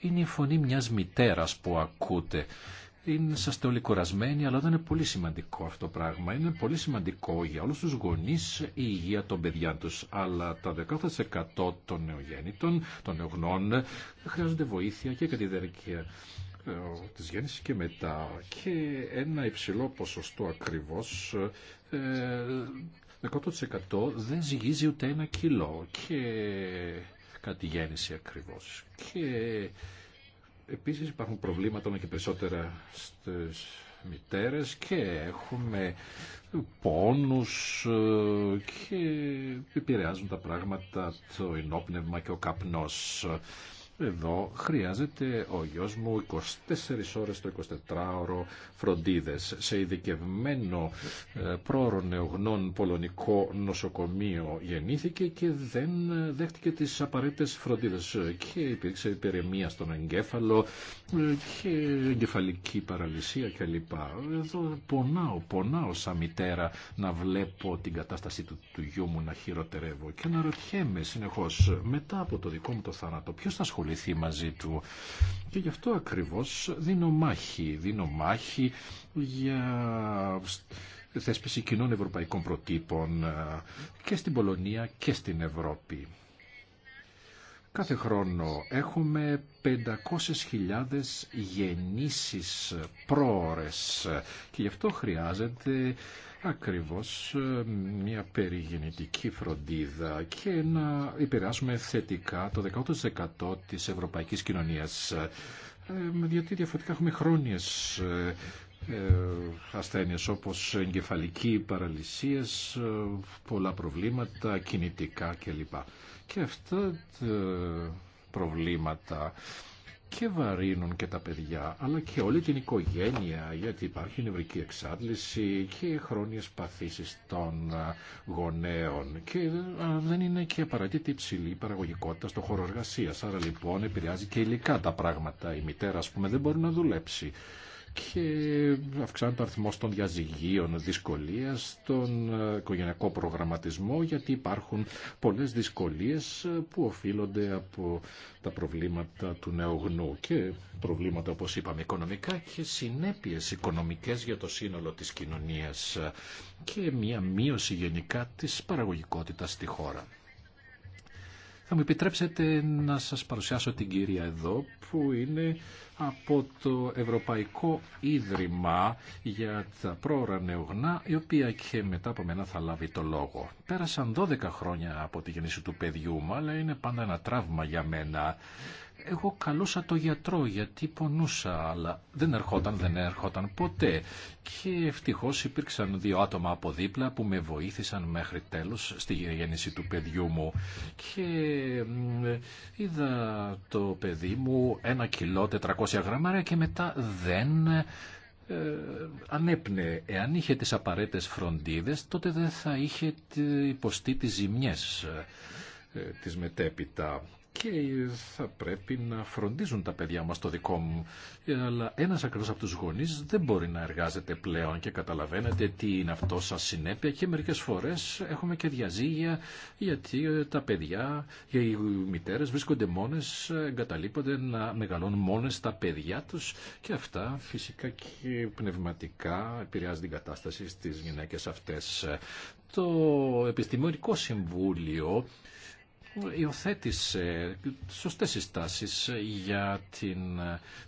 Είναι η φωνή μιας μητέρας που ακούτε είναι όλοι κορασμένοι, αλλά δεν είναι πολύ σημαντικό αυτό το πράγμα. Είναι πολύ σημαντικό για όλους τους γονείς η υγεία των παιδιών τους. Αλλά τα 10% των νεογέννητων, των νεογνών, χρειάζονται βοήθεια και κατά τη διάρκεια ε, της γέννησης και μετά. Και ένα υψηλό ποσοστό ακριβώς 100% ε, δεν ζυγίζει ούτε ένα κιλό και κατηγέννηση ακριβώς. Επίσης υπάρχουν προβλήματα όμως και περισσότερα στις μητέρες και έχουμε πόνους ε, και επηρεάζουν τα πράγματα το ενόπνευμα και ο καπνός. Εδώ χρειάζεται ο γιος μου 24 ώρες το 24ωρο φροντίδες σε ειδικευμένο ε, πρόωρο νεογνών πολωνικό νοσοκομείο γεννήθηκε και δεν ε, δέχτηκε τις απαραίτητες φροντίδες και υπήρξε υπερεμία στον εγκέφαλο ε, και εγκεφαλική παραλυσία κλπ. Εδώ πονάω, πονάω σαν μητέρα να βλέπω την κατάσταση του, του γιού μου να χειροτερεύω και να ρωτιέμαι συνεχώς μετά από το δικό μου το θάνατο ποιος θα ασχοληθεί μαζί του. Και γι' αυτό ακριβώς δίνω μάχη, δίνω μάχη για θέσπιση κοινών ευρωπαϊκών προτύπων ε, και στην Πολωνία και στην Ευρώπη. Κάθε χρόνο έχουμε 500.000 γεννήσεις πρόορες και γι' αυτό χρειάζεται ακριβώς ε, μια περιγεννητική φροντίδα και να επηρεάσουμε θετικά το 18% της ευρωπαϊκής κοινωνίας. διότι ε, ε, διαφορετικά έχουμε χρόνιες ασθένειες όπως εγκεφαλική παραλυσίες, πολλά προβλήματα, κινητικά κλπ. Και αυτά τα προβλήματα και βαρύνουν και τα παιδιά, αλλά και όλη την οικογένεια, γιατί υπάρχει νευρική εξάντληση και χρόνιες παθήσεις των ε, γονέων και ε, δεν είναι και απαραίτητη υψηλή παραγωγικότητα στο χώρο εργασίας. Άρα λοιπόν επηρεάζει και υλικά τα πράγματα. Η μητέρα, ας πούμε, δεν μπορεί να δουλέψει και αυξάνεται ο αριθμό των διαζυγίων, δυσκολίες στον ε, οικογενειακό προγραμματισμό γιατί υπάρχουν πολλές δυσκολίες ε, που οφείλονται από τα προβλήματα του νεογνού και προβλήματα όπως είπαμε οικονομικά και συνέπειες οικονομικές για το σύνολο της κοινωνίας ε, και μια μείωση γενικά της παραγωγικότητας στη χώρα. Θα μου επιτρέψετε να σας παρουσιάσω την κυρία εδώ που είναι από το Ευρωπαϊκό Ίδρυμα για τα πρόωρα νεογνά η οποία και μετά από μένα θα λάβει το λόγο. Πέρασαν 12 χρόνια από τη γεννήση του παιδιού μου αλλά είναι πάντα ένα τραύμα για μένα εγώ καλούσα το γιατρό γιατί πονούσα, αλλά δεν ερχόταν, δεν ερχόταν ποτέ. Και ευτυχώς υπήρξαν δύο άτομα από δίπλα που με βοήθησαν μέχρι τέλος στη γέννηση του παιδιού μου. Και είδα το παιδί μου ένα κιλό 400 γραμμάρια και μετά δεν ε, ανέπνεε. Εάν είχε τις απαραίτητες φροντίδες, τότε δεν θα είχε υποστεί τις ζημιές ε, μετέπειτα και θα πρέπει να φροντίζουν τα παιδιά μας το δικό μου. Ε, αλλά ένας ακριβώς από τους γονείς δεν μπορεί να εργάζεται πλέον και καταλαβαίνετε τι είναι αυτό σαν συνέπεια και μερικές φορές έχουμε και διαζύγια γιατί ε, τα παιδιά, οι μητέρες βρίσκονται μόνες, ε, εγκαταλείπονται να μεγαλώνουν μόνες τα παιδιά τους και αυτά φυσικά και πνευματικά επηρεάζει την κατάσταση στις γυναίκες αυτές. Το Επιστημονικό Συμβούλιο υιοθέτησε σωστές συστάσεις για την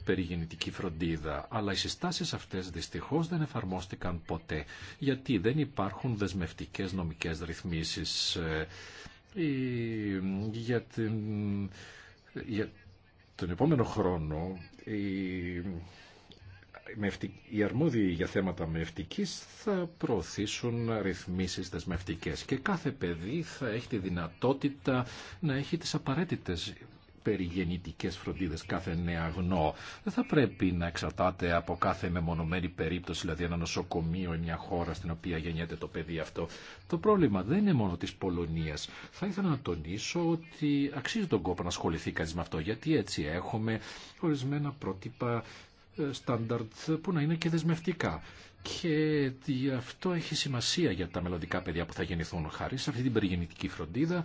περιγεννητική φροντίδα, αλλά οι συστάσεις αυτές δυστυχώς δεν εφαρμόστηκαν ποτέ, γιατί δεν υπάρχουν δεσμευτικές νομικές ρυθμίσεις ε, για, την... τον επόμενο χρόνο οι αρμόδιοι για θέματα μευτικής θα προωθήσουν ρυθμίσεις δεσμευτικές και κάθε παιδί θα έχει τη δυνατότητα να έχει τις απαραίτητες περιγεννητικές φροντίδες κάθε γνώ. Δεν θα πρέπει να εξαρτάται από κάθε μεμονωμένη περίπτωση, δηλαδή ένα νοσοκομείο ή μια χώρα στην οποία γεννιέται το παιδί αυτό. Το πρόβλημα δεν είναι μόνο της Πολωνίας. Θα ήθελα να τονίσω ότι αξίζει τον κόπο να ασχοληθεί κανείς με αυτό, γιατί έτσι έχουμε ορισμένα πρότυπα στάνταρτ που να είναι και δεσμευτικά. Και αυτό έχει σημασία για τα μελλοντικά παιδιά που θα γεννηθούν χάρη σε αυτή την περιγεννητική φροντίδα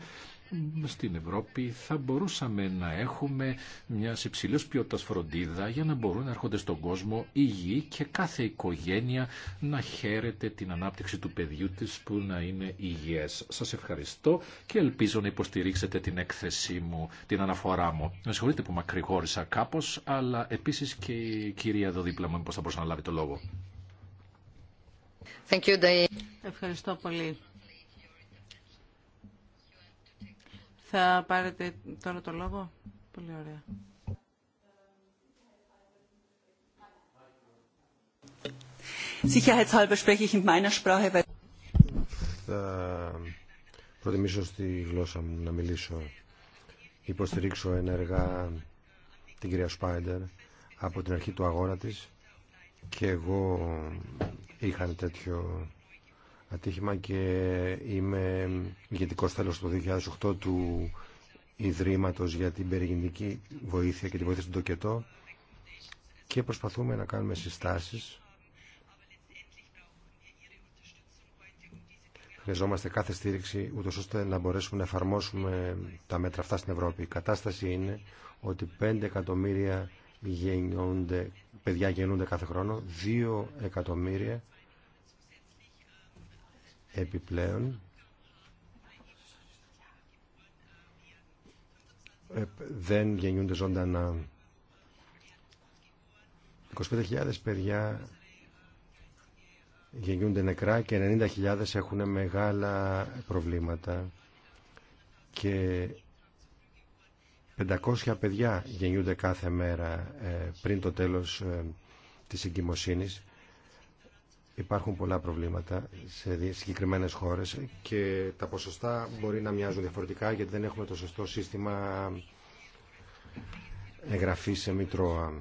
στην Ευρώπη θα μπορούσαμε να έχουμε μια υψηλή ποιότητα φροντίδα για να μπορούν να έρχονται στον κόσμο υγιή και κάθε οικογένεια να χαίρεται την ανάπτυξη του παιδιού της που να είναι υγιές. Σας ευχαριστώ και ελπίζω να υποστηρίξετε την έκθεσή μου, την αναφορά μου. Με συγχωρείτε που μακρηγόρησα κάπως, αλλά επίσης και η κυρία εδώ δίπλα μου, μήπως θα μπορούσε να λάβει το λόγο. Ευχαριστώ πολύ. Θα πάρετε τώρα το λόγο. Πολύ ωραία. Sicherheitshalber spreche ich in meiner Sprache, θα προτιμήσω στη γλώσσα μου να μιλήσω υποστηρίξω ενεργά την κυρία Σπάιντερ από την αρχή του αγώνα της και εγώ είχα τέτοιο ατύχημα και είμαι ηγετικό τέλο το 2008 του Ιδρύματος για την Περιγενική Βοήθεια και τη Βοήθεια στον Τοκετό και προσπαθούμε να κάνουμε συστάσεις. Χρειαζόμαστε κάθε στήριξη ούτως ώστε να μπορέσουμε να εφαρμόσουμε τα μέτρα αυτά στην Ευρώπη. Η κατάσταση είναι ότι 5 εκατομμύρια παιδιά γεννούνται κάθε χρόνο, 2 εκατομμύρια Επιπλέον, ε, δεν γεννιούνται ζωντανά. 25.000 παιδιά γεννιούνται νεκρά και 90.000 έχουν μεγάλα προβλήματα και 500 παιδιά γεννιούνται κάθε μέρα ε, πριν το τέλος ε, της εγκυμοσύνης Υπάρχουν πολλά προβλήματα σε συγκεκριμένες χώρε και τα ποσοστά μπορεί να μοιάζουν διαφορετικά γιατί δεν έχουμε το σωστό σύστημα εγγραφή σε Μητρώα.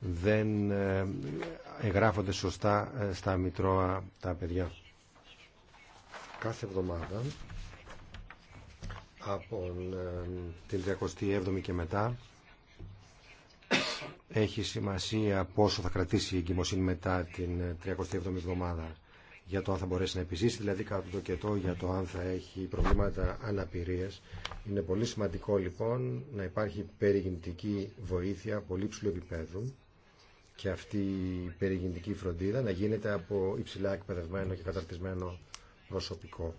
δεν ε, εγγράφονται σωστά ε, στα Μητρώα τα παιδιά. Κάθε εβδομάδα από την 37η και μετά έχει σημασία πόσο θα κρατήσει η εγκυμοσύνη μετά την 37η ε, εβδομάδα για το αν θα μπορέσει να επιζήσει, δηλαδή κάτω το κετό για το αν θα έχει προβλήματα αναπηρίας. Είναι πολύ σημαντικό λοιπόν να υπάρχει περιγυνητική βοήθεια πολύ ψηλού επίπεδου και αυτή η περιγυνητική φροντίδα να γίνεται από υψηλά εκπαιδευμένο και καταρτισμένο προσωπικό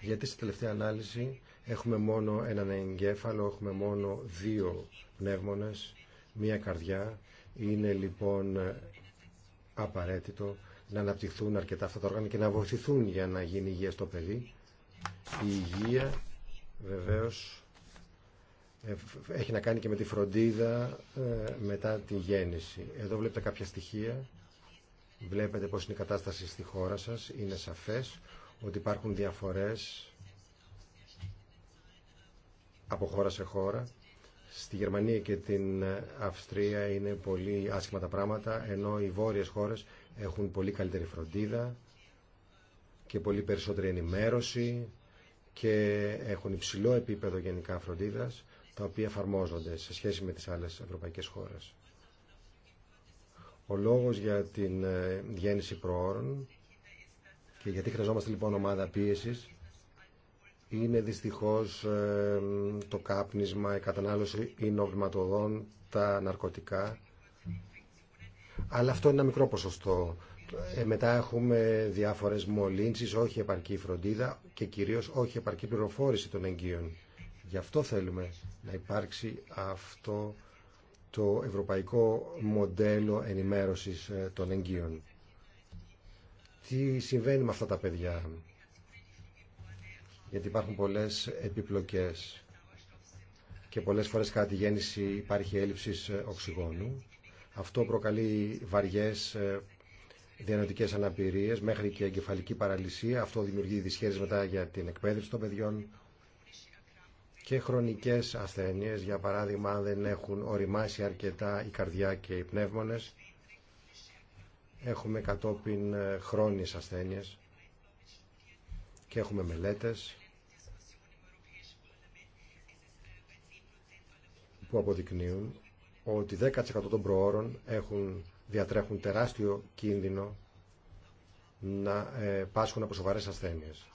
γιατί στη τελευταία ανάλυση έχουμε μόνο έναν εγκέφαλο, έχουμε μόνο δύο πνεύμονες, μία καρδιά. Είναι λοιπόν απαραίτητο να αναπτυχθούν αρκετά αυτά τα όργανα και να βοηθηθούν για να γίνει υγεία στο παιδί. Η υγεία βεβαίως έχει να κάνει και με τη φροντίδα ε, μετά τη γέννηση. Εδώ βλέπετε κάποια στοιχεία. Βλέπετε πώς είναι η κατάσταση στη χώρα σας. Είναι σαφές ότι υπάρχουν διαφορές από χώρα σε χώρα. Στη Γερμανία και την Αυστρία είναι πολύ άσχημα τα πράγματα, ενώ οι βόρειες χώρες έχουν πολύ καλύτερη φροντίδα και πολύ περισσότερη ενημέρωση και έχουν υψηλό επίπεδο γενικά φροντίδας, τα οποία εφαρμόζονται σε σχέση με τις άλλες ευρωπαϊκές χώρες. Ο λόγος για την ε, γέννηση προώρων και γιατί χρειαζόμαστε λοιπόν ομάδα πίεσης είναι δυστυχώς ε, το κάπνισμα, η κατανάλωση ινοβηματοδών, τα ναρκωτικά. Αλλά αυτό είναι ένα μικρό ποσοστό. Ε, μετά έχουμε διάφορες μολύνσεις, όχι επαρκή φροντίδα και κυρίως όχι επαρκή πληροφόρηση των εγγύων. Γι' αυτό θέλουμε να υπάρξει αυτό το ευρωπαϊκό μοντέλο ενημέρωσης ε, των εγγύων τι συμβαίνει με αυτά τα παιδιά. Γιατί υπάρχουν πολλές επιπλοκές και πολλές φορές κατά τη γέννηση υπάρχει έλλειψη ε, οξυγόνου. Αυτό προκαλεί βαριές ε, διανοητικές αναπηρίες μέχρι και εγκεφαλική παραλυσία. Αυτό δημιουργεί δυσχέρες μετά για την εκπαίδευση των παιδιών και χρονικές ασθένειες, για παράδειγμα δεν έχουν οριμάσει αρκετά η καρδιά και οι πνεύμονες Έχουμε κατόπιν ε, χρόνιες ασθένειες και έχουμε μελέτες που αποδεικνύουν ότι 10% των προώρων έχουν, διατρέχουν τεράστιο κίνδυνο να ε, πάσχουν από σοβαρές ασθένειες.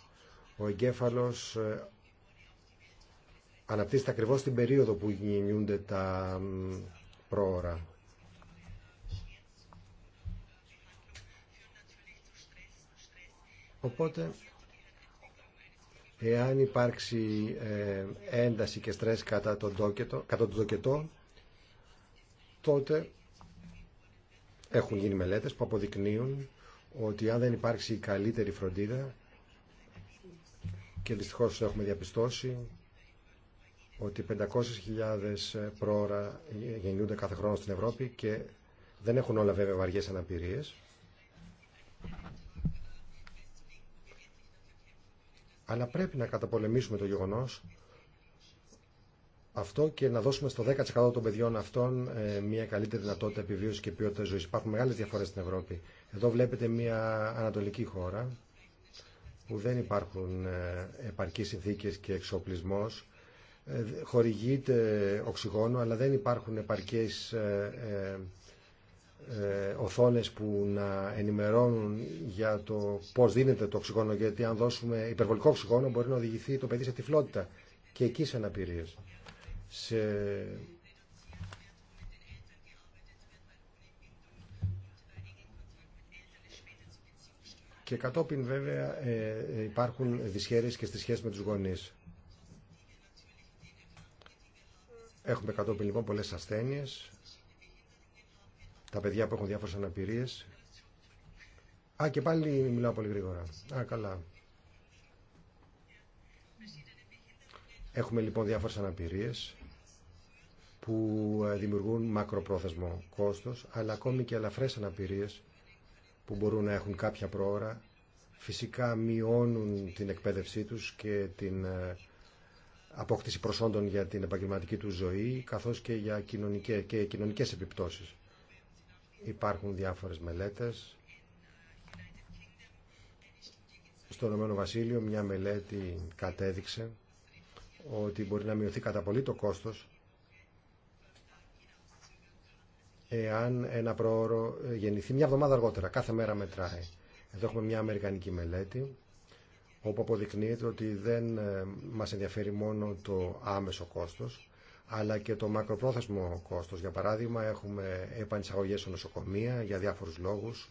Ο εγκέφαλος ε, αναπτύσσεται ακριβώς την περίοδο που γεννιούνται τα πρόωρα. Οπότε, εάν υπάρξει ε, ένταση και στρες κατά τον δοκετό, κατά τον δοκετό τότε έχουν γίνει μελέτες που αποδεικνύουν ότι αν δεν υπάρξει καλύτερη φροντίδα και δυστυχώς έχουμε διαπιστώσει ότι 500.000 πρόωρα γεννιούνται κάθε χρόνο στην Ευρώπη και δεν έχουν όλα βέβαια βαριές αναπηρίες Αλλά πρέπει να καταπολεμήσουμε το γεγονός αυτό και να δώσουμε στο 10% των παιδιών αυτών ε, μια καλύτερη δυνατότητα επιβίωση και ποιότητα ζωή. Υπάρχουν μεγάλε διαφορέ στην Ευρώπη. Εδώ βλέπετε μια ανατολική χώρα που δεν υπάρχουν ε, επαρκείς συνθήκε και εξοπλισμό. Ε, χορηγείται οξυγόνο, αλλά δεν υπάρχουν επαρκείς ε, οθόνες που να ενημερώνουν για το πώς δίνεται το οξυγόνο γιατί αν δώσουμε υπερβολικό οξυγόνο μπορεί να οδηγηθεί το παιδί σε τυφλότητα και εκεί σε αναπηρίες. Σε... Και κατόπιν βέβαια ε, ε, υπάρχουν δυσχέρειες και στις σχέσεις με τους γονείς. Έχουμε κατόπιν λοιπόν πολλές ασθένειες τα παιδιά που έχουν διάφορε αναπηρίε. Α, και πάλι μιλάω πολύ γρήγορα. Α, καλά. Έχουμε λοιπόν διάφορε αναπηρίε που ε, δημιουργούν μακροπρόθεσμο κόστος, αλλά ακόμη και ελαφρές αναπηρίες που μπορούν να έχουν κάποια προώρα, φυσικά μειώνουν την εκπαίδευσή τους και την ε, απόκτηση προσόντων για την επαγγελματική του ζωή, καθώς και για κοινωνικές, και κοινωνικές επιπτώσεις. Υπάρχουν διάφορες μελέτες. Στο Ηνωμένο Βασίλειο μια μελέτη κατέδειξε ότι μπορεί να μειωθεί κατά πολύ το κόστος εάν ένα προώρο γεννηθεί μια εβδομάδα αργότερα. Κάθε μέρα μετράει. Εδώ έχουμε μια αμερικανική μελέτη όπου αποδεικνύεται ότι δεν ε, μας ενδιαφέρει μόνο το άμεσο κόστος αλλά και το μακροπρόθεσμο κόστος. Για παράδειγμα, έχουμε επανεισαγωγές στο νοσοκομεία για διάφορους λόγους.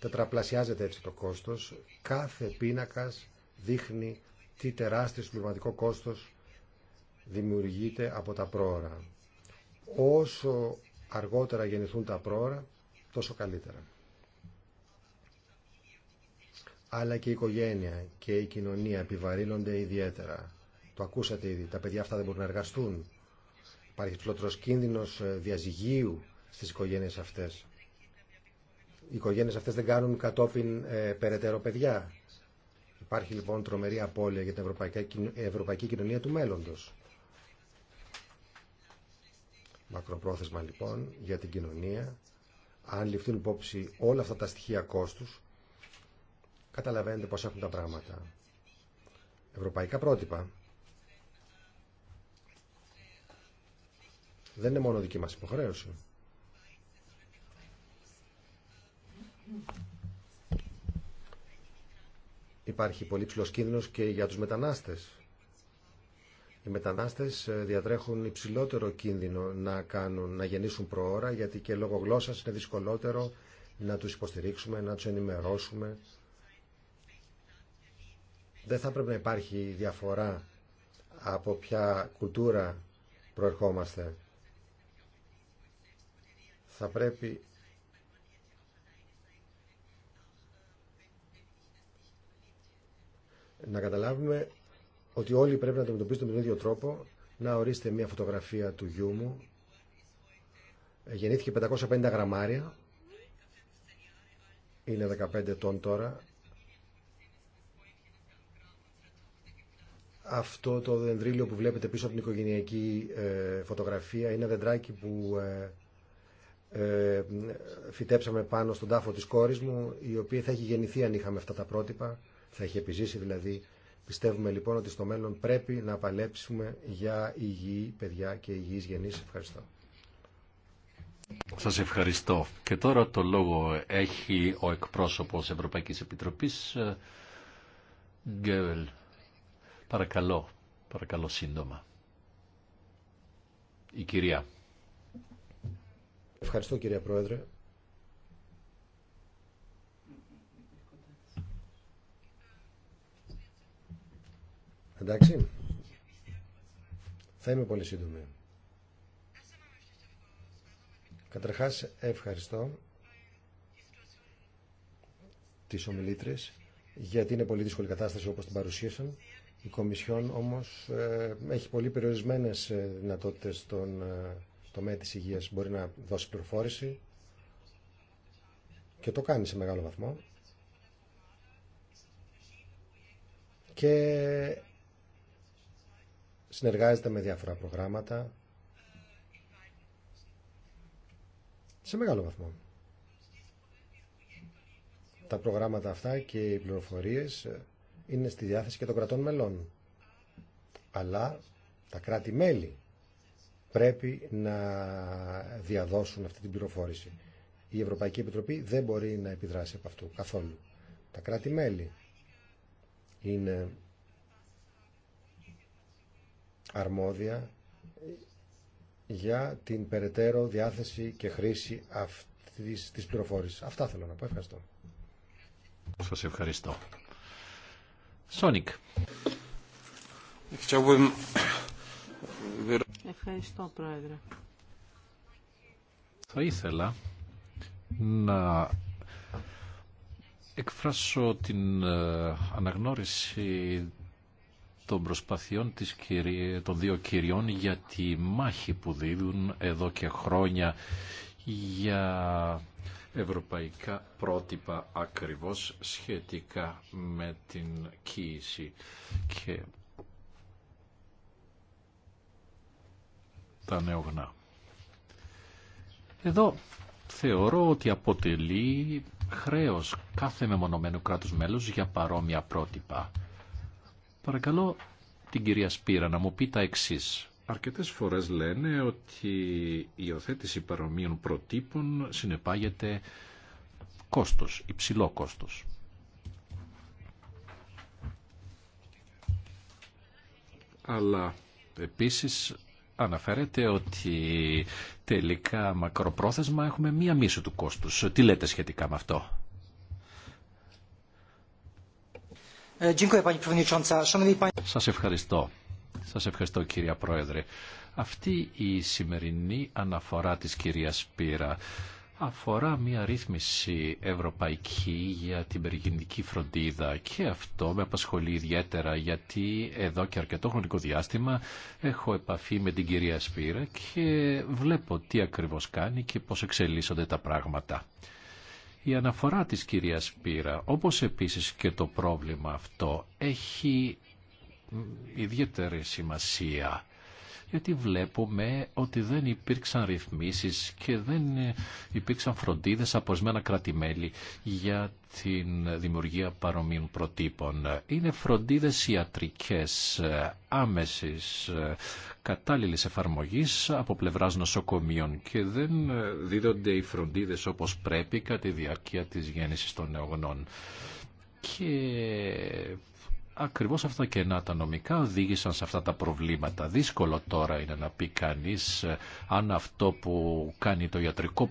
Τετραπλασιάζεται έτσι το κόστος. Κάθε πίνακας δείχνει τι τεράστιο συμπληρωματικό κόστος δημιουργείται από τα πρόωρα. Όσο αργότερα γεννηθούν τα πρόωρα, τόσο καλύτερα. Αλλά και η οικογένεια και η κοινωνία επιβαρύνονται ιδιαίτερα το ακούσατε ήδη. Τα παιδιά αυτά δεν μπορούν να εργαστούν. Υπάρχει ψηλότερο κίνδυνο ε, διαζυγίου στι οικογένειε αυτές. Οι οικογένειε αυτέ δεν κάνουν κατόπιν ε, περαιτέρω παιδιά. Υπάρχει λοιπόν τρομερή απώλεια για την ε, ευρωπαϊκή, κοινωνία του μέλλοντο. Μακροπρόθεσμα λοιπόν για την κοινωνία, αν ληφθούν υπόψη όλα αυτά τα στοιχεία κόστου. καταλαβαίνετε πώ έχουν τα πράγματα. Ευρωπαϊκά πρότυπα Δεν είναι μόνο δική μας υποχρέωση. Υπάρχει πολύ ψηλό κίνδυνος και για τους μετανάστες. Οι μετανάστες ε, διατρέχουν υψηλότερο κίνδυνο να, κάνουν, να γεννήσουν προώρα γιατί και λόγω γλώσσας είναι δυσκολότερο να τους υποστηρίξουμε, να τους ενημερώσουμε. Δεν θα πρέπει να υπάρχει διαφορά από ποια κουλτούρα προερχόμαστε θα πρέπει να καταλάβουμε ότι όλοι πρέπει να αντιμετωπίσουμε με τον ίδιο τρόπο. Να ορίστε μια φωτογραφία του γιού μου. Γεννήθηκε 550 γραμμάρια. Είναι 15 ετών τώρα. Αυτό το δεντρίλιο που βλέπετε πίσω από την οικογενειακή ε, φωτογραφία είναι δεντράκι που ε, ε, φυτέψαμε πάνω στον τάφο της κόρης μου η οποία θα έχει γεννηθεί αν είχαμε αυτά τα πρότυπα θα έχει επιζήσει δηλαδή πιστεύουμε λοιπόν ότι στο μέλλον πρέπει να παλέψουμε για υγιή παιδιά και υγιείς γεννήσεις ευχαριστώ σας ευχαριστώ και τώρα το λόγο έχει ο εκπρόσωπος Ευρωπαϊκής Επιτροπής ε, Γκέβελ παρακαλώ παρακαλώ σύντομα η κυρία Ευχαριστώ κυρία Πρόεδρε. Εντάξει. Θα είμαι πολύ σύντομη. Καταρχάς ευχαριστώ τις ομιλήτρες γιατί είναι πολύ δύσκολη κατάσταση όπως την παρουσίασαν. Η Κομισιόν όμως ε, έχει πολύ περιορισμένες ε, δυνατότητες των τομέα της υγείας μπορεί να δώσει πληροφόρηση και το κάνει σε μεγάλο βαθμό. Και συνεργάζεται με διάφορα προγράμματα σε μεγάλο βαθμό. Τα προγράμματα αυτά και οι πληροφορίες είναι στη διάθεση και των κρατών μελών. Αλλά τα κράτη-μέλη πρέπει να διαδώσουν αυτή την πληροφόρηση. Η Ευρωπαϊκή Επιτροπή δεν μπορεί να επιδράσει από αυτού καθόλου. Τα κράτη-μέλη είναι αρμόδια για την περαιτέρω διάθεση και χρήση αυτής της πληροφόρησης. Αυτά θέλω να πω. Ευχαριστώ. Σας ευχαριστώ. Ευχαριστώ, Πρόεδρε. Θα ήθελα να εκφράσω την ε, αναγνώριση των προσπαθειών της των δύο κυριών για τη μάχη που δίδουν εδώ και χρόνια για ευρωπαϊκά πρότυπα ακριβώς σχετικά με την κοίηση και τα νεογνά. Εδώ θεωρώ ότι αποτελεί χρέος κάθε μεμονωμένου κράτους μέλους για παρόμοια πρότυπα. Παρακαλώ την κυρία Σπύρα να μου πει τα εξής. Αρκετές φορές λένε ότι η υιοθέτηση παρομοίων προτύπων συνεπάγεται κόστος, υψηλό κόστος. Αλλά επίσης αναφέρεται ότι τελικά μακροπρόθεσμα έχουμε μία μίσο του κόστους. Τι λέτε σχετικά με αυτό. Ε, Σας ευχαριστώ. Σας ευχαριστώ κυρία Πρόεδρε. Αυτή η σημερινή αναφορά της κυρίας Πύρα αφορά μια ρύθμιση ευρωπαϊκή για την περιγενική φροντίδα και αυτό με απασχολεί ιδιαίτερα γιατί εδώ και αρκετό χρονικό διάστημα έχω επαφή με την κυρία Σπύρα και βλέπω τι ακριβώς κάνει και πώς εξελίσσονται τα πράγματα. Η αναφορά της κυρίας Σπύρα, όπως επίσης και το πρόβλημα αυτό, έχει ιδιαίτερη σημασία γιατί βλέπουμε ότι δεν υπήρξαν ρυθμίσεις και δεν ε, υπήρξαν φροντίδες από σμένα κρατημέλη για την δημιουργία παρομοίων προτύπων. Είναι φροντίδες ιατρικές ε, άμεσης ε, κατάλληλης εφαρμογής από πλευράς νοσοκομείων και δεν δίδονται οι φροντίδες όπως πρέπει κατά τη διάρκεια της γέννησης των νεογνών ακριβώς αυτά τα κενά τα νομικά οδήγησαν σε αυτά τα προβλήματα. Δύσκολο τώρα είναι να πει κανείς ε, αν αυτό που κάνει το ιατρικό,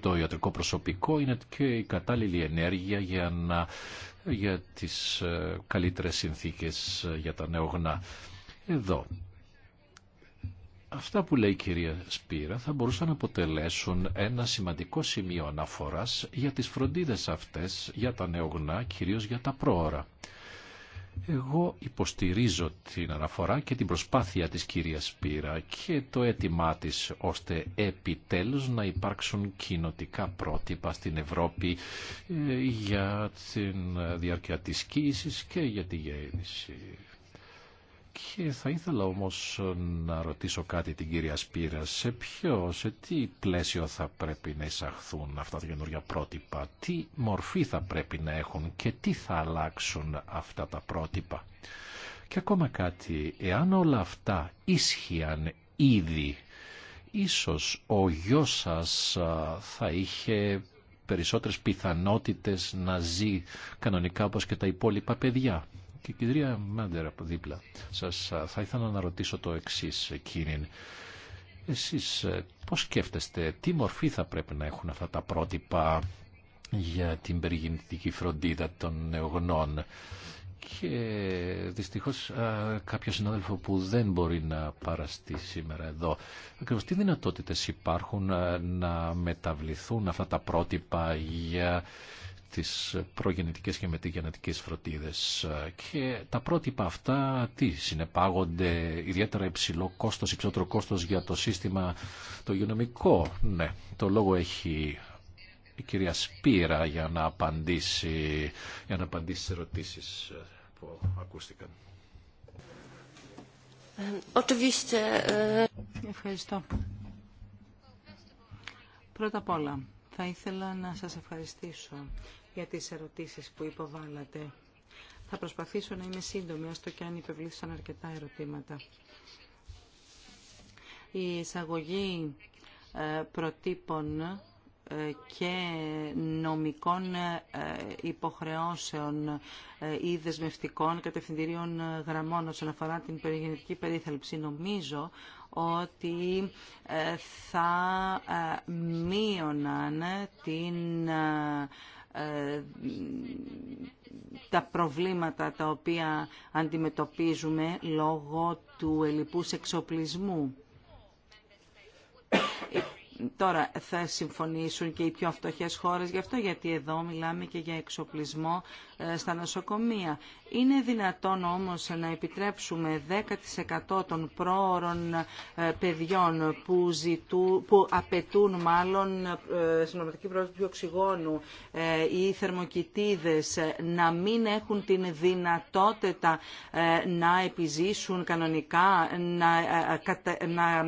το ιατρικό προσωπικό είναι και η κατάλληλη ενέργεια για, για τις ε, καλύτερες συνθήκες ε, για τα νεογνά. Εδώ Αυτά που λέει η κυρία Σπύρα θα μπορούσαν να αποτελέσουν ένα σημαντικό σημείο αναφοράς για τις φροντίδες αυτές για τα νεογνά, κυρίως για τα πρόωρα. Εγώ υποστηρίζω την αναφορά και την προσπάθεια της κυρίας Πύρα και το αίτημά της ώστε επιτέλους να υπάρξουν κοινοτικά πρότυπα στην Ευρώπη ε, για την διάρκεια της και για τη γέννηση. Και θα ήθελα όμως να ρωτήσω κάτι την κυρία Σπύρα. Σε ποιο, σε τι πλαίσιο θα πρέπει να εισαχθούν αυτά τα καινούργια πρότυπα, τι μορφή θα πρέπει να έχουν και τι θα αλλάξουν αυτά τα πρότυπα. Και ακόμα κάτι, εάν όλα αυτά ίσχυαν ήδη, ίσως ο γιος σας θα είχε περισσότερες πιθανότητες να ζει κανονικά όπως και τα υπόλοιπα παιδιά και η κυρία Μάντερ από δίπλα. Σας θα ήθελα να ρωτήσω το εξής εκείνη. Εσείς ε, πώς σκέφτεστε, τι μορφή θα πρέπει να έχουν αυτά τα πρότυπα για την περιγεννητική φροντίδα των νεογνών και δυστυχώς κάποιος κάποιο συνάδελφο που δεν μπορεί να παραστεί σήμερα εδώ. Ακριβώς τι δυνατότητες υπάρχουν να μεταβληθούν αυτά τα πρότυπα για τις προγεννητικές και μετηγενετικές φροντίδες. Και τα πρότυπα αυτά τι συνεπάγονται, ιδιαίτερα υψηλό κόστος, υψηλότερο κόστος για το σύστημα το υγειονομικό. Ναι, το λόγο έχει η κυρία Σπύρα για να απαντήσει, για να απαντήσει στις ερωτήσεις που ακούστηκαν. Ε, Ευχαριστώ. Πρώτα απ' όλα, θα ήθελα να σας ευχαριστήσω για τις ερωτήσεις που υποβάλατε. Θα προσπαθήσω να είμαι σύντομη, έστω και αν υπευλήθησαν αρκετά ερωτήματα. Η εισαγωγή ε, προτύπων ε, και νομικών ε, υποχρεώσεων ή δεσμευτικών κατευθυντηρίων γραμμών όσον αφορά την περιγενετική περίθαλψη. Νομίζω ότι ε, θα ε, μείωναν την ε, τα προβλήματα τα οποία αντιμετωπίζουμε λόγω του ελλειπούς εξοπλισμού. Τώρα θα συμφωνήσουν και οι πιο φτωχές χώρες γι' αυτό, γιατί εδώ μιλάμε και για εξοπλισμό ε, στα νοσοκομεία. Είναι δυνατόν όμως να επιτρέψουμε 10% των πρόωρων ε, παιδιών που, ζητού, που απαιτούν μάλλον ε, συνομιλική πρόσβαση οξυγόνου ή θερμοκοιτίδες να μην έχουν την δυνατότητα να επιζήσουν κανονικά, να, να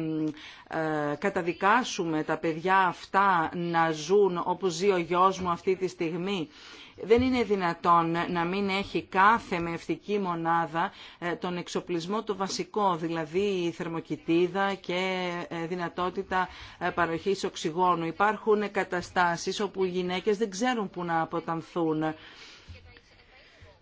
καταδικάσουμε τα παιδιά αυτά να ζουν όπως ζει ο γιος μου αυτή τη στιγμή. Δεν είναι δυνατόν να μην έχει κάθε μευτική μονάδα ε, τον εξοπλισμό το βασικό, δηλαδή η θερμοκοιτίδα και ε, δυνατότητα ε, παροχής οξυγόνου. Υπάρχουν καταστάσεις όπου οι γυναίκες δεν ξέρουν πού να αποτανθούν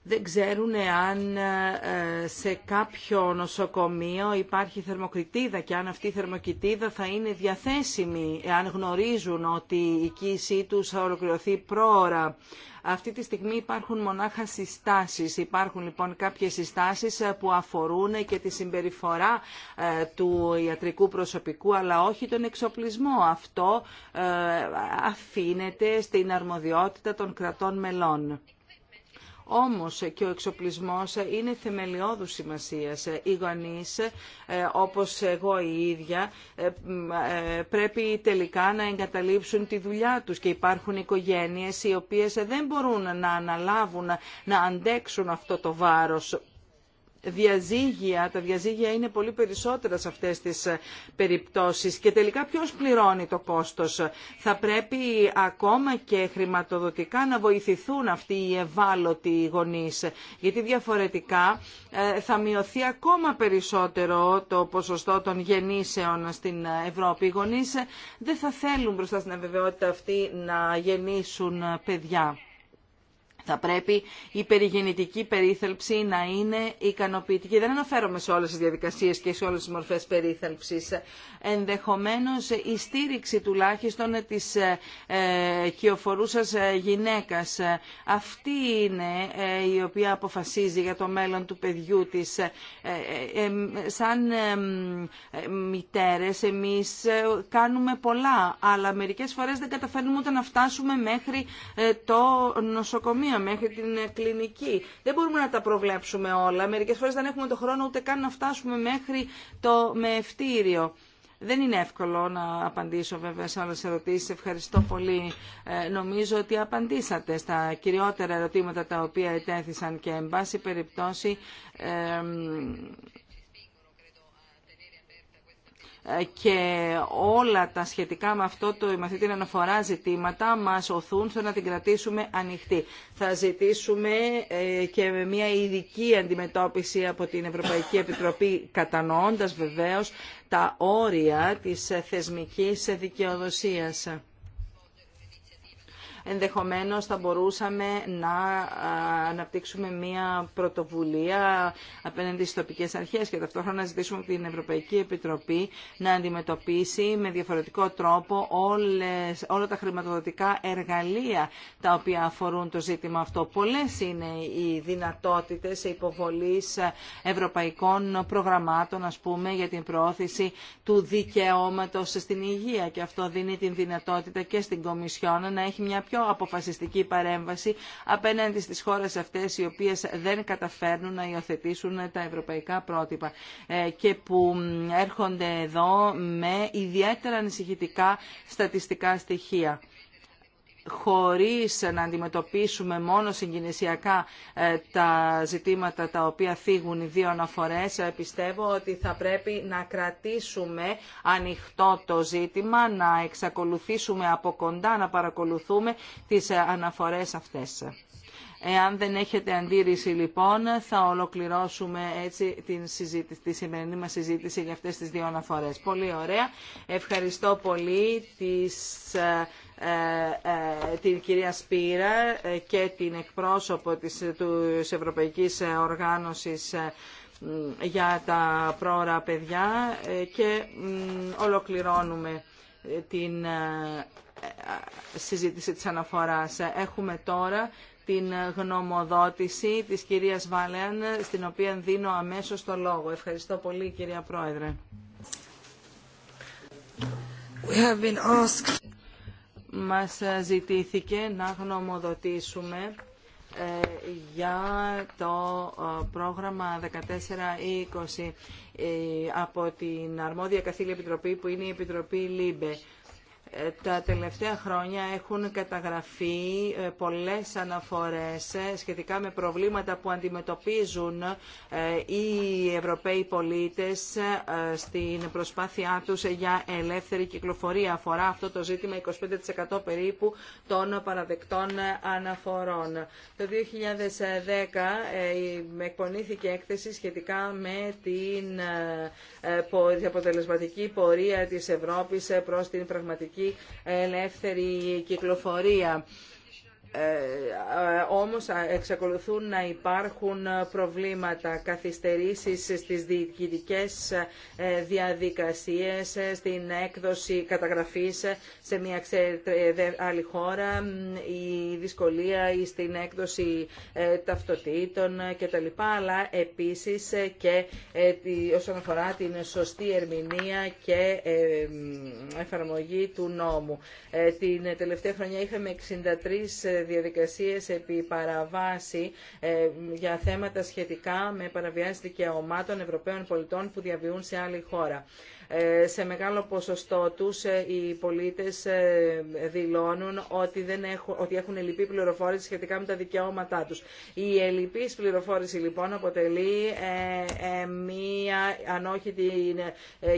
δεν ξέρουν αν ε, σε κάποιο νοσοκομείο υπάρχει θερμοκριτίδα και αν αυτή η θερμοκριτίδα θα είναι διαθέσιμη, αν γνωρίζουν ότι η κοίησή τους θα ολοκληρωθεί πρόωρα. Αυτή τη στιγμή υπάρχουν μονάχα συστάσεις. Υπάρχουν λοιπόν κάποιες συστάσεις ε, που αφορούν και τη συμπεριφορά ε, του ιατρικού προσωπικού, αλλά όχι τον εξοπλισμό. Αυτό αφήνεται στην αρμοδιότητα των κρατών μελών. Όμως και ο εξοπλισμός είναι θεμελιώδους σημασίας. Οι γονείς, ε, όπως εγώ η ίδια, ε, ε, πρέπει τελικά να εγκαταλείψουν τη δουλειά τους και υπάρχουν οικογένειες οι οποίες δεν μπορούν να αναλάβουν, να αντέξουν αυτό το βάρος διαζύγια. Τα διαζύγια είναι πολύ περισσότερα σε αυτές τις ε, περιπτώσεις και τελικά ποιος πληρώνει το κόστος. Θα πρέπει ακόμα και χρηματοδοτικά να βοηθηθούν αυτοί οι ευάλωτοι γονείς γιατί διαφορετικά ε, θα μειωθεί ακόμα περισσότερο το ποσοστό των γεννήσεων στην Ευρώπη. Οι γονείς ε, δεν θα θέλουν μπροστά στην αβεβαιότητα αυτή να γεννήσουν παιδιά. Θα πρέπει η περιγεννητική περίθαλψη να είναι ικανοποιητική. Δεν αναφέρομαι σε όλες τις διαδικασίες και σε όλες τις μορφές περίθαλψης. Ενδεχομένως η στήριξη τουλάχιστον της ε, ε γυναίκας. Αυτή είναι ε, η οποία αποφασίζει για το μέλλον του παιδιού της. Ε, σαν μητέρες εμείς κάνουμε πολλά, αλλά μερικές φορές δεν καταφέρνουμε ούτε να φτάσουμε μέχρι το νοσοκομείο μέχρι την ε, κλινική. Δεν μπορούμε να τα προβλέψουμε όλα. Μερικές φορές δεν έχουμε το χρόνο ούτε καν να φτάσουμε μέχρι το μεευτήριο. Δεν είναι εύκολο να απαντήσω βέβαια σε όλες τις ερωτήσεις. Ευχαριστώ πολύ. Ε, νομίζω ότι απαντήσατε στα κυριότερα ερωτήματα τα οποία ετέθησαν και εν πάση περιπτώσει ε, και όλα τα σχετικά με αυτό το με αυτή την αναφορά ζητήματα μας οθούν στο να την κρατήσουμε ανοιχτή. Θα ζητήσουμε ε, και μια ειδική αντιμετώπιση από την Ευρωπαϊκή Επιτροπή κατανοώντας βεβαίως τα όρια της θεσμικής δικαιοδοσίας ενδεχομένως θα μπορούσαμε να αναπτύξουμε μια πρωτοβουλία απέναντι στις τοπικές αρχές και ταυτόχρονα να ζητήσουμε από την Ευρωπαϊκή Επιτροπή να αντιμετωπίσει με διαφορετικό τρόπο όλες, όλα τα χρηματοδοτικά εργαλεία τα οποία αφορούν το ζήτημα αυτό. Πολλές είναι οι δυνατότητες υποβολής ευρωπαϊκών προγραμμάτων, ας πούμε, για την προώθηση του δικαιώματος στην υγεία και αυτό δίνει την δυνατότητα και στην Κομισιόν να έχει μια πιο αποφασιστική παρέμβαση απέναντι στις χώρες αυτές οι οποίες δεν καταφέρνουν να υιοθετήσουν τα ευρωπαϊκά πρότυπα ε, και που έρχονται εδώ με ιδιαίτερα ανησυχητικά στατιστικά στοιχεία χωρίς να αντιμετωπίσουμε μόνο συγκινησιακά ε, τα ζητήματα τα οποία θίγουν οι δύο αναφορές. Ε, πιστεύω ότι θα πρέπει να κρατήσουμε ανοιχτό το ζήτημα, να εξακολουθήσουμε από κοντά, να παρακολουθούμε τις ε, αναφορές αυτές. Εάν δεν έχετε αντίρρηση λοιπόν θα ολοκληρώσουμε έτσι τη σημερινή μας συζήτηση για αυτές τις δύο αναφορές. Πολύ ωραία. Ευχαριστώ πολύ τις ε, ε, την κυρία Σπύρα και την εκπρόσωπο της της Ευρωπαϊκής Οργάνωσης ε, για τα πρόωρα παιδιά και ολοκληρώνουμε την συζήτηση της αναφοράς. Έχουμε τώρα την γνωμοδότηση της κυρίας Βάλεαν, στην οποία δίνω αμέσως το λόγο. Ευχαριστώ πολύ, κυρία Πρόεδρε μας ζητήθηκε να γνωμοδοτήσουμε ε, για το ε, πρόγραμμα 14-20 ε, από την αρμόδια καθήλια επιτροπή που είναι η Επιτροπή ΛΥΜΠΕ τα τελευταία χρόνια έχουν καταγραφεί ε, πολλές αναφορές ε, σχετικά με προβλήματα που αντιμετωπίζουν ε, οι Ευρωπαίοι πολίτες στην προσπάθειά τους για ελεύθερη κυκλοφορία. Αφορά αυτό το ζήτημα 25% περίπου των παραδεκτών αναφορών. Το 2010 εκπονήθηκε έκθεση σχετικά με την αποτελεσματική πορεία της Ευρώπης προς την πραγματική ελεύθερη κυκλοφορία. Ε, ε, όμως εξακολουθούν να υπάρχουν προβλήματα, καθυστερήσεις στις διοικητικές ε, διαδικασίες, στην έκδοση καταγραφής σε μια άλλη χώρα, η δυσκολία στην έκδοση ταυτοτήτων κτλ. Αλλά επίσης και όσον αφορά την σωστή ερμηνεία και εφαρμογή του νόμου. Την τελευταία χρονιά είχαμε 63 διαδικασίες επί παραβάση ε, για θέματα σχετικά με παραβιάσεις δικαιωμάτων Ευρωπαίων πολιτών που διαβιούν σε άλλη χώρα. Ε, σε μεγάλο ποσοστό τους ε, οι πολίτες ε, δηλώνουν ότι, δεν έχουν, ότι έχουν ελλειπή πληροφόρηση σχετικά με τα δικαιώματά τους. Η ελλειπής πληροφόρηση λοιπόν αποτελεί μία, αν όχι την,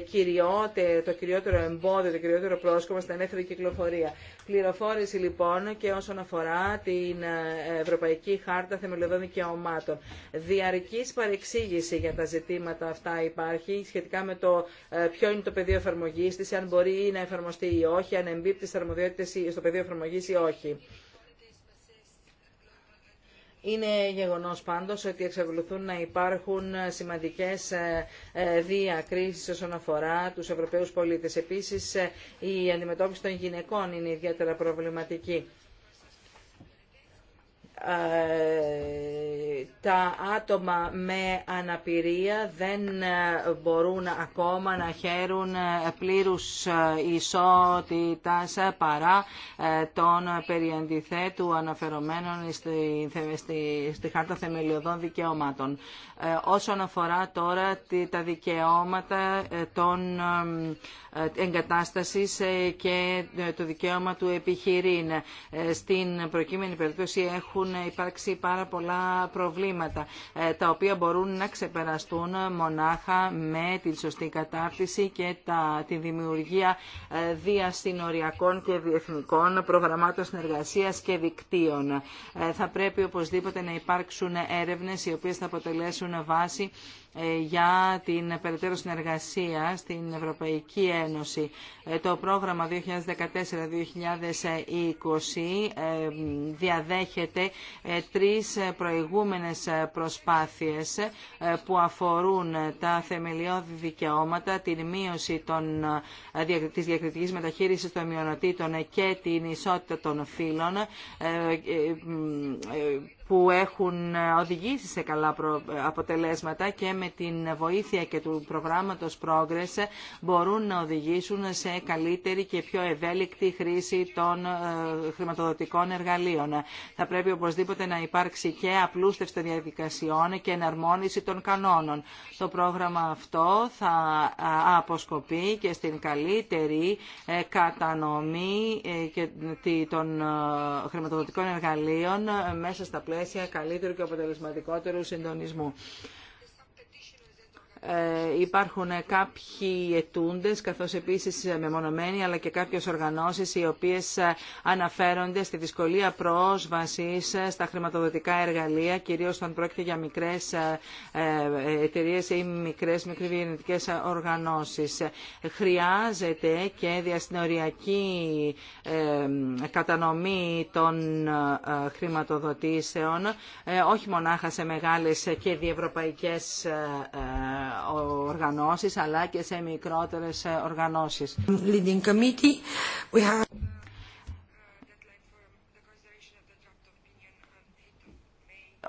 κυριότε, το κυριότερο εμπόδιο, το κυριότερο πρόσκομα στην ελεύθερη κυκλοφορία. Πληροφόρηση λοιπόν και όσον αφορά την Ευρωπαϊκή Χάρτα Θεμελιωδών Δικαιωμάτων. Διαρκής παρεξήγηση για τα ζητήματα αυτά υπάρχει σχετικά με το ποιο είναι το πεδίο εφαρμογή τη, αν μπορεί να εφαρμοστεί ή όχι, αν εμπίπτει στι αρμοδιότητε στο πεδίο εφαρμογή ή όχι. Είναι γεγονός πάντως ότι εξακολουθούν να υπάρχουν σημαντικές ε, ε, διακρίσεις όσον αφορά τους Ευρωπαίους πολίτες. Επίσης, ε, η οχι αν εμπιπτει στι στο πεδιο εφαρμογη η οχι ειναι γεγονος παντως οτι εξακολουθουν να υπαρχουν σημαντικες διακρισεις οσον αφορα τους ευρωπαιους πολιτες επισης η αντιμετωπιση των γυναικών είναι ιδιαίτερα προβληματική τα άτομα με αναπηρία δεν μπορούν ακόμα να χαίρουν πλήρους ισότητας παρά ε, των περιαντιθέτου αναφερομένων στη, στη, στη Χάρτα Θεμελιωδών Δικαιωμάτων. Ε, όσον αφορά τώρα τα δικαιώματα ε, των εγκατάστασης και το δικαίωμα του επιχειρήν, στην προκείμενη περίπτωση έχουν έχουν υπάρξει πάρα πολλά προβλήματα, ε, τα οποία μπορούν να ξεπεραστούν μονάχα με την σωστή κατάρτιση και τα, τη δημιουργία ε, διασυνοριακών και διεθνικών προγραμμάτων συνεργασίας και δικτύων. Ε, θα πρέπει οπωσδήποτε να υπάρξουν έρευνες οι οποίες θα αποτελέσουν βάση ε, για την περαιτέρω συνεργασία στην Ευρωπαϊκή Ένωση. Ε, το πρόγραμμα 2014-2020 ε, διαδέχεται τρεις προηγούμενες προσπάθειες που αφορούν τα θεμελιώδη δικαιώματα, την μείωση των, της διακριτικής μεταχείρισης των μειονοτήτων και την ισότητα των φύλων που έχουν οδηγήσει σε καλά αποτελέσματα και με την βοήθεια και του προγράμματος Progress μπορούν να οδηγήσουν σε καλύτερη και πιο ευέλικτη χρήση των ε, χρηματοδοτικών εργαλείων. Θα πρέπει οπωσδήποτε να υπάρξει και απλούστευση των διαδικασιών και εναρμόνιση των κανόνων. Το πρόγραμμα αυτό θα ε, αποσκοπεί και στην καλύτερη ε, κατανομή των χρηματοδοτικών εργαλείων μέσα στα πλαίσια πλαίσια καλύτερου και αποτελεσματικότερου συντονισμού. Ε, υπάρχουν κάποιοι ετούντες καθώς επίσης μεμονωμένοι αλλά και κάποιες οργανώσεις οι οποίες ε, αναφέρονται στη δυσκολία πρόσβασης ε, στα χρηματοδοτικά εργαλεία κυρίως όταν πρόκειται για μικρές εταιρείε ή μικρές μικροβιενετικές οργανώσεις. Χρειάζεται και διασυνοριακή κατανομή των χρηματοδοτήσεων όχι μονάχα σε μεγάλες και διευρωπαϊκές οργανώσεις αλλά και σε μικρότερες οργανώσεις.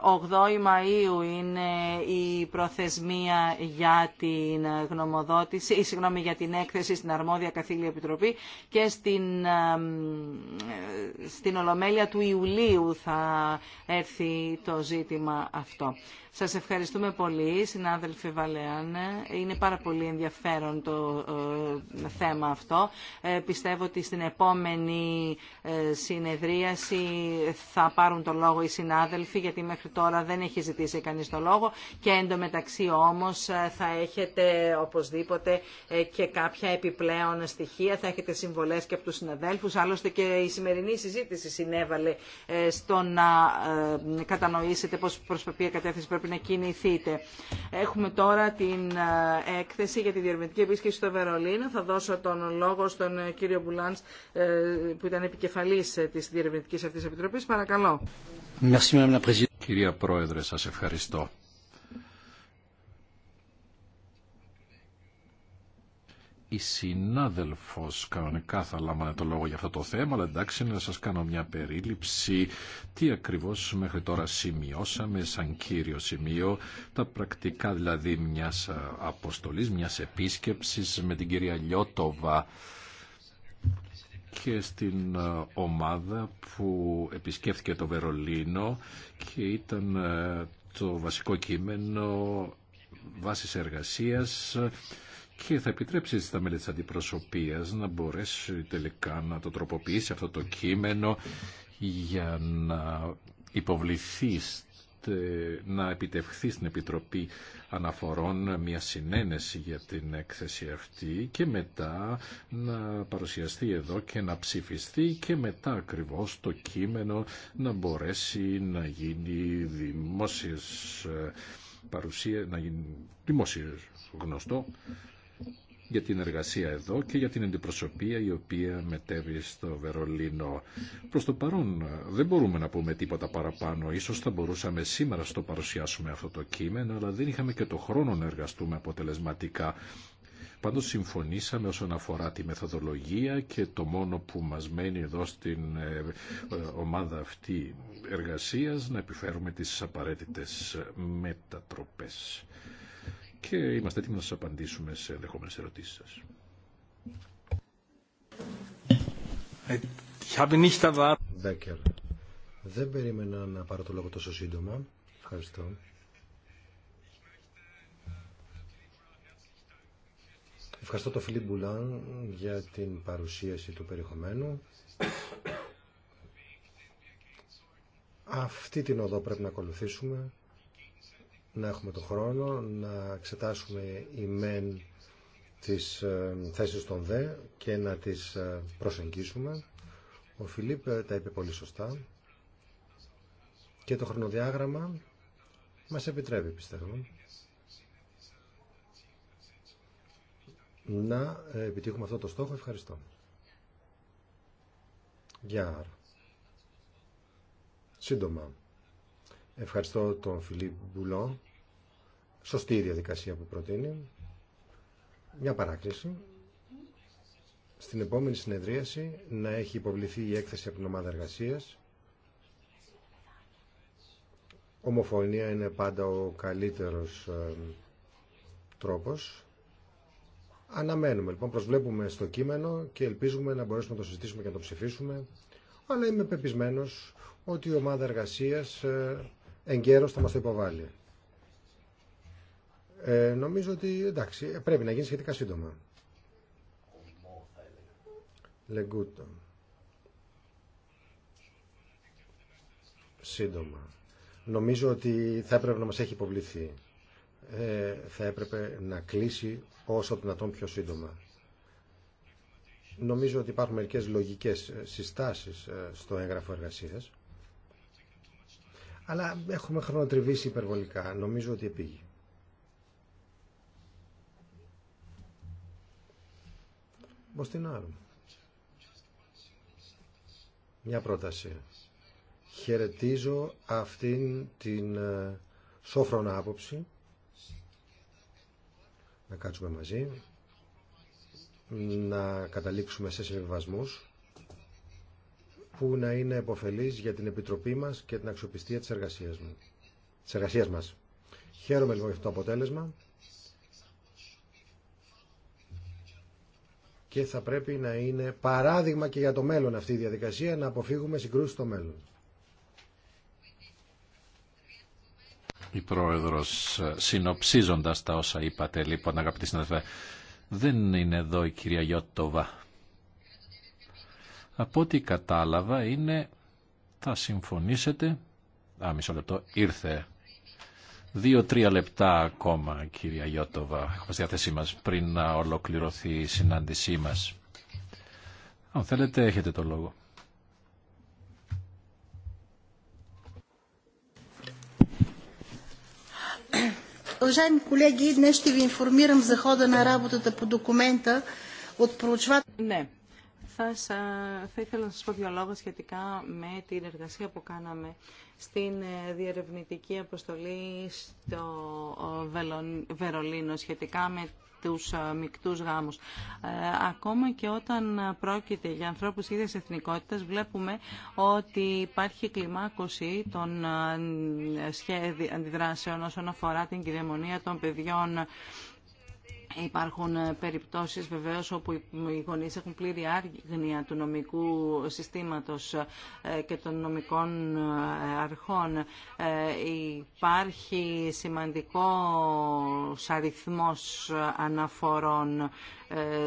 Ο 8 Μαΐου είναι η προθεσμία για την γνωμοδότηση, ή ε, συγγνώμη, για την έκθεση στην αρμόδια καθήλια επιτροπή και στην, ε, στην Ολομέλεια του Ιουλίου θα έρθει το ζήτημα αυτό. Σας ευχαριστούμε πολύ, συνάδελφοι Βαλεάν. Είναι πάρα πολύ ενδιαφέρον το ε, θέμα αυτό. Ε, πιστεύω ότι στην επόμενη ε, συνεδρίαση θα πάρουν το λόγο οι συνάδελφοι, γιατί μέχρι τώρα δεν έχει ζητήσει κανείς το λόγο και εντωμεταξύ όμως ε, θα έχετε οπωσδήποτε ε, και κάποια επιπλέον στοιχεία, θα έχετε συμβολές και από τους συναδέλφους. Άλλωστε και η σημερινή συζήτηση συνέβαλε στο να κατανοήσετε πώς προς η κατεύθυνση πρέπει να κινηθείτε. Έχουμε τώρα την ε, έκθεση για τη διερευνητική επίσκεψη στο Βερολίνο. Θα δώσω τον λόγο στον ε, κύριο Μπουλάν ε, που ήταν επικεφαλή τη διερευνητική αυτή επιτροπή. Παρακαλώ. Κυρία Πρόεδρε, σα ευχαριστώ. η συνάδελφο, κανονικά θα λάμβανε το λόγο για αυτό το θέμα, αλλά εντάξει να σας κάνω μια περίληψη τι ακριβώς μέχρι τώρα σημειώσαμε σαν κύριο σημείο, τα πρακτικά δηλαδή μια αποστολής, μιας επίσκεψης με την κυρία Λιώτοβα και στην ομάδα που επισκέφθηκε το Βερολίνο και ήταν ε, το βασικό κείμενο βάσης εργασίας και θα επιτρέψει στα μέλη τη αντιπροσωπείας να μπορέσει τελικά να το τροποποιήσει αυτό το κείμενο για να υποβληθεί να επιτευχθεί στην Επιτροπή Αναφορών μια συνένεση για την έκθεση αυτή και μετά να παρουσιαστεί εδώ και να ψηφιστεί και μετά ακριβώς το κείμενο να μπορέσει να γίνει δημόσιες ε, παρουσία, να γίνει γνωστό για την εργασία εδώ και για την αντιπροσωπεία η οποία μετέβει στο Βερολίνο. Προς το παρόν δεν μπορούμε να πούμε τίποτα παραπάνω. Ίσως θα μπορούσαμε σήμερα στο παρουσιάσουμε αυτό το κείμενο, αλλά δεν είχαμε και το χρόνο να εργαστούμε αποτελεσματικά. Πάντως συμφωνήσαμε όσον αφορά τη μεθοδολογία και το μόνο που μας μένει εδώ στην ε, ε, ομάδα αυτή εργασίας να επιφέρουμε τις απαραίτητες μετατροπές και είμαστε έτοιμοι να σας απαντήσουμε σε ενδεχόμενες ερωτήσεις σας. Ε, δεν περίμενα να πάρω το λόγο τόσο σύντομα. Ευχαριστώ. Ευχαριστώ τον Φιλίπ Μπουλάν για την παρουσίαση του περιεχομένου. Αυτή την οδό πρέπει να ακολουθήσουμε να έχουμε το χρόνο να εξετάσουμε οι μεν τις ε, θέσεις των δε και να τις ε, προσεγγίσουμε. Ο Φιλίπ ε, τα είπε πολύ σωστά και το χρονοδιάγραμμα μας επιτρέπει πιστεύω να επιτύχουμε αυτό το στόχο. Ευχαριστώ. Γεια. Σύντομα. Ευχαριστώ τον Φιλίπ Μπουλό σωστή η διαδικασία που προτείνει. Μια παράκληση. Στην επόμενη συνεδρίαση να έχει υποβληθεί η έκθεση από την ομάδα εργασίας. Ομοφωνία είναι πάντα ο καλύτερος ε, τρόπος. Αναμένουμε λοιπόν, προσβλέπουμε στο κείμενο και ελπίζουμε να μπορέσουμε να το συζητήσουμε και να το ψηφίσουμε. Αλλά είμαι πεπισμένος ότι η ομάδα εργασίας ε, εγκαίρως θα μας το υποβάλει. Ε, νομίζω ότι εντάξει, πρέπει να γίνει σχετικά σύντομα. Λεγκούτο. Σύντομα. Νομίζω ότι θα έπρεπε να μας έχει υποβληθεί. Ε, θα έπρεπε να κλείσει όσο δυνατόν πιο σύντομα. Νομίζω ότι υπάρχουν μερικές λογικές ε, συστάσεις ε, στο έγγραφο εργασίας. Αλλά έχουμε χρονοτριβήσει υπερβολικά. Νομίζω ότι επήγει. Μποστινάρου. Μια πρόταση. Χαιρετίζω αυτήν την ε, σόφρονα άποψη. Να κάτσουμε μαζί. Να καταλήξουμε σε συμβιβασμούς που να είναι επωφελής για την Επιτροπή μας και την αξιοπιστία της εργασίας, μου. της εργασίας μας. Χαίρομαι λοιπόν για αυτό το αποτέλεσμα. και θα πρέπει να είναι παράδειγμα και για το μέλλον αυτή η διαδικασία να αποφύγουμε συγκρούσεις στο μέλλον. Η Πρόεδρος, συνοψίζοντας τα όσα είπατε, λοιπόν, αγαπητοί συνάδελφε δεν είναι εδώ η κυρία Γιώτοβα. Από ό,τι κατάλαβα είναι, θα συμφωνήσετε, α, λεπτό, ήρθε Δύο-τρία λεπτά ακόμα, κυρία Γιώτοβα, έχουμε στη διάθεσή μας πριν να ολοκληρωθεί η συνάντησή μας. Αν θέλετε, έχετε το λόγο. Уважаеми колеги, днес ще ви информирам за хода на работата по документа от Не, θα, θα ήθελα να σας πω δύο λόγια σχετικά με την εργασία που κάναμε στην ε, διερευνητική αποστολή στο Βερολίνο σχετικά με τους ε, μικτούς γάμους. Ε, ακόμα και όταν πρόκειται για ανθρώπους ίδιας εθνικότητας βλέπουμε ότι υπάρχει κλιμάκωση των ε, αντιδράσεων όσον αφορά την κυδαιμονία των παιδιών Υπάρχουν ε, περιπτώσεις βεβαίως όπου οι γονείς έχουν πλήρη άγνοια του νομικού συστήματος ε, και των νομικών ε, αρχών. Υπάρχει σημαντικός αριθμός αναφορών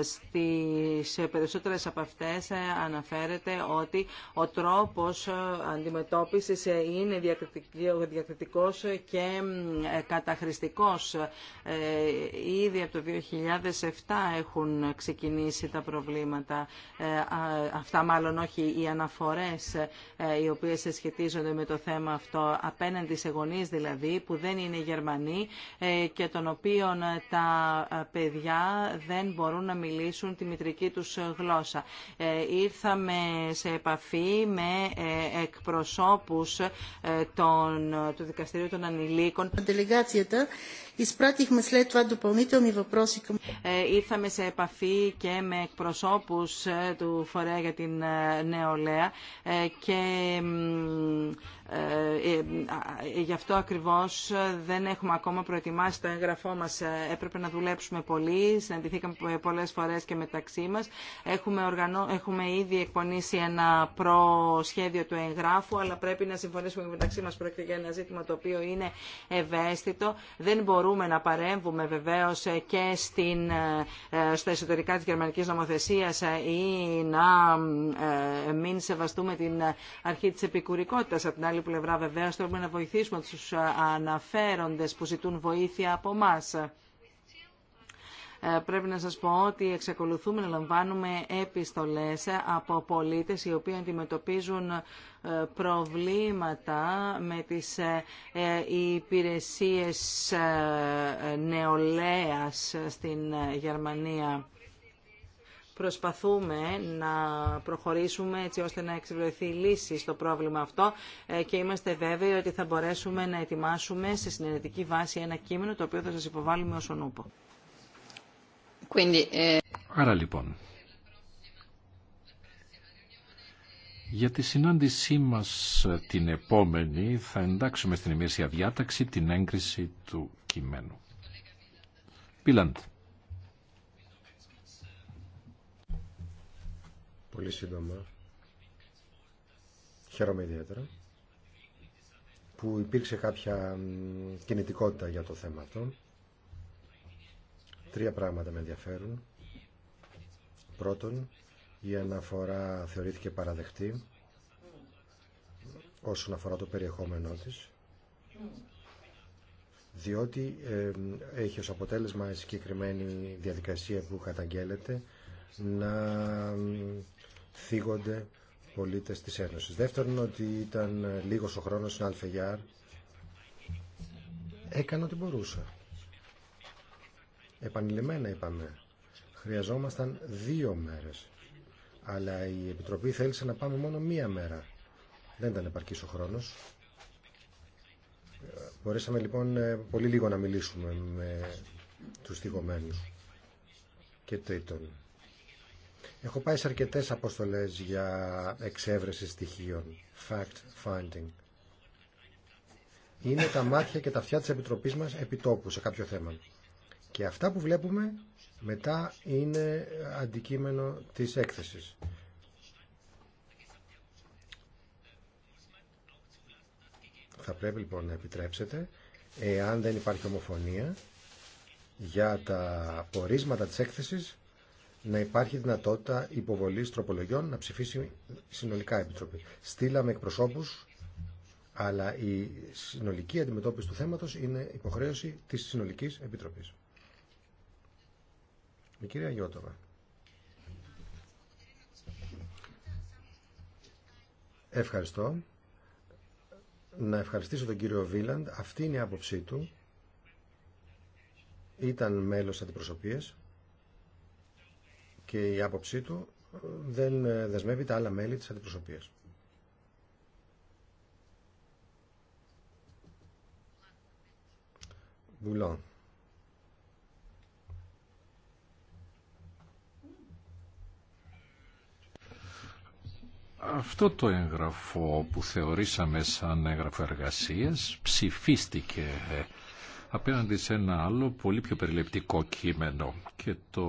στις περισσότερες από αυτές ε, αναφέρεται ότι ο τρόπος ε, αντιμετώπισης ε, είναι διακριτικός και καταχρηστικός. Ήδη από το 2007 έχουν ξεκινήσει τα προβλήματα. Αυτά μάλλον όχι οι αναφορές οι οποίες σχετίζονται με το θέμα αυτό απέναντι σε γονείς δηλαδή που δεν είναι Γερμανοί και των οποίων τα παιδιά δεν μπορούν μπορούν να μιλήσουν τη μητρική τους γλώσσα. Ε, ήρθαμε σε επαφή με ε, εκπροσώπους ε, των, του Δικαστηρίου των Ανηλίκων. Ήρθαμε σε επαφή και με εκπροσώπους του Φορέα για την Νεολαία και ε, ε, γι' αυτό ακριβώς δεν έχουμε ακόμα προετοιμάσει το έγγραφό μας. Ε, έπρεπε να δουλέψουμε πολύ, συναντηθήκαμε πολλές φορές και μεταξύ μας. Έχουμε, οργανώ... έχουμε ήδη εκπονήσει ένα προσχέδιο του εγγράφου, αλλά πρέπει να συμφωνήσουμε μεταξύ μας πρόκειται για ένα ζήτημα το οποίο είναι ευαίσθητο. Δεν μπορούμε να παρέμβουμε βεβαίως και στην... στα εσωτερικά της γερμανικής νομοθεσίας ή να μην σεβαστούμε την αρχή της επικουρικότητας. Από την άλλη στην πλευρά βεβαίω θέλουμε να βοηθήσουμε τους ε, αναφέροντες που ζητούν βοήθεια από εμά. Πρέπει να σας πω ότι εξακολουθούμε να λαμβάνουμε επιστολές από πολίτες οι οποίοι αντιμετωπίζουν ε, προβλήματα με τις ε, υπηρεσίες νεολαίας στην Γερμανία προσπαθούμε να προχωρήσουμε έτσι ώστε να εξευρεθεί λύση στο πρόβλημα αυτό ε, και είμαστε βέβαιοι ότι θα μπορέσουμε να ετοιμάσουμε σε συνενετική βάση ένα κείμενο το οποίο θα σας υποβάλουμε ως ονούπο. Ε, Άρα λοιπόν, για τη συνάντησή μας ε, την επόμενη θα εντάξουμε στην ημερήσια διάταξη την έγκριση του κειμένου. Πίλαντ. πολύ σύντομα. Χαίρομαι ιδιαίτερα που υπήρξε κάποια κινητικότητα για το θέμα αυτό. Τρία πράγματα με ενδιαφέρουν. Πρώτον, η αναφορά θεωρήθηκε παραδεχτή όσον αφορά το περιεχόμενό της, διότι ε, έχει ως αποτέλεσμα η συγκεκριμένη διαδικασία που καταγγέλλεται να θίγονται πολίτες της Ένωσης. Δεύτερον, ότι ήταν λίγος ο χρόνος στην Αλφεγιάρ. Έκανε ό,τι μπορούσα. Επανειλημμένα είπαμε. Χρειαζόμασταν δύο μέρες. Αλλά η Επιτροπή θέλησε να πάμε μόνο μία μέρα. Δεν ήταν επαρκής ο χρόνος. Μπορέσαμε λοιπόν ε, πολύ λίγο να μιλήσουμε με τους θυγωμένους. Και τρίτον, Έχω πάει σε αρκετές αποστολές για εξέβρεση στοιχείων, fact-finding. Είναι τα μάτια και τα αυτιά τη Επιτροπής μας επιτόπου σε κάποιο θέμα. Και αυτά που βλέπουμε μετά είναι αντικείμενο της έκθεσης. Θα πρέπει λοιπόν να επιτρέψετε, εάν δεν υπάρχει ομοφωνία, για τα πορίσματα της έκθεσης να υπάρχει δυνατότητα υποβολής τροπολογιών να ψηφίσει συνολικά η Επιτροπή. Στείλαμε εκπροσώπους, αλλά η συνολική αντιμετώπιση του θέματος είναι υποχρέωση της συνολικής Επιτροπής. Η κυρία Γιώτοβα. Ευχαριστώ. Να ευχαριστήσω τον κύριο Βίλαντ. Αυτή είναι η άποψή του. Ήταν μέλος αντιπροσωπείας και η άποψή του δεν δεσμεύει τα άλλα μέλη της αντιπροσωπείας. Αυτό το έγγραφο που θεωρήσαμε σαν έγγραφο εργασίας ψηφίστηκε απέναντι σε ένα άλλο πολύ πιο περιληπτικό κείμενο. Και το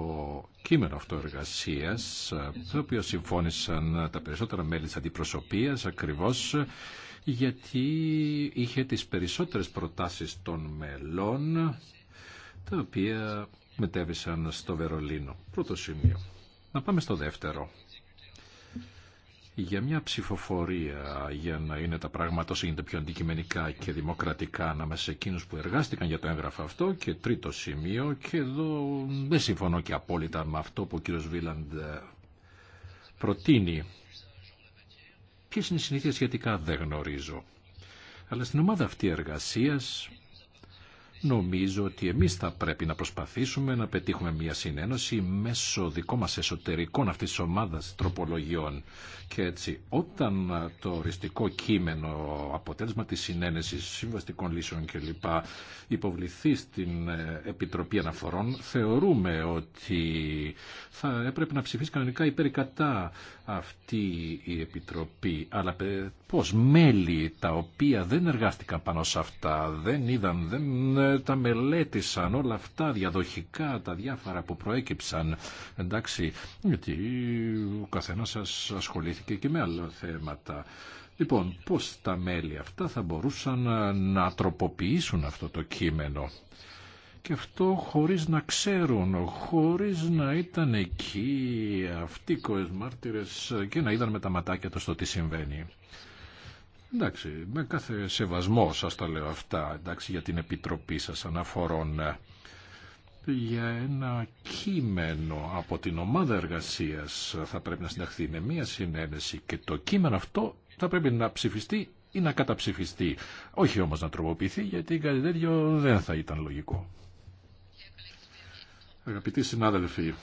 κείμενο αυτό εργασίας, ε, το οποίο συμφώνησαν τα περισσότερα μέλη της αντιπροσωπείας ακριβώς, γιατί είχε τις περισσότερες προτάσεις των μελών, τα οποία μετέβησαν στο Βερολίνο. Πρώτο σημείο. Να πάμε στο δεύτερο για μια ψηφοφορία για να είναι τα πράγματα όσο γίνεται πιο αντικειμενικά και δημοκρατικά ανάμεσα σε εκείνου που εργάστηκαν για το έγγραφο αυτό και τρίτο σημείο και εδώ δεν συμφωνώ και απόλυτα με αυτό που ο κύριος Βίλαντ ε, προτείνει. Ποιες είναι οι συνήθειες σχετικά δεν γνωρίζω. Αλλά στην ομάδα αυτή εργασίας Νομίζω ότι εμείς θα πρέπει να προσπαθήσουμε να πετύχουμε μια συνένωση μέσω δικών μας εσωτερικών αυτής της ομάδας τροπολογιών. Και έτσι, όταν το οριστικό κείμενο, αποτέλεσμα της συνένεση συμβαστικών λύσεων κλπ. υποβληθεί στην ε, Επιτροπή Αναφορών, θεωρούμε ότι θα έπρεπε να ψηφίσει κανονικά υπέρ κατά αυτή η Επιτροπή. Αλλά ε, πώς μέλη τα οποία δεν εργάστηκαν πάνω σε αυτά, δεν είδαν, δεν ε, τα μελέτησαν όλα αυτά διαδοχικά, τα διάφορα που προέκυψαν. Εντάξει, γιατί ο καθένας σας ασχολήθηκε και με άλλα θέματα. Λοιπόν, πώς τα μέλη αυτά θα μπορούσαν να τροποποιήσουν αυτό το κείμενο. Και αυτό χωρίς να ξέρουν, χωρίς να ήταν εκεί αυτοί οι μάρτυρες και να είδαν με τα ματάκια τους το τι συμβαίνει. Εντάξει, με κάθε σεβασμό σας τα λέω αυτά, εντάξει, για την Επιτροπή σας αναφορών ε, για ένα κείμενο από την ομάδα εργασίας θα πρέπει να συνταχθεί με μία συνένεση και το κείμενο αυτό θα πρέπει να ψηφιστεί ή να καταψηφιστεί. Όχι όμως να τροποποιηθεί γιατί κάτι τέτοιο δεν θα ήταν λογικό. Αγαπητοί συνάδελφοι,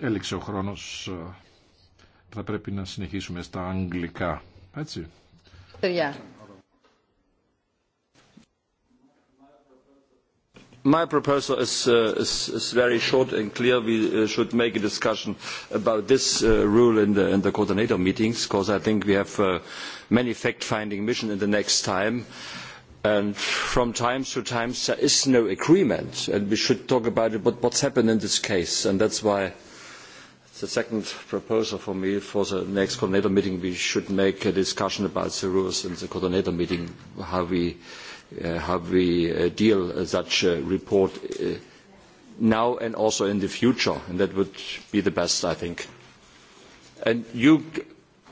έληξε ο χρόνος, ε, θα πρέπει να συνεχίσουμε στα αγγλικά, έτσι. My proposal is very short and clear. We should make a discussion about this rule in the coordinator meetings, because I think we have many fact-finding missions in the next time. And from time to time there is no agreement, and we should talk about what's happened in this case. And that's why the second proposal for me for the next coordinator meeting, we should make a discussion about the rules in the coordinator meeting, how we how we deal with such a report now and also in the future, and that would be the best, I think. And you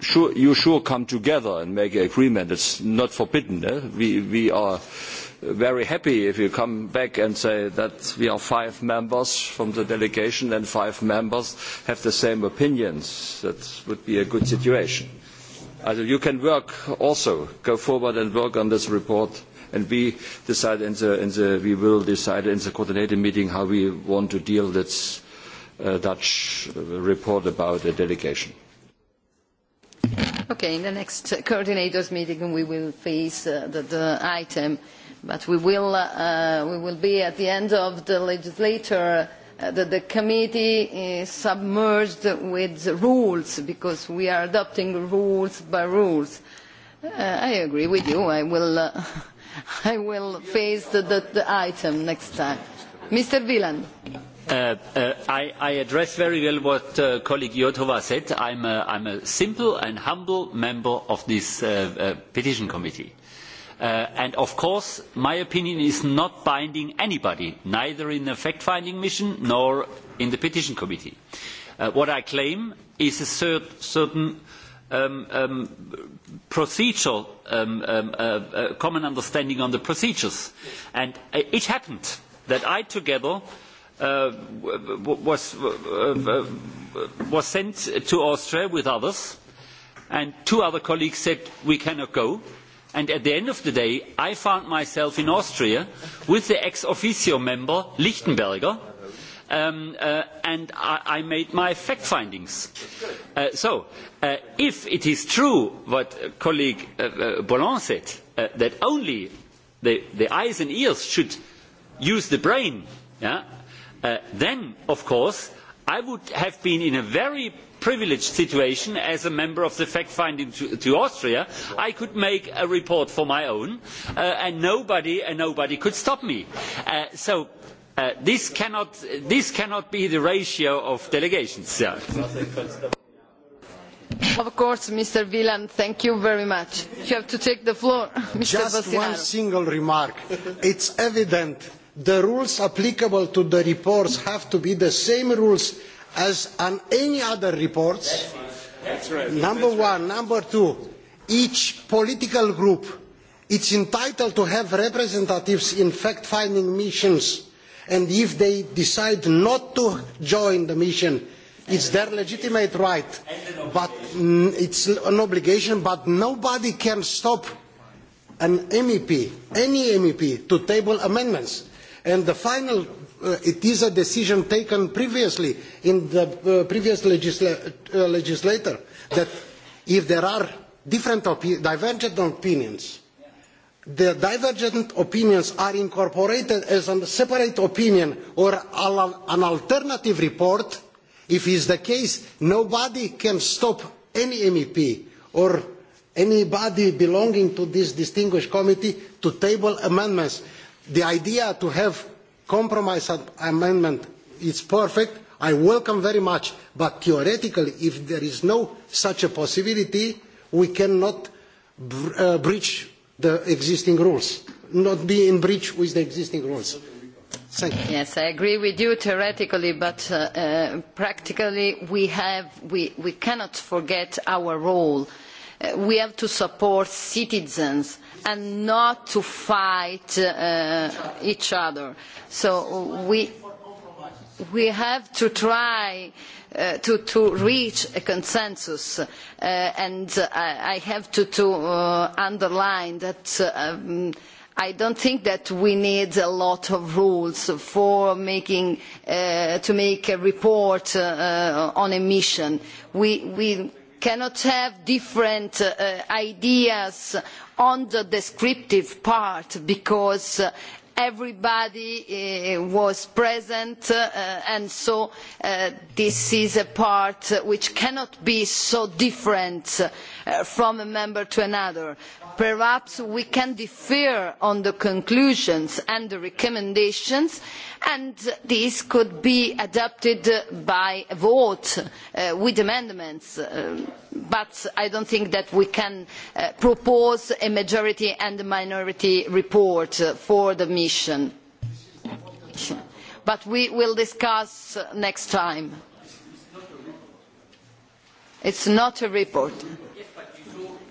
sure come together and make an agreement. It's not forbidden. We We are very happy if you come back and say that we are five members from the delegation and five members have the same opinions. That would be a good situation. You can work also, go forward and work on this report, and we will decide in the coordinated meeting how we want to deal with this Dutch report about the delegation. Okay, in the next coordinators meeting we will face the item But we will be at the end of the legislature. that The committee is submerged with rules because we are adopting rules by rules. I agree with you. I will face the item next time. Mr. Wieland. I address very well what colleague Jotova said. I am a simple and humble member of this petition committee and of course my opinion is not binding anybody neither in the fact finding mission nor in the petition committee. what i claim is a certain procedural common understanding on the procedures and it happened that i together was sent to austria with others and two other colleagues said we cannot go' and at the end of the day i found myself in austria with the ex officio member lichtenberger and i made my fact findings. so if it is true what colleague boulland said that only the eyes and ears should use the brain then of course i would have been in a very privileged situation as a member of the fact finding to austria i could make a report for my own and nobody could stop me. so this cannot be the ratio of delegations. Of course, Mr. Wieland, thank you very much. You have to take the floor, Mr. Just one single remark. It's evident the rules applicable to the reports have to be the same rules as on any other reports number one number two each political group is entitled to have representatives in fact finding missions and if they decide not to join the mission it is their legitimate right but it is an obligation but nobody can stop an mep any mep to table amendments. and the final it is a decision taken previously in the previous legislator that if there are different divergent opinions the divergent opinions are incorporated as a separate opinion or an alternative report if is the case nobody can stop any mep or anybody belonging to this distinguished committee to table amendments. the idea to have compromise amendment is perfect i welcome very much but theoretically if there is no such a possibility we cannot breach the existing rules not be in breach with the existing rules. Yes, I agree with you theoretically, but practically we cannot forget our role. We have to support citizens and not to fight each other. So we we have to try to to reach a consensus and I have to underline that I don't think that we need a lot of rules for making to make a report on emission. We cannot have different ideas on the descriptive part because everybody was present and so this is a part which cannot be so different from a member to another. perhaps we can defer on the conclusions and the recommendations and these could be adopted by a vote with amendments but i do not think that we can propose a majority and a minority report for the mission but we will discuss next time. it is not a report.